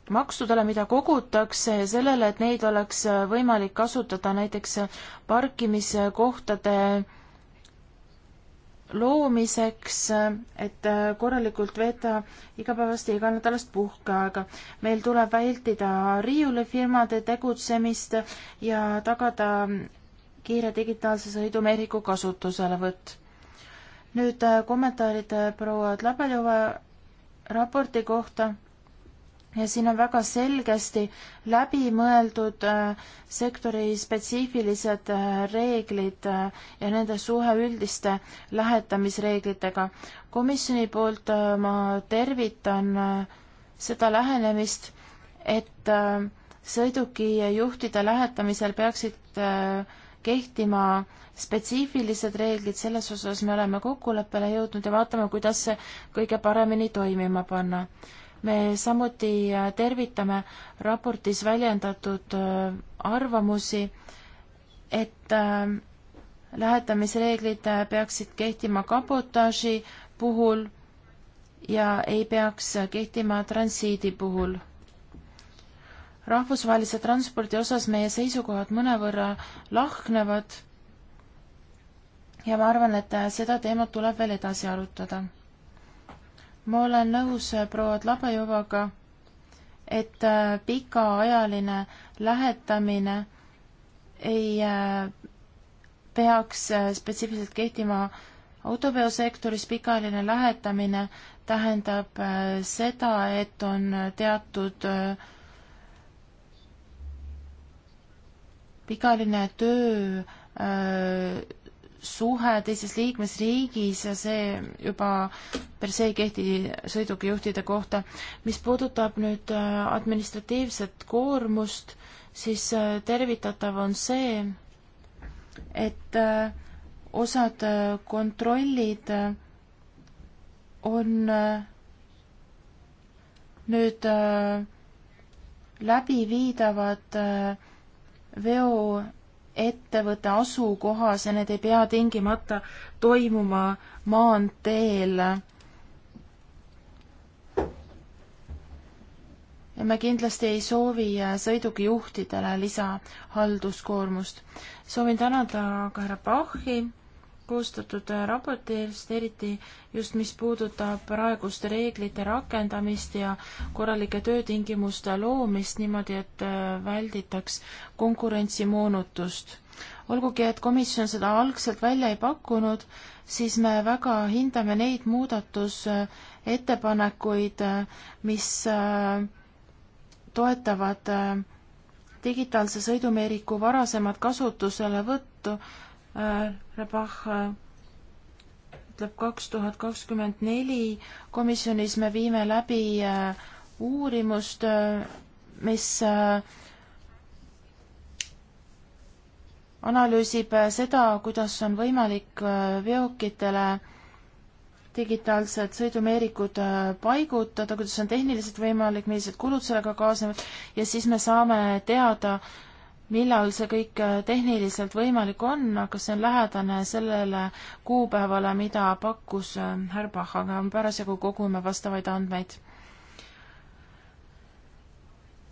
maksudele, mida kogutakse ja sellele, et neid oleks võimalik kasutada näiteks parkimiskohtade loomiseks, et korralikult veeta igapäevast ja iganädalast puhkeaega. meil tuleb vältida riiulifirmade tegutsemist ja tagada kiire digitaalse sõidumeeriku kasutuselevõtt. nüüd kommentaarid proua Tlabeljova raporti kohta ja siin on väga selgesti läbimõeldud äh, sektori spetsiifilised äh, reeglid äh, ja nende suhe üldiste lähetamisreeglitega. komisjoni poolt ma tervitan seda lähenemist, et sõidukijuhtide lähetamisel peaksid kehtima spetsiifilised reeglid, selles osas me oleme kokkuleppele jõudnud ja vaatame, kuidas see kõige paremini toimima panna me samuti äh, tervitame raportis väljendatud äh, arvamusi, et äh, lähetamisreeglid peaksid kehtima kabotaaži puhul ja ei peaks kehtima transiidi puhul. rahvusvahelise transpordi osas meie seisukohad mõnevõrra lahknevad ja ma arvan, et seda teemat tuleb veel edasi arutada ma olen nõus äh, proua Tlabajovaga, et äh, pikaajaline lähetamine ei äh, peaks spetsiifiliselt kehtima autoveosektoris pikaajaline lähetamine tähendab seda, et on teatud pikaajaline töö suhe teises liikmesriigis ja see juba per se ei kehti sõidukijuhtide kohta. mis puudutab nüüd äh, administratiivset koormust, siis äh, tervitatav on see, et äh, osad kontrollid on nüüd läbiviidavad veo ettevõtte asukohas ja need ei pea tingimata toimuma maanteel. ja me kindlasti ei soovi sõidukijuhtidele lisahalduskoormust. soovin tänada ka härra Bachi koostatud raporti eest, eriti just mis puudutab praeguste reeglite rakendamist ja korralike töötingimuste loomist niimoodi, et äh, välditaks konkurentsimoonutust. olgugi, et komisjon seda algselt välja ei pakkunud, siis me väga hindame neid muudatusettepanekuid, äh, mis äh, toetavad digitaalse sõidumeeriku varasemat kasutuselevõttu Rebach äh, ütleb kaks tuhat kakskümmend neli, komisjonis me viime läbi äh, uurimust, äh, mis analüüsib seda, kuidas on võimalik veokitele digitaalsed sõidumeerikud paigutada, kuidas on tehniliselt võimalik, millised kulud sellega kaasnevad ja siis me saame teada, millal see kõik äh, tehniliselt võimalik on, aga see on lähedane sellele kuupäevale, mida pakkus äh, Härbach, aga parasjagu kogume vastavaid andmeid.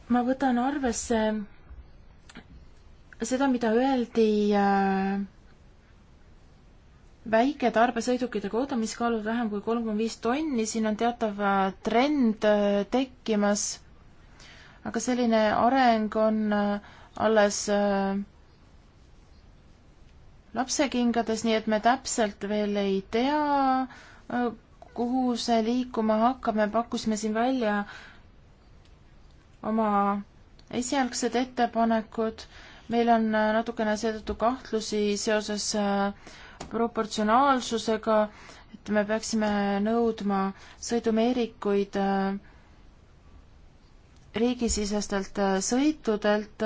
ma võtan arvesse seda, mida öeldi äh, väiketarbesõidukite kohta, mis kaaluvad vähem kui kolm koma viis tonni, siin on teatav äh, trend tekkimas, aga selline areng on alles äh, lapsekingades, nii et me täpselt veel ei tea, äh, kuhu see liikuma hakkab, me pakkusime siin välja oma esialgsed ettepanekud, meil on äh, natukene seetõttu kahtlusi seoses proportsionaalsusega, et me peaksime nõudma sõidumeerikuid riigisisestelt sõitudelt,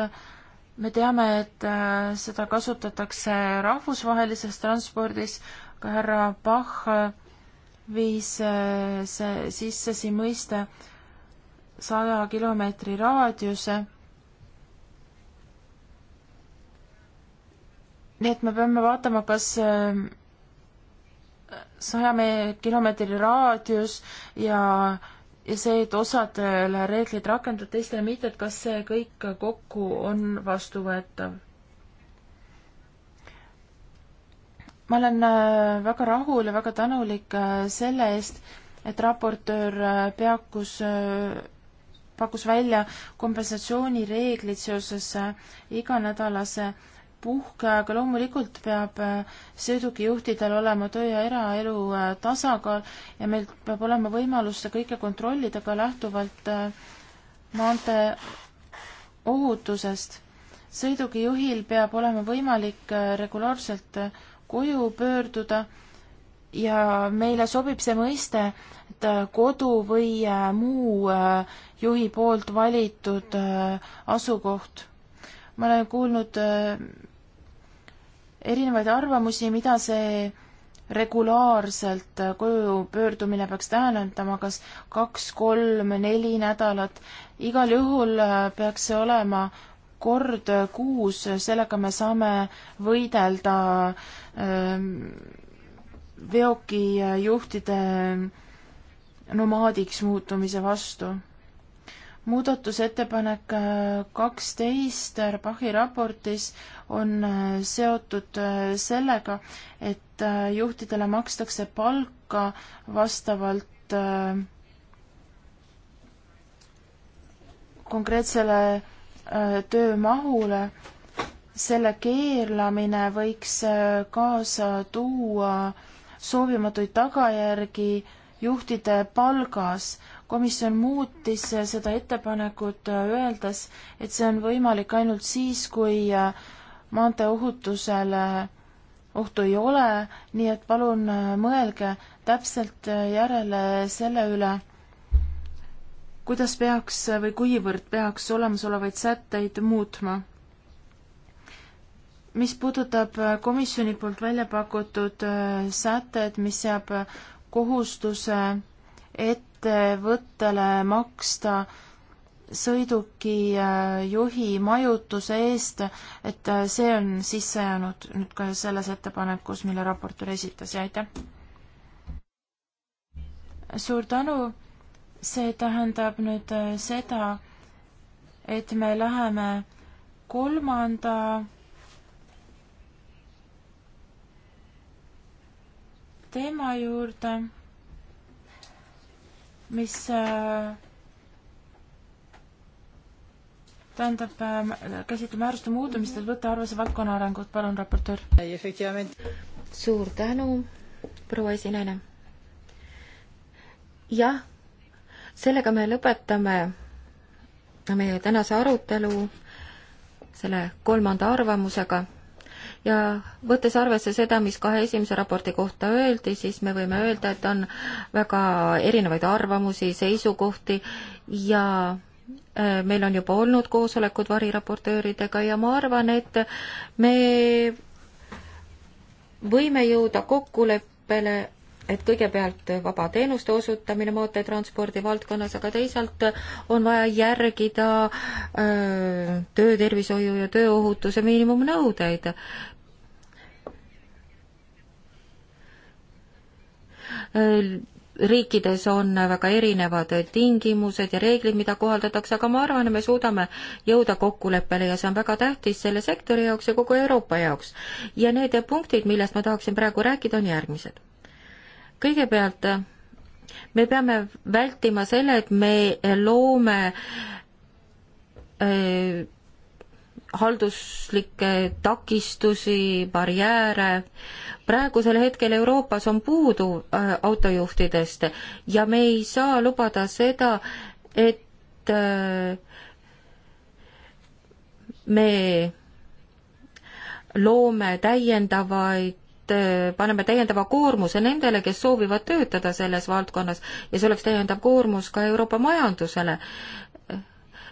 me teame, et äh, seda kasutatakse rahvusvahelises transpordis, aga härra Bach äh, viis äh, see sisse siin mõiste saja kilomeetri raadiuse. nii et me peame vaatama, kas saja kilomeetri raadius ja ja see, et osadele reeglid rakenduvad, teistele mitte, et kas see kõik kokku on vastuvõetav? ma olen äh, väga rahul ja väga tänulik äh, selle eest, et raportöör äh, peakus, pakkus välja kompensatsioonireeglid seoses iganädalase puhke, aga loomulikult peab äh, sõidukijuhtidel olema töö ja eraelu äh, tasakaal ja meil peab olema võimalus seda kõike kontrollida ka lähtuvalt äh, maantee ohutusest. sõidukijuhil peab olema võimalik regulaarselt koju pöörduda ja meile sobib see mõiste, et kodu või muu juhi poolt valitud asukoht ma olen kuulnud erinevaid arvamusi, mida see regulaarselt koju pöördumine peaks tähendama, kas kaks, kolm, neli nädalat, igal juhul äh, peaks see olema kord kuus, sellega me saame võidelda ähm, veokijuhtide äh, nomaadiks muutumise vastu muudatusettepanek äh, kaksteist Rabahi raportis on äh, seotud äh, sellega, et juhtidele makstakse palka vastavalt konkreetsele töömahule. selle keerlamine võiks kaasa tuua soovimatuid tagajärgi juhtide palgas komisjon muutis seda ettepanekut, äh, öeldes, et see on võimalik ainult siis, kui äh, maanteeohutusele ohtu ei ole, nii et palun äh, mõelge täpselt järele selle üle, kuidas peaks või kuivõrd peaks olemasolevaid sätteid muutma. mis puudutab komisjoni poolt välja pakutud sätet, mis seab kohustuse, et ettevõttele maksta sõiduki juhi majutuse eest, et see on sisse jäänud nüüd ka selles ettepanekus, mille raportöör esitas ja aitäh! suur tänu, see tähendab nüüd seda, et me läheme kolmanda teema juurde mis äh, tähendab, äh, käsitleb määruste muutumist, et võtta arvesse valdkonna arengut, palun, raportöör. suur tänu, proua esinaine. jah, sellega me lõpetame meie tänase arutelu selle kolmanda arvamusega ja võttes arvesse seda, mis kahe esimese raporti kohta öeldi, siis me võime öelda, et on väga erinevaid arvamusi, seisukohti ja äh, meil on juba olnud koosolekud variraportööridega ja ma arvan, et me võime jõuda kokkuleppele, et kõigepealt vaba teenuste osutamine maanteetranspordi valdkonnas, aga teisalt on vaja järgida öö, äh, töötervishoiu ja tööohutuse miinimumnõudeid. riikides on väga erinevad tingimused ja reeglid, mida kohaldatakse, aga ma arvan, et me suudame jõuda kokkuleppele ja see on väga tähtis selle sektori jaoks ja kogu Euroopa jaoks. ja need punktid, millest ma tahaksin praegu rääkida, on järgmised. kõigepealt me peame vältima selle, et me loome öö, äh, halduslikke takistusi, barjääre. praegusel hetkel Euroopas on puudu äh, autojuhtidest ja me ei saa lubada seda, et äh, me loome täiendavaid äh, paneme täiendava koormuse nendele, kes soovivad töötada selles valdkonnas ja see oleks täiendav koormus ka Euroopa majandusele.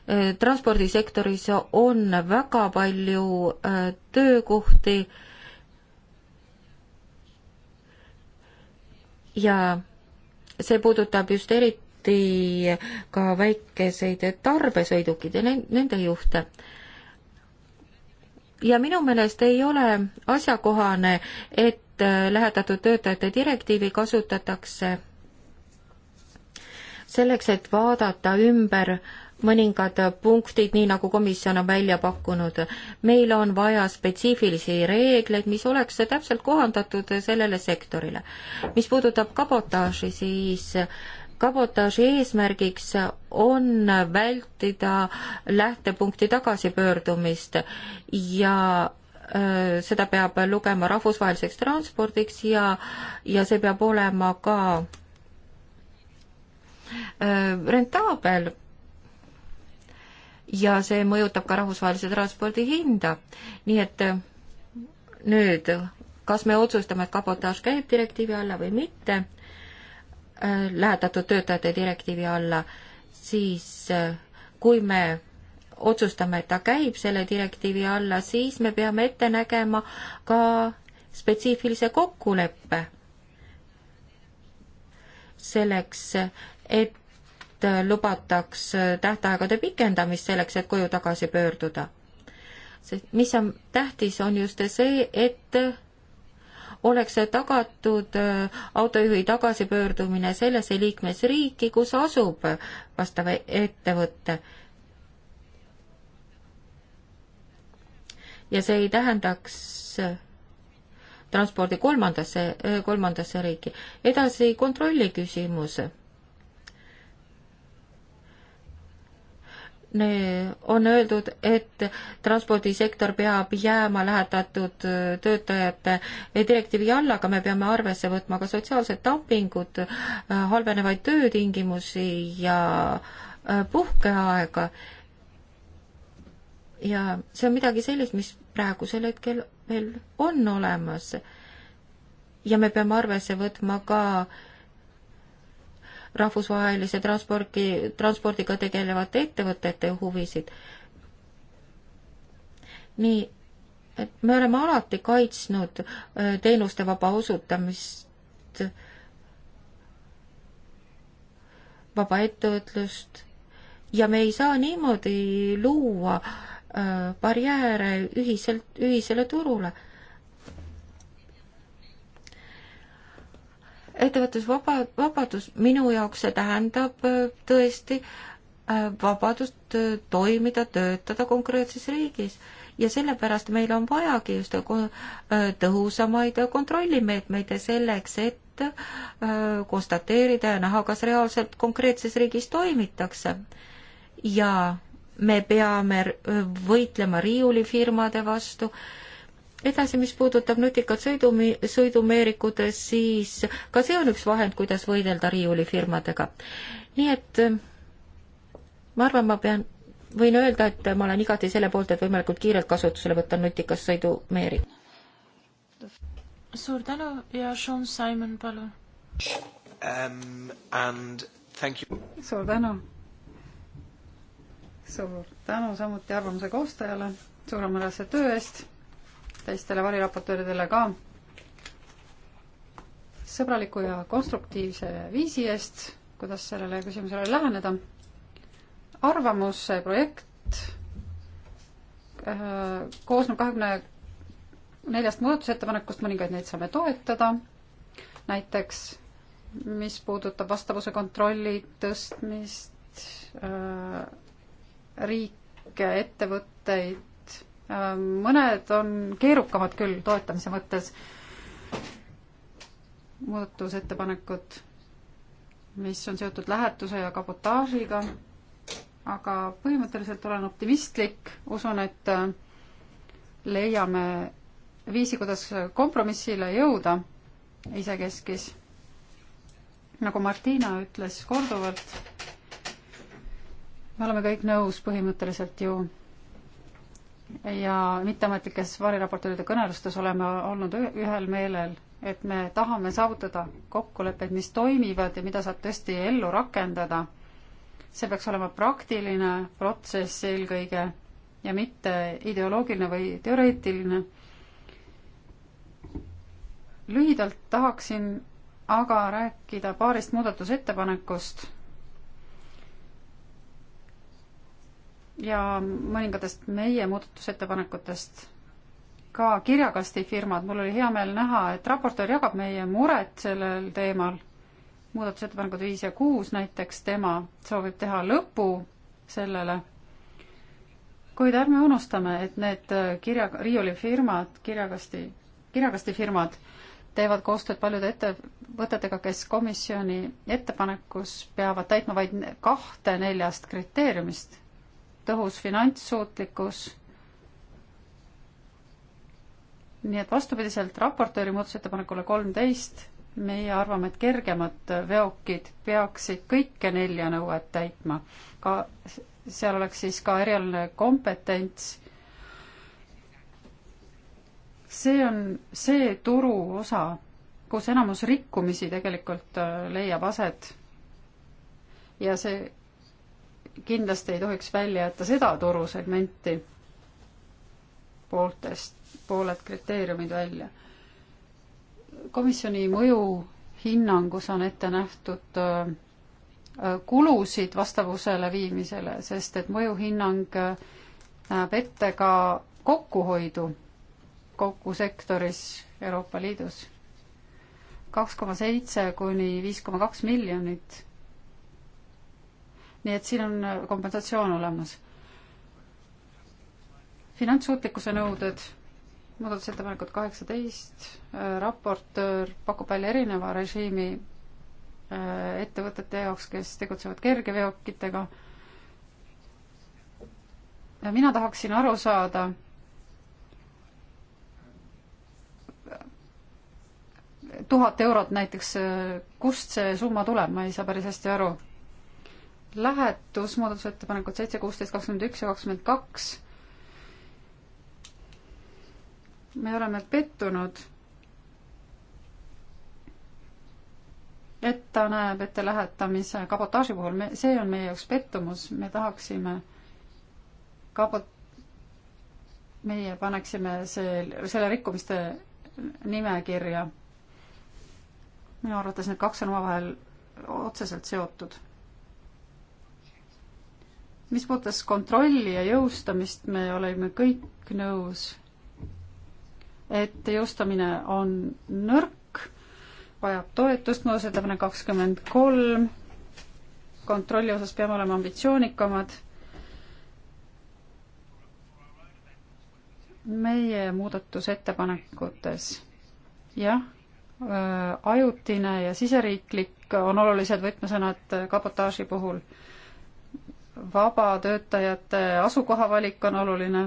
Äh, transpordisektoris on väga palju äh, töökohti ja see puudutab just eriti ka väikeseid tarbesõidukid ja nende juhte. ja minu meelest ei ole asjakohane, et äh, lähetatud töötajate direktiivi kasutatakse selleks, et vaadata ümber äh, mõningad punktid, nii nagu komisjon on välja pakkunud. meil on vaja spetsiifilisi reegleid, mis oleks täpselt kohandatud sellele sektorile. mis puudutab kabotaaži, siis kabotaaži eesmärgiks on vältida lähtepunkti tagasipöördumist ja öö, äh, seda peab lugema rahvusvaheliseks transpordiks ja, ja see peab olema ka öö, äh, rentaabel ja see mõjutab ka rahvusvahelise transpordi hinda. nii et eh, nüüd, kas me otsustame, et kabotaaž käib direktiivi alla või mitte, eh, lähetatud töötajate direktiivi alla, siis eh, kui me otsustame, et ta käib selle direktiivi alla, siis me peame ette nägema ka spetsiifilise kokkuleppe selleks, et et lubataks tähtaegade pikendamist selleks, et koju tagasi pöörduda. sest mis on tähtis, on just see, et oleks tagatud autojuhi tagasipöördumine sellesse liikmesriiki, kus asub vastav ettevõte. ja see ei tähendaks transpordi kolmandasse, kolmandasse riiki. edasi kontrolli küsimus. on öeldud, et transpordisektor peab jääma lähetatud äh, töötajate äh, direktiivi alla, aga me peame arvesse võtma ka sotsiaalset dumpingut, äh, halvenevaid töötingimusi ja puhkeaega. ja see on midagi sellist, mis praegusel hetkel veel on olemas. ja me peame arvesse võtma ka äh, rahvusvahelise transpordi, transpordiga tegelevate ettevõtete huvisid. nii, et me oleme alati kaitsnud äh, teenuste vaba osutamist, vaba ettevõtlust ja me ei saa niimoodi luua äh, barjääre ühiselt, ühisele turule ettevõtlusvaba, vabadus, minu jaoks see tähendab äh, tõesti äh, vabadust äh, toimida, töötada konkreetses riigis. ja sellepärast meil on vajagi just tõhusamaid kontrollimeetmeid selleks, et konstateerida ja näha, kas reaalselt konkreetses riigis toimitakse. ja me peame võitlema riiulifirmade vastu edasi, mis puudutab nutikat sõidumi, sõidumeerikud, siis ka see on üks vahend, kuidas võidelda riiulifirmadega. nii et äh, ma arvan, ma pean, võin öelda, et ma olen igati selle poolt, et võimalikult kiirelt kasutusele võtta nutikas sõidumeeri. suur tänu ja Sean Simon, palun um,. And thank you. suur tänu. suur tänu samuti arvamuse koostajale suuremärase töö eest teistele variraportööridele ka sõbraliku ja konstruktiivse viisi eest, kuidas sellele küsimusele läheneda. arvamuse projekt äh, koosneb kahekümne neljast muudatusettepanekust, mõningaid neid saame toetada, näiteks mis puudutab vastavuse kontrolli tõstmist, äh, riike, ettevõtteid, Äh, mõned on keerukamad küll toetamise mõttes. muudatusettepanekud, mis on seotud lähetuse ja kabotaažiga, aga põhimõtteliselt olen optimistlik, usun, et äh, leiame viisi, kuidas kompromissile jõuda isekeskis. nagu Martina ütles korduvalt, me oleme kõik nõus põhimõtteliselt ju ja mitteametlikes variraportööride kõnelustes oleme olnud ühel meelel, et me tahame saavutada kokkuleppeid, mis toimivad ja mida saab tõesti ellu rakendada. see peaks olema praktiline protsess eelkõige ja mitte ideoloogiline või teoreetiline. lühidalt tahaksin aga rääkida paarist muudatusettepanekust ja mõningatest meie muudatusettepanekutest ka kirjakastifirmad, mul oli hea meel näha, et raportöör jagab meie muret sellel teemal, muudatusettepanekud viis ja kuus näiteks, tema soovib teha lõpu sellele, kuid ärme unustame, et need kirja, riiulifirmad, kirjakasti, kirjakastifirmad teevad koostööd paljude ettevõtetega, kes komisjoni ettepanekus peavad täitma vaid kahte neljast kriteeriumist tõhus finantssuutlikkus. nii et vastupidiselt raportööri muudatusettepanekule kolmteist meie arvame, et kergemad veokid peaksid kõike nelja nõuet täitma. ka seal oleks siis ka erialane kompetents. see on see turuosa, kus enamus rikkumisi tegelikult äh, leiab aset. ja see kindlasti ei tohiks välja jätta seda turusegmenti pooltest, pooled kriteeriumid välja. komisjoni mõjuhinnangus on ette nähtud äh, kulusid vastavusele viimisele, sest et mõjuhinnang äh, näeb ette ka kokkuhoidu kogu sektoris Euroopa Liidus. kaks koma seitse kuni viis koma kaks miljonit nii et siin on kompensatsioon olemas. finantssuutlikkuse nõuded, muudatusettepanekud kaheksateist, äh, raportöör pakub välja erineva režiimi äh, ettevõtete jaoks, kes tegutsevad kergeveokitega. ja mina tahaksin aru saada, tuhat eurot näiteks, äh, kust see summa tuleb, ma ei saa päris hästi aru lähetus, muudatusettepanekud seitse, kuusteist, kakskümmend üks ja kakskümmend kaks. me oleme pettunud. et ta näeb ette lähetamise kabotaaži puhul, me, see on meie jaoks pettumus, me tahaksime kabot-, meie paneksime see, selle rikkumiste nimekirja. minu arvates need kaks on omavahel otseselt seotud mis puudutas kontrolli ja jõustamist, me oleme kõik nõus, et jõustamine on nõrk, vajab toetust, muudatusettepanek kakskümmend kolm, kontrolli osas peame olema ambitsioonikamad. meie muudatusettepanekutes, jah, äh, ajutine ja siseriiklik on olulised võtmesõnad äh, kabotaaži puhul vaba töötajate asukoha valik on oluline.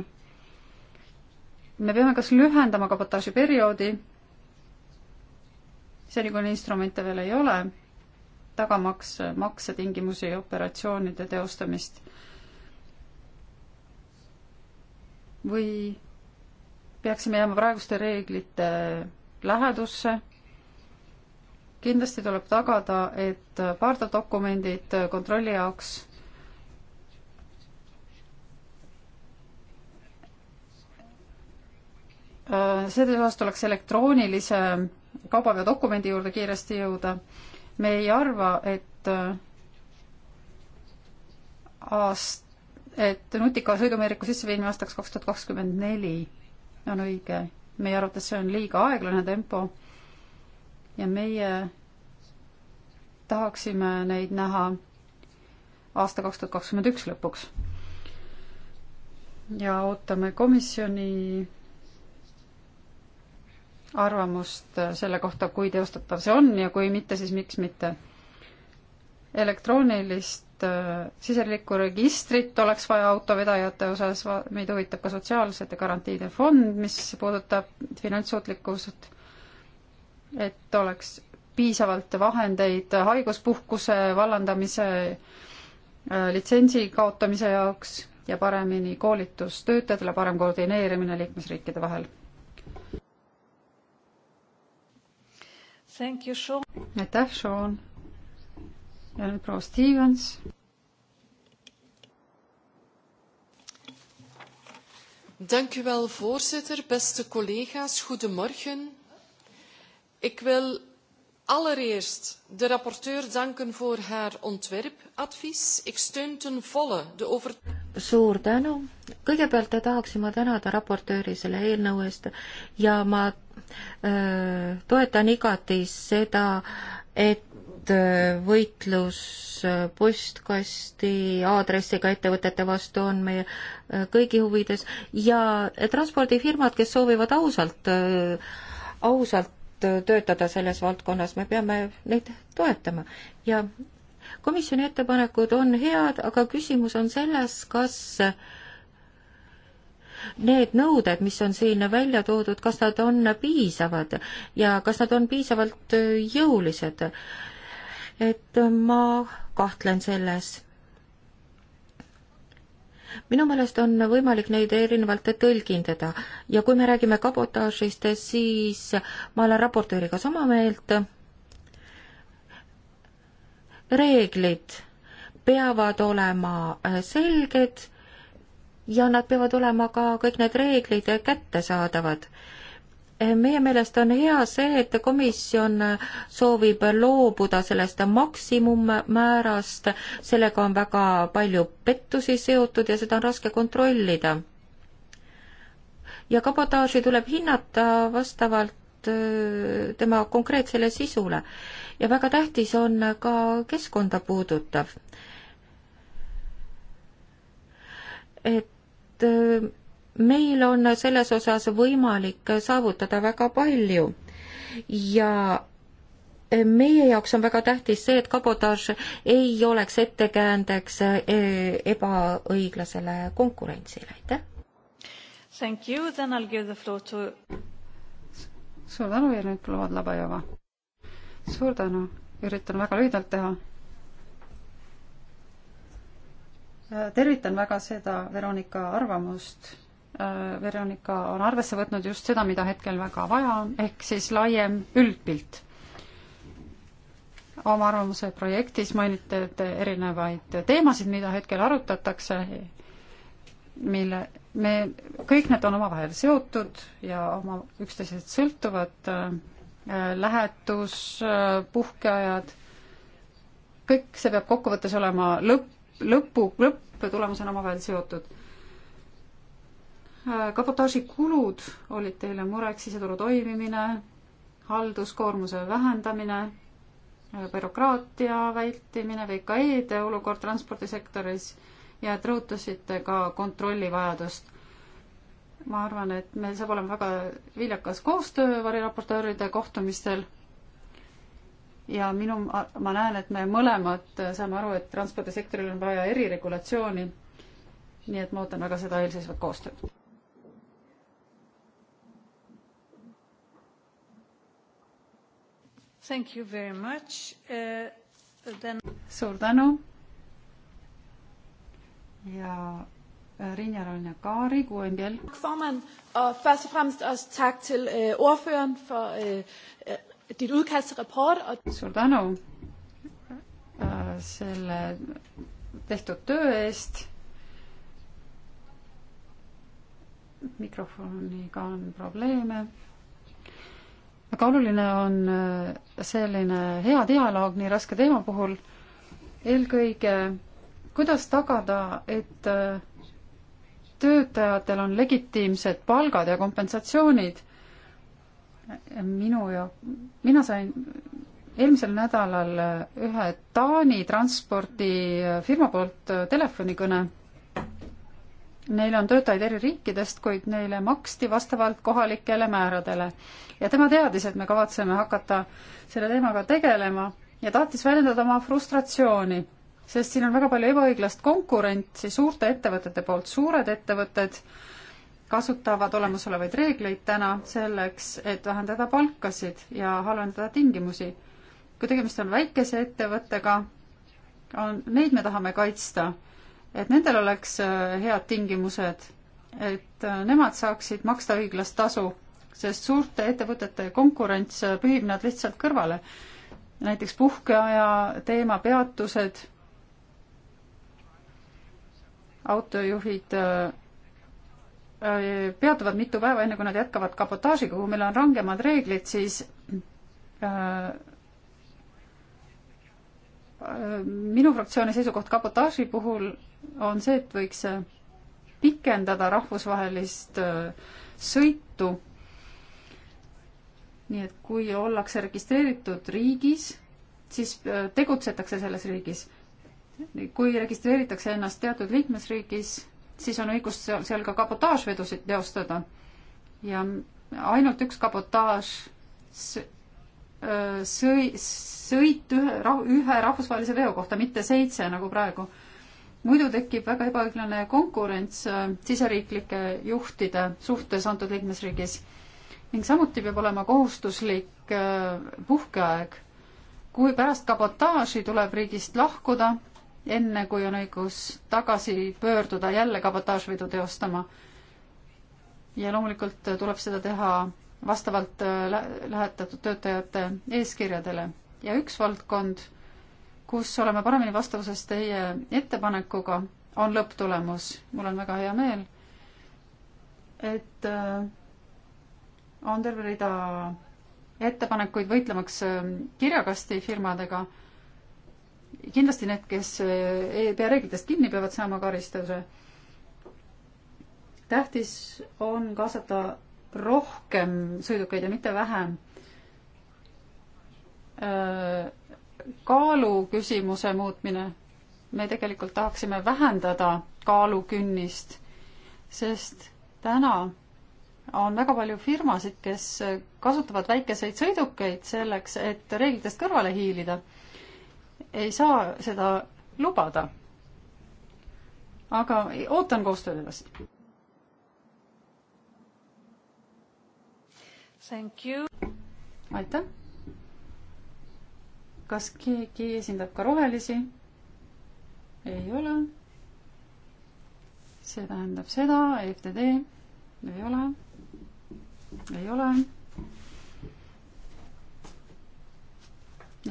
me peame kas lühendama kabotaaži perioodi, seni kuni instrumente veel ei ole, tagamaks maksetingimusi ja operatsioonide teostamist. või peaksime jääma praeguste reeglite lähedusse kindlasti tuleb tagada, et pardadokumendid kontrolli jaoks Äh, selles osas tuleks elektroonilise kaubaveodokumendi juurde kiiresti jõuda. me ei arva, et äh, aast-, et nutika sõidumeeriku sisseviimine aastaks kaks tuhat kakskümmend neli on õige. meie arvates see on liiga aeglane tempo ja meie tahaksime neid näha aasta kaks tuhat kakskümmend üks lõpuks. ja ootame komisjoni arvamust äh, selle kohta, kui teostatav see on ja kui mitte, siis miks mitte. elektroonilist äh, siseriiklikku registrit oleks vaja autovedajate osas, meid huvitab ka sotsiaalsete garantiide fond, mis puudutab finantssuutlikkust, et oleks piisavalt vahendeid haiguspuhkuse vallandamise, äh, litsentsi kaotamise jaoks ja paremini koolitus töötajatele, parem koordineerimine liikmesriikide vahel aitäh, Sean. ja nüüd proua Stevens. Dank u wel, voorzitter. Beste collega's, goedemorgen. Ik wil allereerst de rapporteur danken voor haar ontwerpadvies. Ik steun ten volle de over... Suur tänu. Kõigepealt tahaksin ma tänada raportööri selle eelnõu eest ja ma toetan igati seda, et võitlus postkasti aadressiga ettevõtete vastu on meie kõigi huvides ja transpordifirmad, kes soovivad ausalt, ausalt töötada selles valdkonnas, me peame neid toetama ja komisjoni ettepanekud on head, aga küsimus on selles, kas need nõuded, mis on siin välja toodud, kas nad on piisavad ja kas nad on piisavalt äh, jõulised. et äh, ma kahtlen selles. minu meelest on võimalik neid erinevalt tõlgindada ja kui me räägime kabotaažist, siis ma olen raportööriga sama meelt. reeglid peavad olema äh, selged ja nad peavad olema ka kõik need reeglid kättesaadavad. meie meelest on hea see, et komisjon soovib loobuda sellest maksimummäärast, sellega on väga palju pettusi seotud ja seda on raske kontrollida. ja kabotaaži tuleb hinnata vastavalt äh, tema konkreetsele sisule ja väga tähtis on ka keskkonda puudutav et äh, meil on selles osas võimalik saavutada väga palju ja äh, meie jaoks on väga tähtis see, et kabotaaž ei oleks ettekäändeks äh, ebaõiglasele konkurentsile, aitäh! Thank you, then I will give the floor to suur tänu ja nüüd proua Labajova. suur tänu, üritan väga lühidalt teha Äh, tervitan väga seda Veronika arvamust. Äh, Veronika on arvesse võtnud just seda, mida hetkel väga vaja on, ehk siis laiem üldpilt. oma arvamuse projektis mainite te erinevaid teemasid, mida hetkel arutatakse, mille me, kõik need on omavahel seotud ja oma üksteisest sõltuvad äh,, lähetus äh,, puhkeajad, kõik see peab kokkuvõttes olema lõpp, lõpu, lõpptulemus on omavahel seotud. Äh, kabotaaži kulud olid teile mureks, siseturu toimimine, halduskoormuse vähendamine, äh, bürokraatia vältimine, VKE-de olukord transpordisektoris ja et rõhutasite ka kontrolli vajadust ma arvan, et meil saab olema väga viljakas koostöö variraportööride kohtumistel ja minu, ma näen, et me mõlemad saame aru, et transpordisektoril on vaja eriregulatsiooni. nii et ma ootan väga seda eelseisvat koostööd. Thank you very much uh,. Then... suur tänu. ja äh, Rinja Rolna Kaari, QMBL. Formand, og først og fremmest også tak til øh, ordføreren for øh, øh dit udkastrapport og... suur tänu äh, selle tehtud töö eest. mikrofoniga on probleeme. väga oluline on äh, selline hea dialoog nii raske teema puhul. eelkõige, kuidas tagada, et äh, töötajatel on legitiimsed palgad ja kompensatsioonid minu ja mina sain eelmisel nädalal ühe Taani transpordifirma poolt telefonikõne. Neil on töötajaid eri riikidest, kuid neile maksti vastavalt kohalikele määradele ja tema teadis, et me kavatseme hakata selle teemaga tegelema ja tahtis väljendada oma frustratsiooni, sest siin on väga palju ebaõiglast konkurentsi suurte ettevõtete poolt, suured ettevõtted äh, kasutavad olemasolevaid reegleid täna selleks, et vähendada palkasid ja halvendada tingimusi. kui tegemist on väikese ettevõttega, on, neid me tahame kaitsta, et nendel oleks äh, head tingimused, et äh, nemad saaksid maksta õiglast tasu, sest suurte ettevõtete konkurents äh, pühib nad lihtsalt kõrvale. näiteks puhkeaja teema peatused, autojuhid Äh, peatuvad mitu päeva, enne kui nad jätkavad kabotaažiga, kui meil on rangemad reeglid, siis äh, äh, minu fraktsiooni seisukoht kabotaaži puhul on see, et võiks pikendada rahvusvahelist sõitu. nii et kui ollakse registreeritud riigis, siis tegutsetakse selles riigis. kui registreeritakse ennast teatud liikmesriigis, siis on õigus seal ka kabotaažvedusid teostada. ja ainult üks kabotaaž äh, sõi-, sõit ühe, ühe rahvusvahelise veo kohta, mitte seitse nagu praegu. muidu tekib väga ebaõiglane konkurents äh, siseriiklike juhtide suhtes antud liikmesriigis ning samuti peab olema kohustuslik äh, puhkeaeg. kui pärast kabotaaži tuleb riigist lahkuda, enne kui on õigus tagasi pöörduda jälle kabotaažvedu teostama. ja loomulikult tuleb seda teha vastavalt äh, lä lähetatud töötajate eeskirjadele ja üks valdkond, kus oleme paremini vastavuses teie ettepanekuga, on lõpptulemus. mul on väga hea meel, et äh, on terve rida ettepanekuid võitlemaks äh, kirjakastifirmadega kindlasti need, kes ei eh, e-, pea reeglitest kinni, peavad saama karistuse. tähtis on kaasata rohkem sõidukeid ja mitte vähem. Äh, kaalu küsimuse muutmine. me tegelikult tahaksime vähendada kaalukünnist, sest täna on väga palju firmasid, kes kasutavad väikeseid sõidukeid selleks, et reeglitest kõrvale hiilida ei saa seda lubada. aga ootan koostööd edasi. aitäh. kas keegi esindab ka rohelisi? ei ole. see tähendab seda, EFTD ei ole, ei ole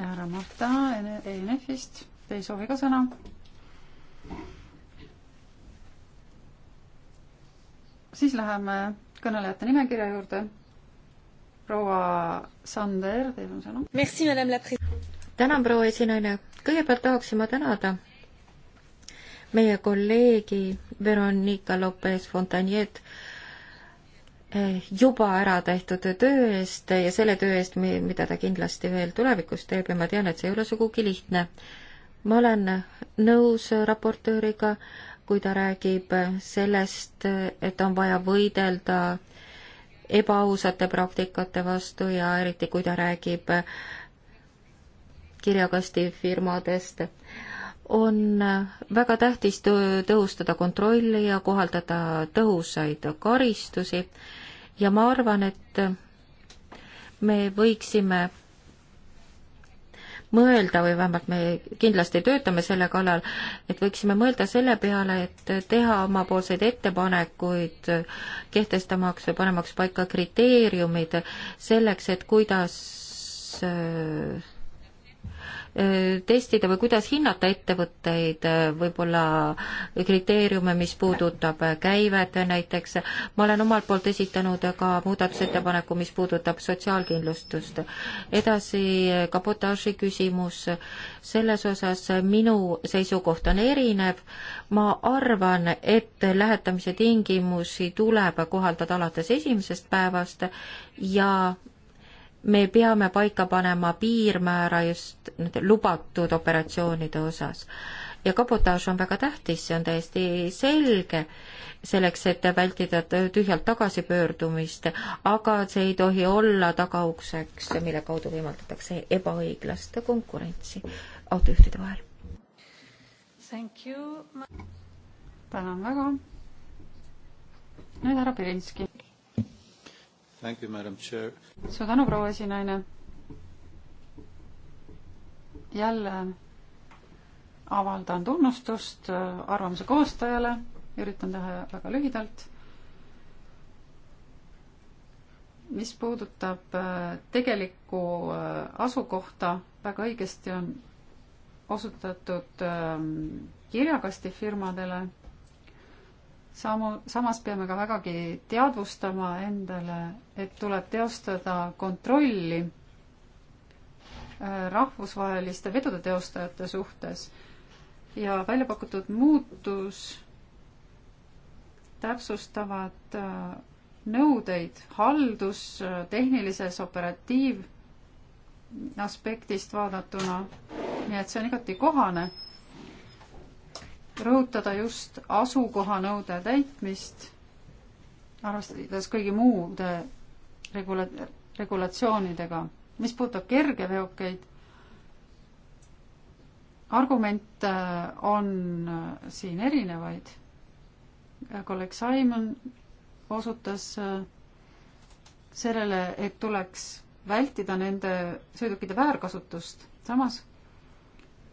härra Marta ENF-ist, te ei soovi ka sõna? siis läheme kõnelejate nimekirja juurde. proua Sander, teil on sõna. tänan, proua esinaine. kõigepealt tahaksin ma tänada meie kolleegi Veronika Lopez Fontaniet äh, juba ära tehtud töö eest ja selle töö eest, mida ta kindlasti veel tulevikus teeb ja ma tean, et see ei ole sugugi lihtne. ma olen nõus raportööriga, kui ta räägib sellest, et on vaja võidelda ebaausate praktikate vastu ja eriti, kui ta räägib kirjakastifirmadest on väga tähtis tõhustada kontrolli ja kohaldada tõhusaid karistusi ja ma arvan, et me võiksime mõelda või vähemalt me kindlasti töötame selle kallal, et võiksime mõelda selle peale, et teha omapoolseid ettepanekuid, kehtestamaks või panemaks paika kriteeriumid selleks, et kuidas äh, Äh, testida või kuidas hinnata ettevõtteid, äh, võib-olla kriteeriume, mis puudutab äh, käivet näiteks. ma olen omalt poolt esitanud ka muudatusettepaneku, mis puudutab sotsiaalkindlustust. edasi kabotaaži küsimus, selles osas minu seisukoht on erinev. ma arvan, et lähetamise tingimusi tuleb kohaldada alates esimesest päevast ja me peame paika panema piirmäära just nende lubatud operatsioonide osas. ja kabotaaž on väga tähtis, see on täiesti selge, selleks, et vältida tühjalt tagasipöördumist, aga see ei tohi olla tagaukseks, mille kaudu võimaldatakse ebaõiglast konkurentsi autojuhtide vahel. tänan väga. nüüd härra Pirinski suur tänu, proua esinaine. jälle avaldan tunnustust äh, arvamuse koostajale, üritan teha väga lühidalt. mis puudutab äh, tegelikku äh, asukohta, väga õigesti on osutatud ähm, kirjakastifirmadele samu, samas peame ka vägagi teadvustama endale, et tuleb teostada kontrolli äh, rahvusvaheliste vedude teostajate suhtes ja välja pakutud muutus täpsustavad äh, nõudeid haldus, äh, tehnilises, operatiiv aspektist vaadatuna. nii et see on igati kohane rõhutada just asukohanõude täitmist, arvestades kõigi muude regula-, regulatsioonidega. mis puudutab kergeveokeid, argumente on siin erinevaid. kolleeg Simon osutas sellele, et tuleks vältida nende sõidukite väärkasutust, samas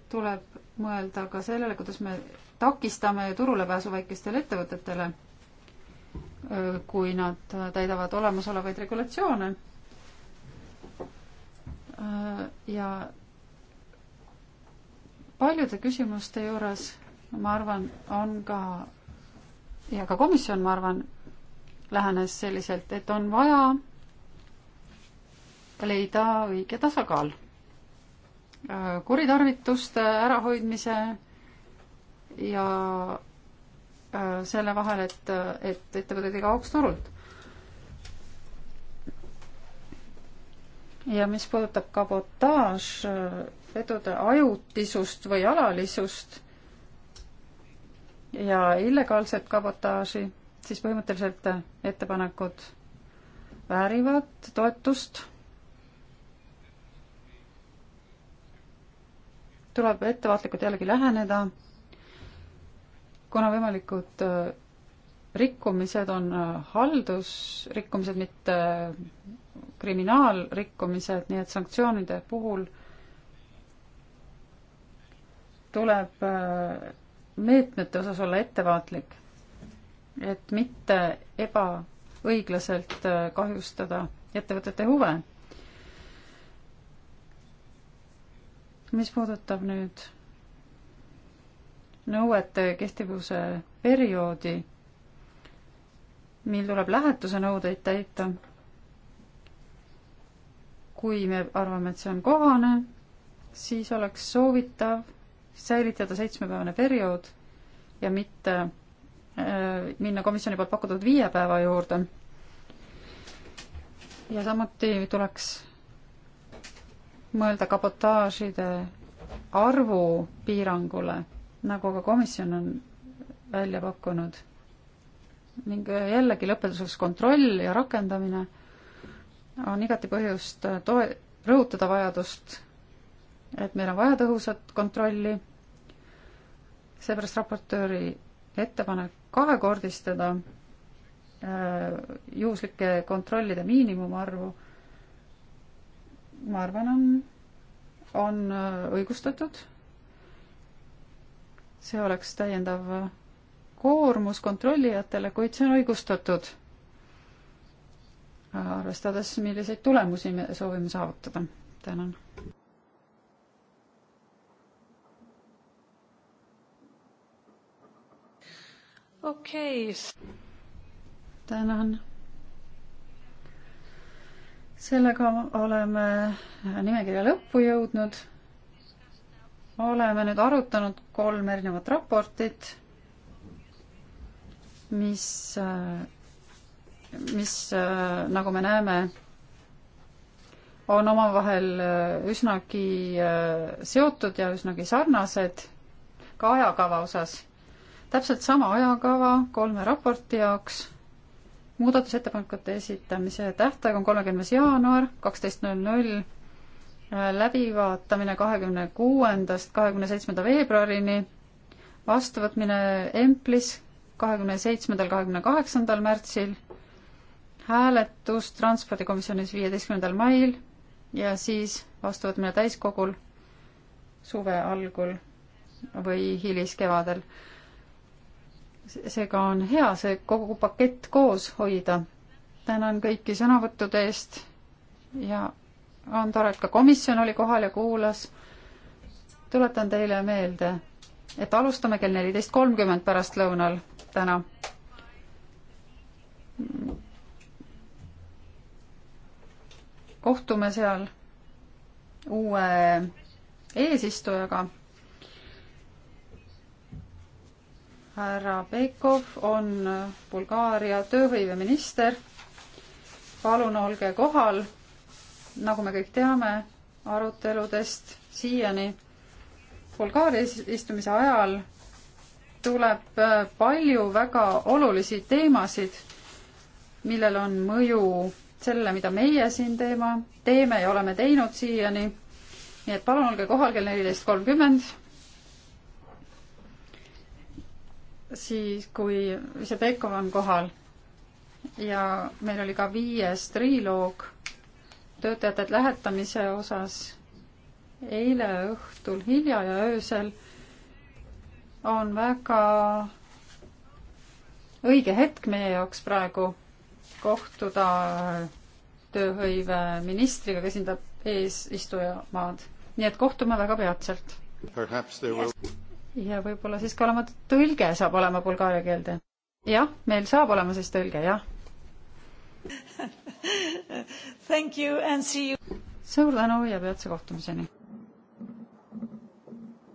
tuleb mõelda ka sellele, kuidas me takistame turulepääsu väikestele ettevõtetele, kui nad täidavad olemasolevaid regulatsioone. ja paljude küsimuste juures ma arvan, on ka ja ka komisjon, ma arvan, lähenes selliselt, et on vaja leida õige tasakaal kuritarvituste ärahoidmise ja äh, selle vahel, et, et ettevõtted ei kaoks turult. ja mis puudutab kabotaaž, äh, vedude ajutisust või alalisust ja illegaalset kabotaaži, siis põhimõtteliselt äh, ettepanekud väärivad toetust tuleb ettevaatlikult jällegi läheneda kuna võimalikud äh, rikkumised on äh, haldusrikkumised, mitte äh, kriminaalrikkumised, nii et sanktsioonide puhul tuleb meetmete osas olla ettevaatlik, et mitte ebaõiglaselt kahjustada ettevõtete huve. mis puudutab nüüd nõuete kehtivuse perioodi, mil tuleb lähetuse nõudeid täita. kui me arvame, et see on kohane, siis oleks soovitav säilitada seitsmepäevane periood ja mitte äh, minna komisjoni poolt pakutud viie päeva juurde. ja samuti tuleks mõelda kabotaažide arvu piirangule nagu ka komisjon on välja pakkunud. ning jällegi lõpetuseks kontroll ja rakendamine on igati põhjust toe-, rõhutada vajadust, et meil on vaja tõhusat kontrolli, seepärast raportööri ettepanek kahekordistada äh, juhuslike kontrollide miinimumarvu, ma arvan, on, on äh, õigustatud see oleks täiendav koormus kontrollijatele, kuid see on õigustatud, arvestades, milliseid tulemusi me soovime saavutada. tänan. okei okay.. tänan. sellega oleme nimekirja lõppu jõudnud oleme nüüd arutanud kolm erinevat raportit, mis, mis nagu me näeme, on omavahel üsnagi seotud ja üsnagi sarnased ka ajakava osas. täpselt sama ajakava kolme raporti jaoks. muudatusettepanekute esitamise tähtaeg on kolmekümnes jaanuar kaksteist null null läbivaatamine kahekümne kuuendast kahekümne seitsmenda veebruarini, vastuvõtmine Emplis kahekümne seitsmendal, kahekümne kaheksandal märtsil, hääletus Transpordikomisjonis viieteistkümnendal mail ja siis vastuvõtmine täiskogul suve algul või hiliskevadel. seega on hea see kogu pakett koos hoida. tänan kõiki sõnavõttude eest ja on tore, et ka komisjon oli kohal ja kuulas. tuletan teile meelde, et alustame kell neliteist kolmkümmend pärastlõunal täna. kohtume seal uue eesistujaga härra Peikov on Bulgaaria tööhõiveminister. palun olge kohal nagu me kõik teame aruteludest siiani, Bulgaaria istumise ajal tuleb äh, palju väga olulisi teemasid, millel on mõju sellele, mida meie siin teema, teeme ja oleme teinud siiani. nii et palun olge kohal kell neliteist kolmkümmend. siis, kui see Pekov on kohal ja meil oli ka viies triloog töötajate lähetamise osas eile õhtul hilja ja öösel on väga õige hetk meie jaoks praegu kohtuda tööhõive ministriga, kes esindab eesistujamaad. nii et kohtume väga peatselt. Will... ja võib-olla siis ka olema, tõlge saab olema bulgaaria keelde. jah, meil saab olema siis tõlge, jah suur tänu ja peatse kohtumiseni!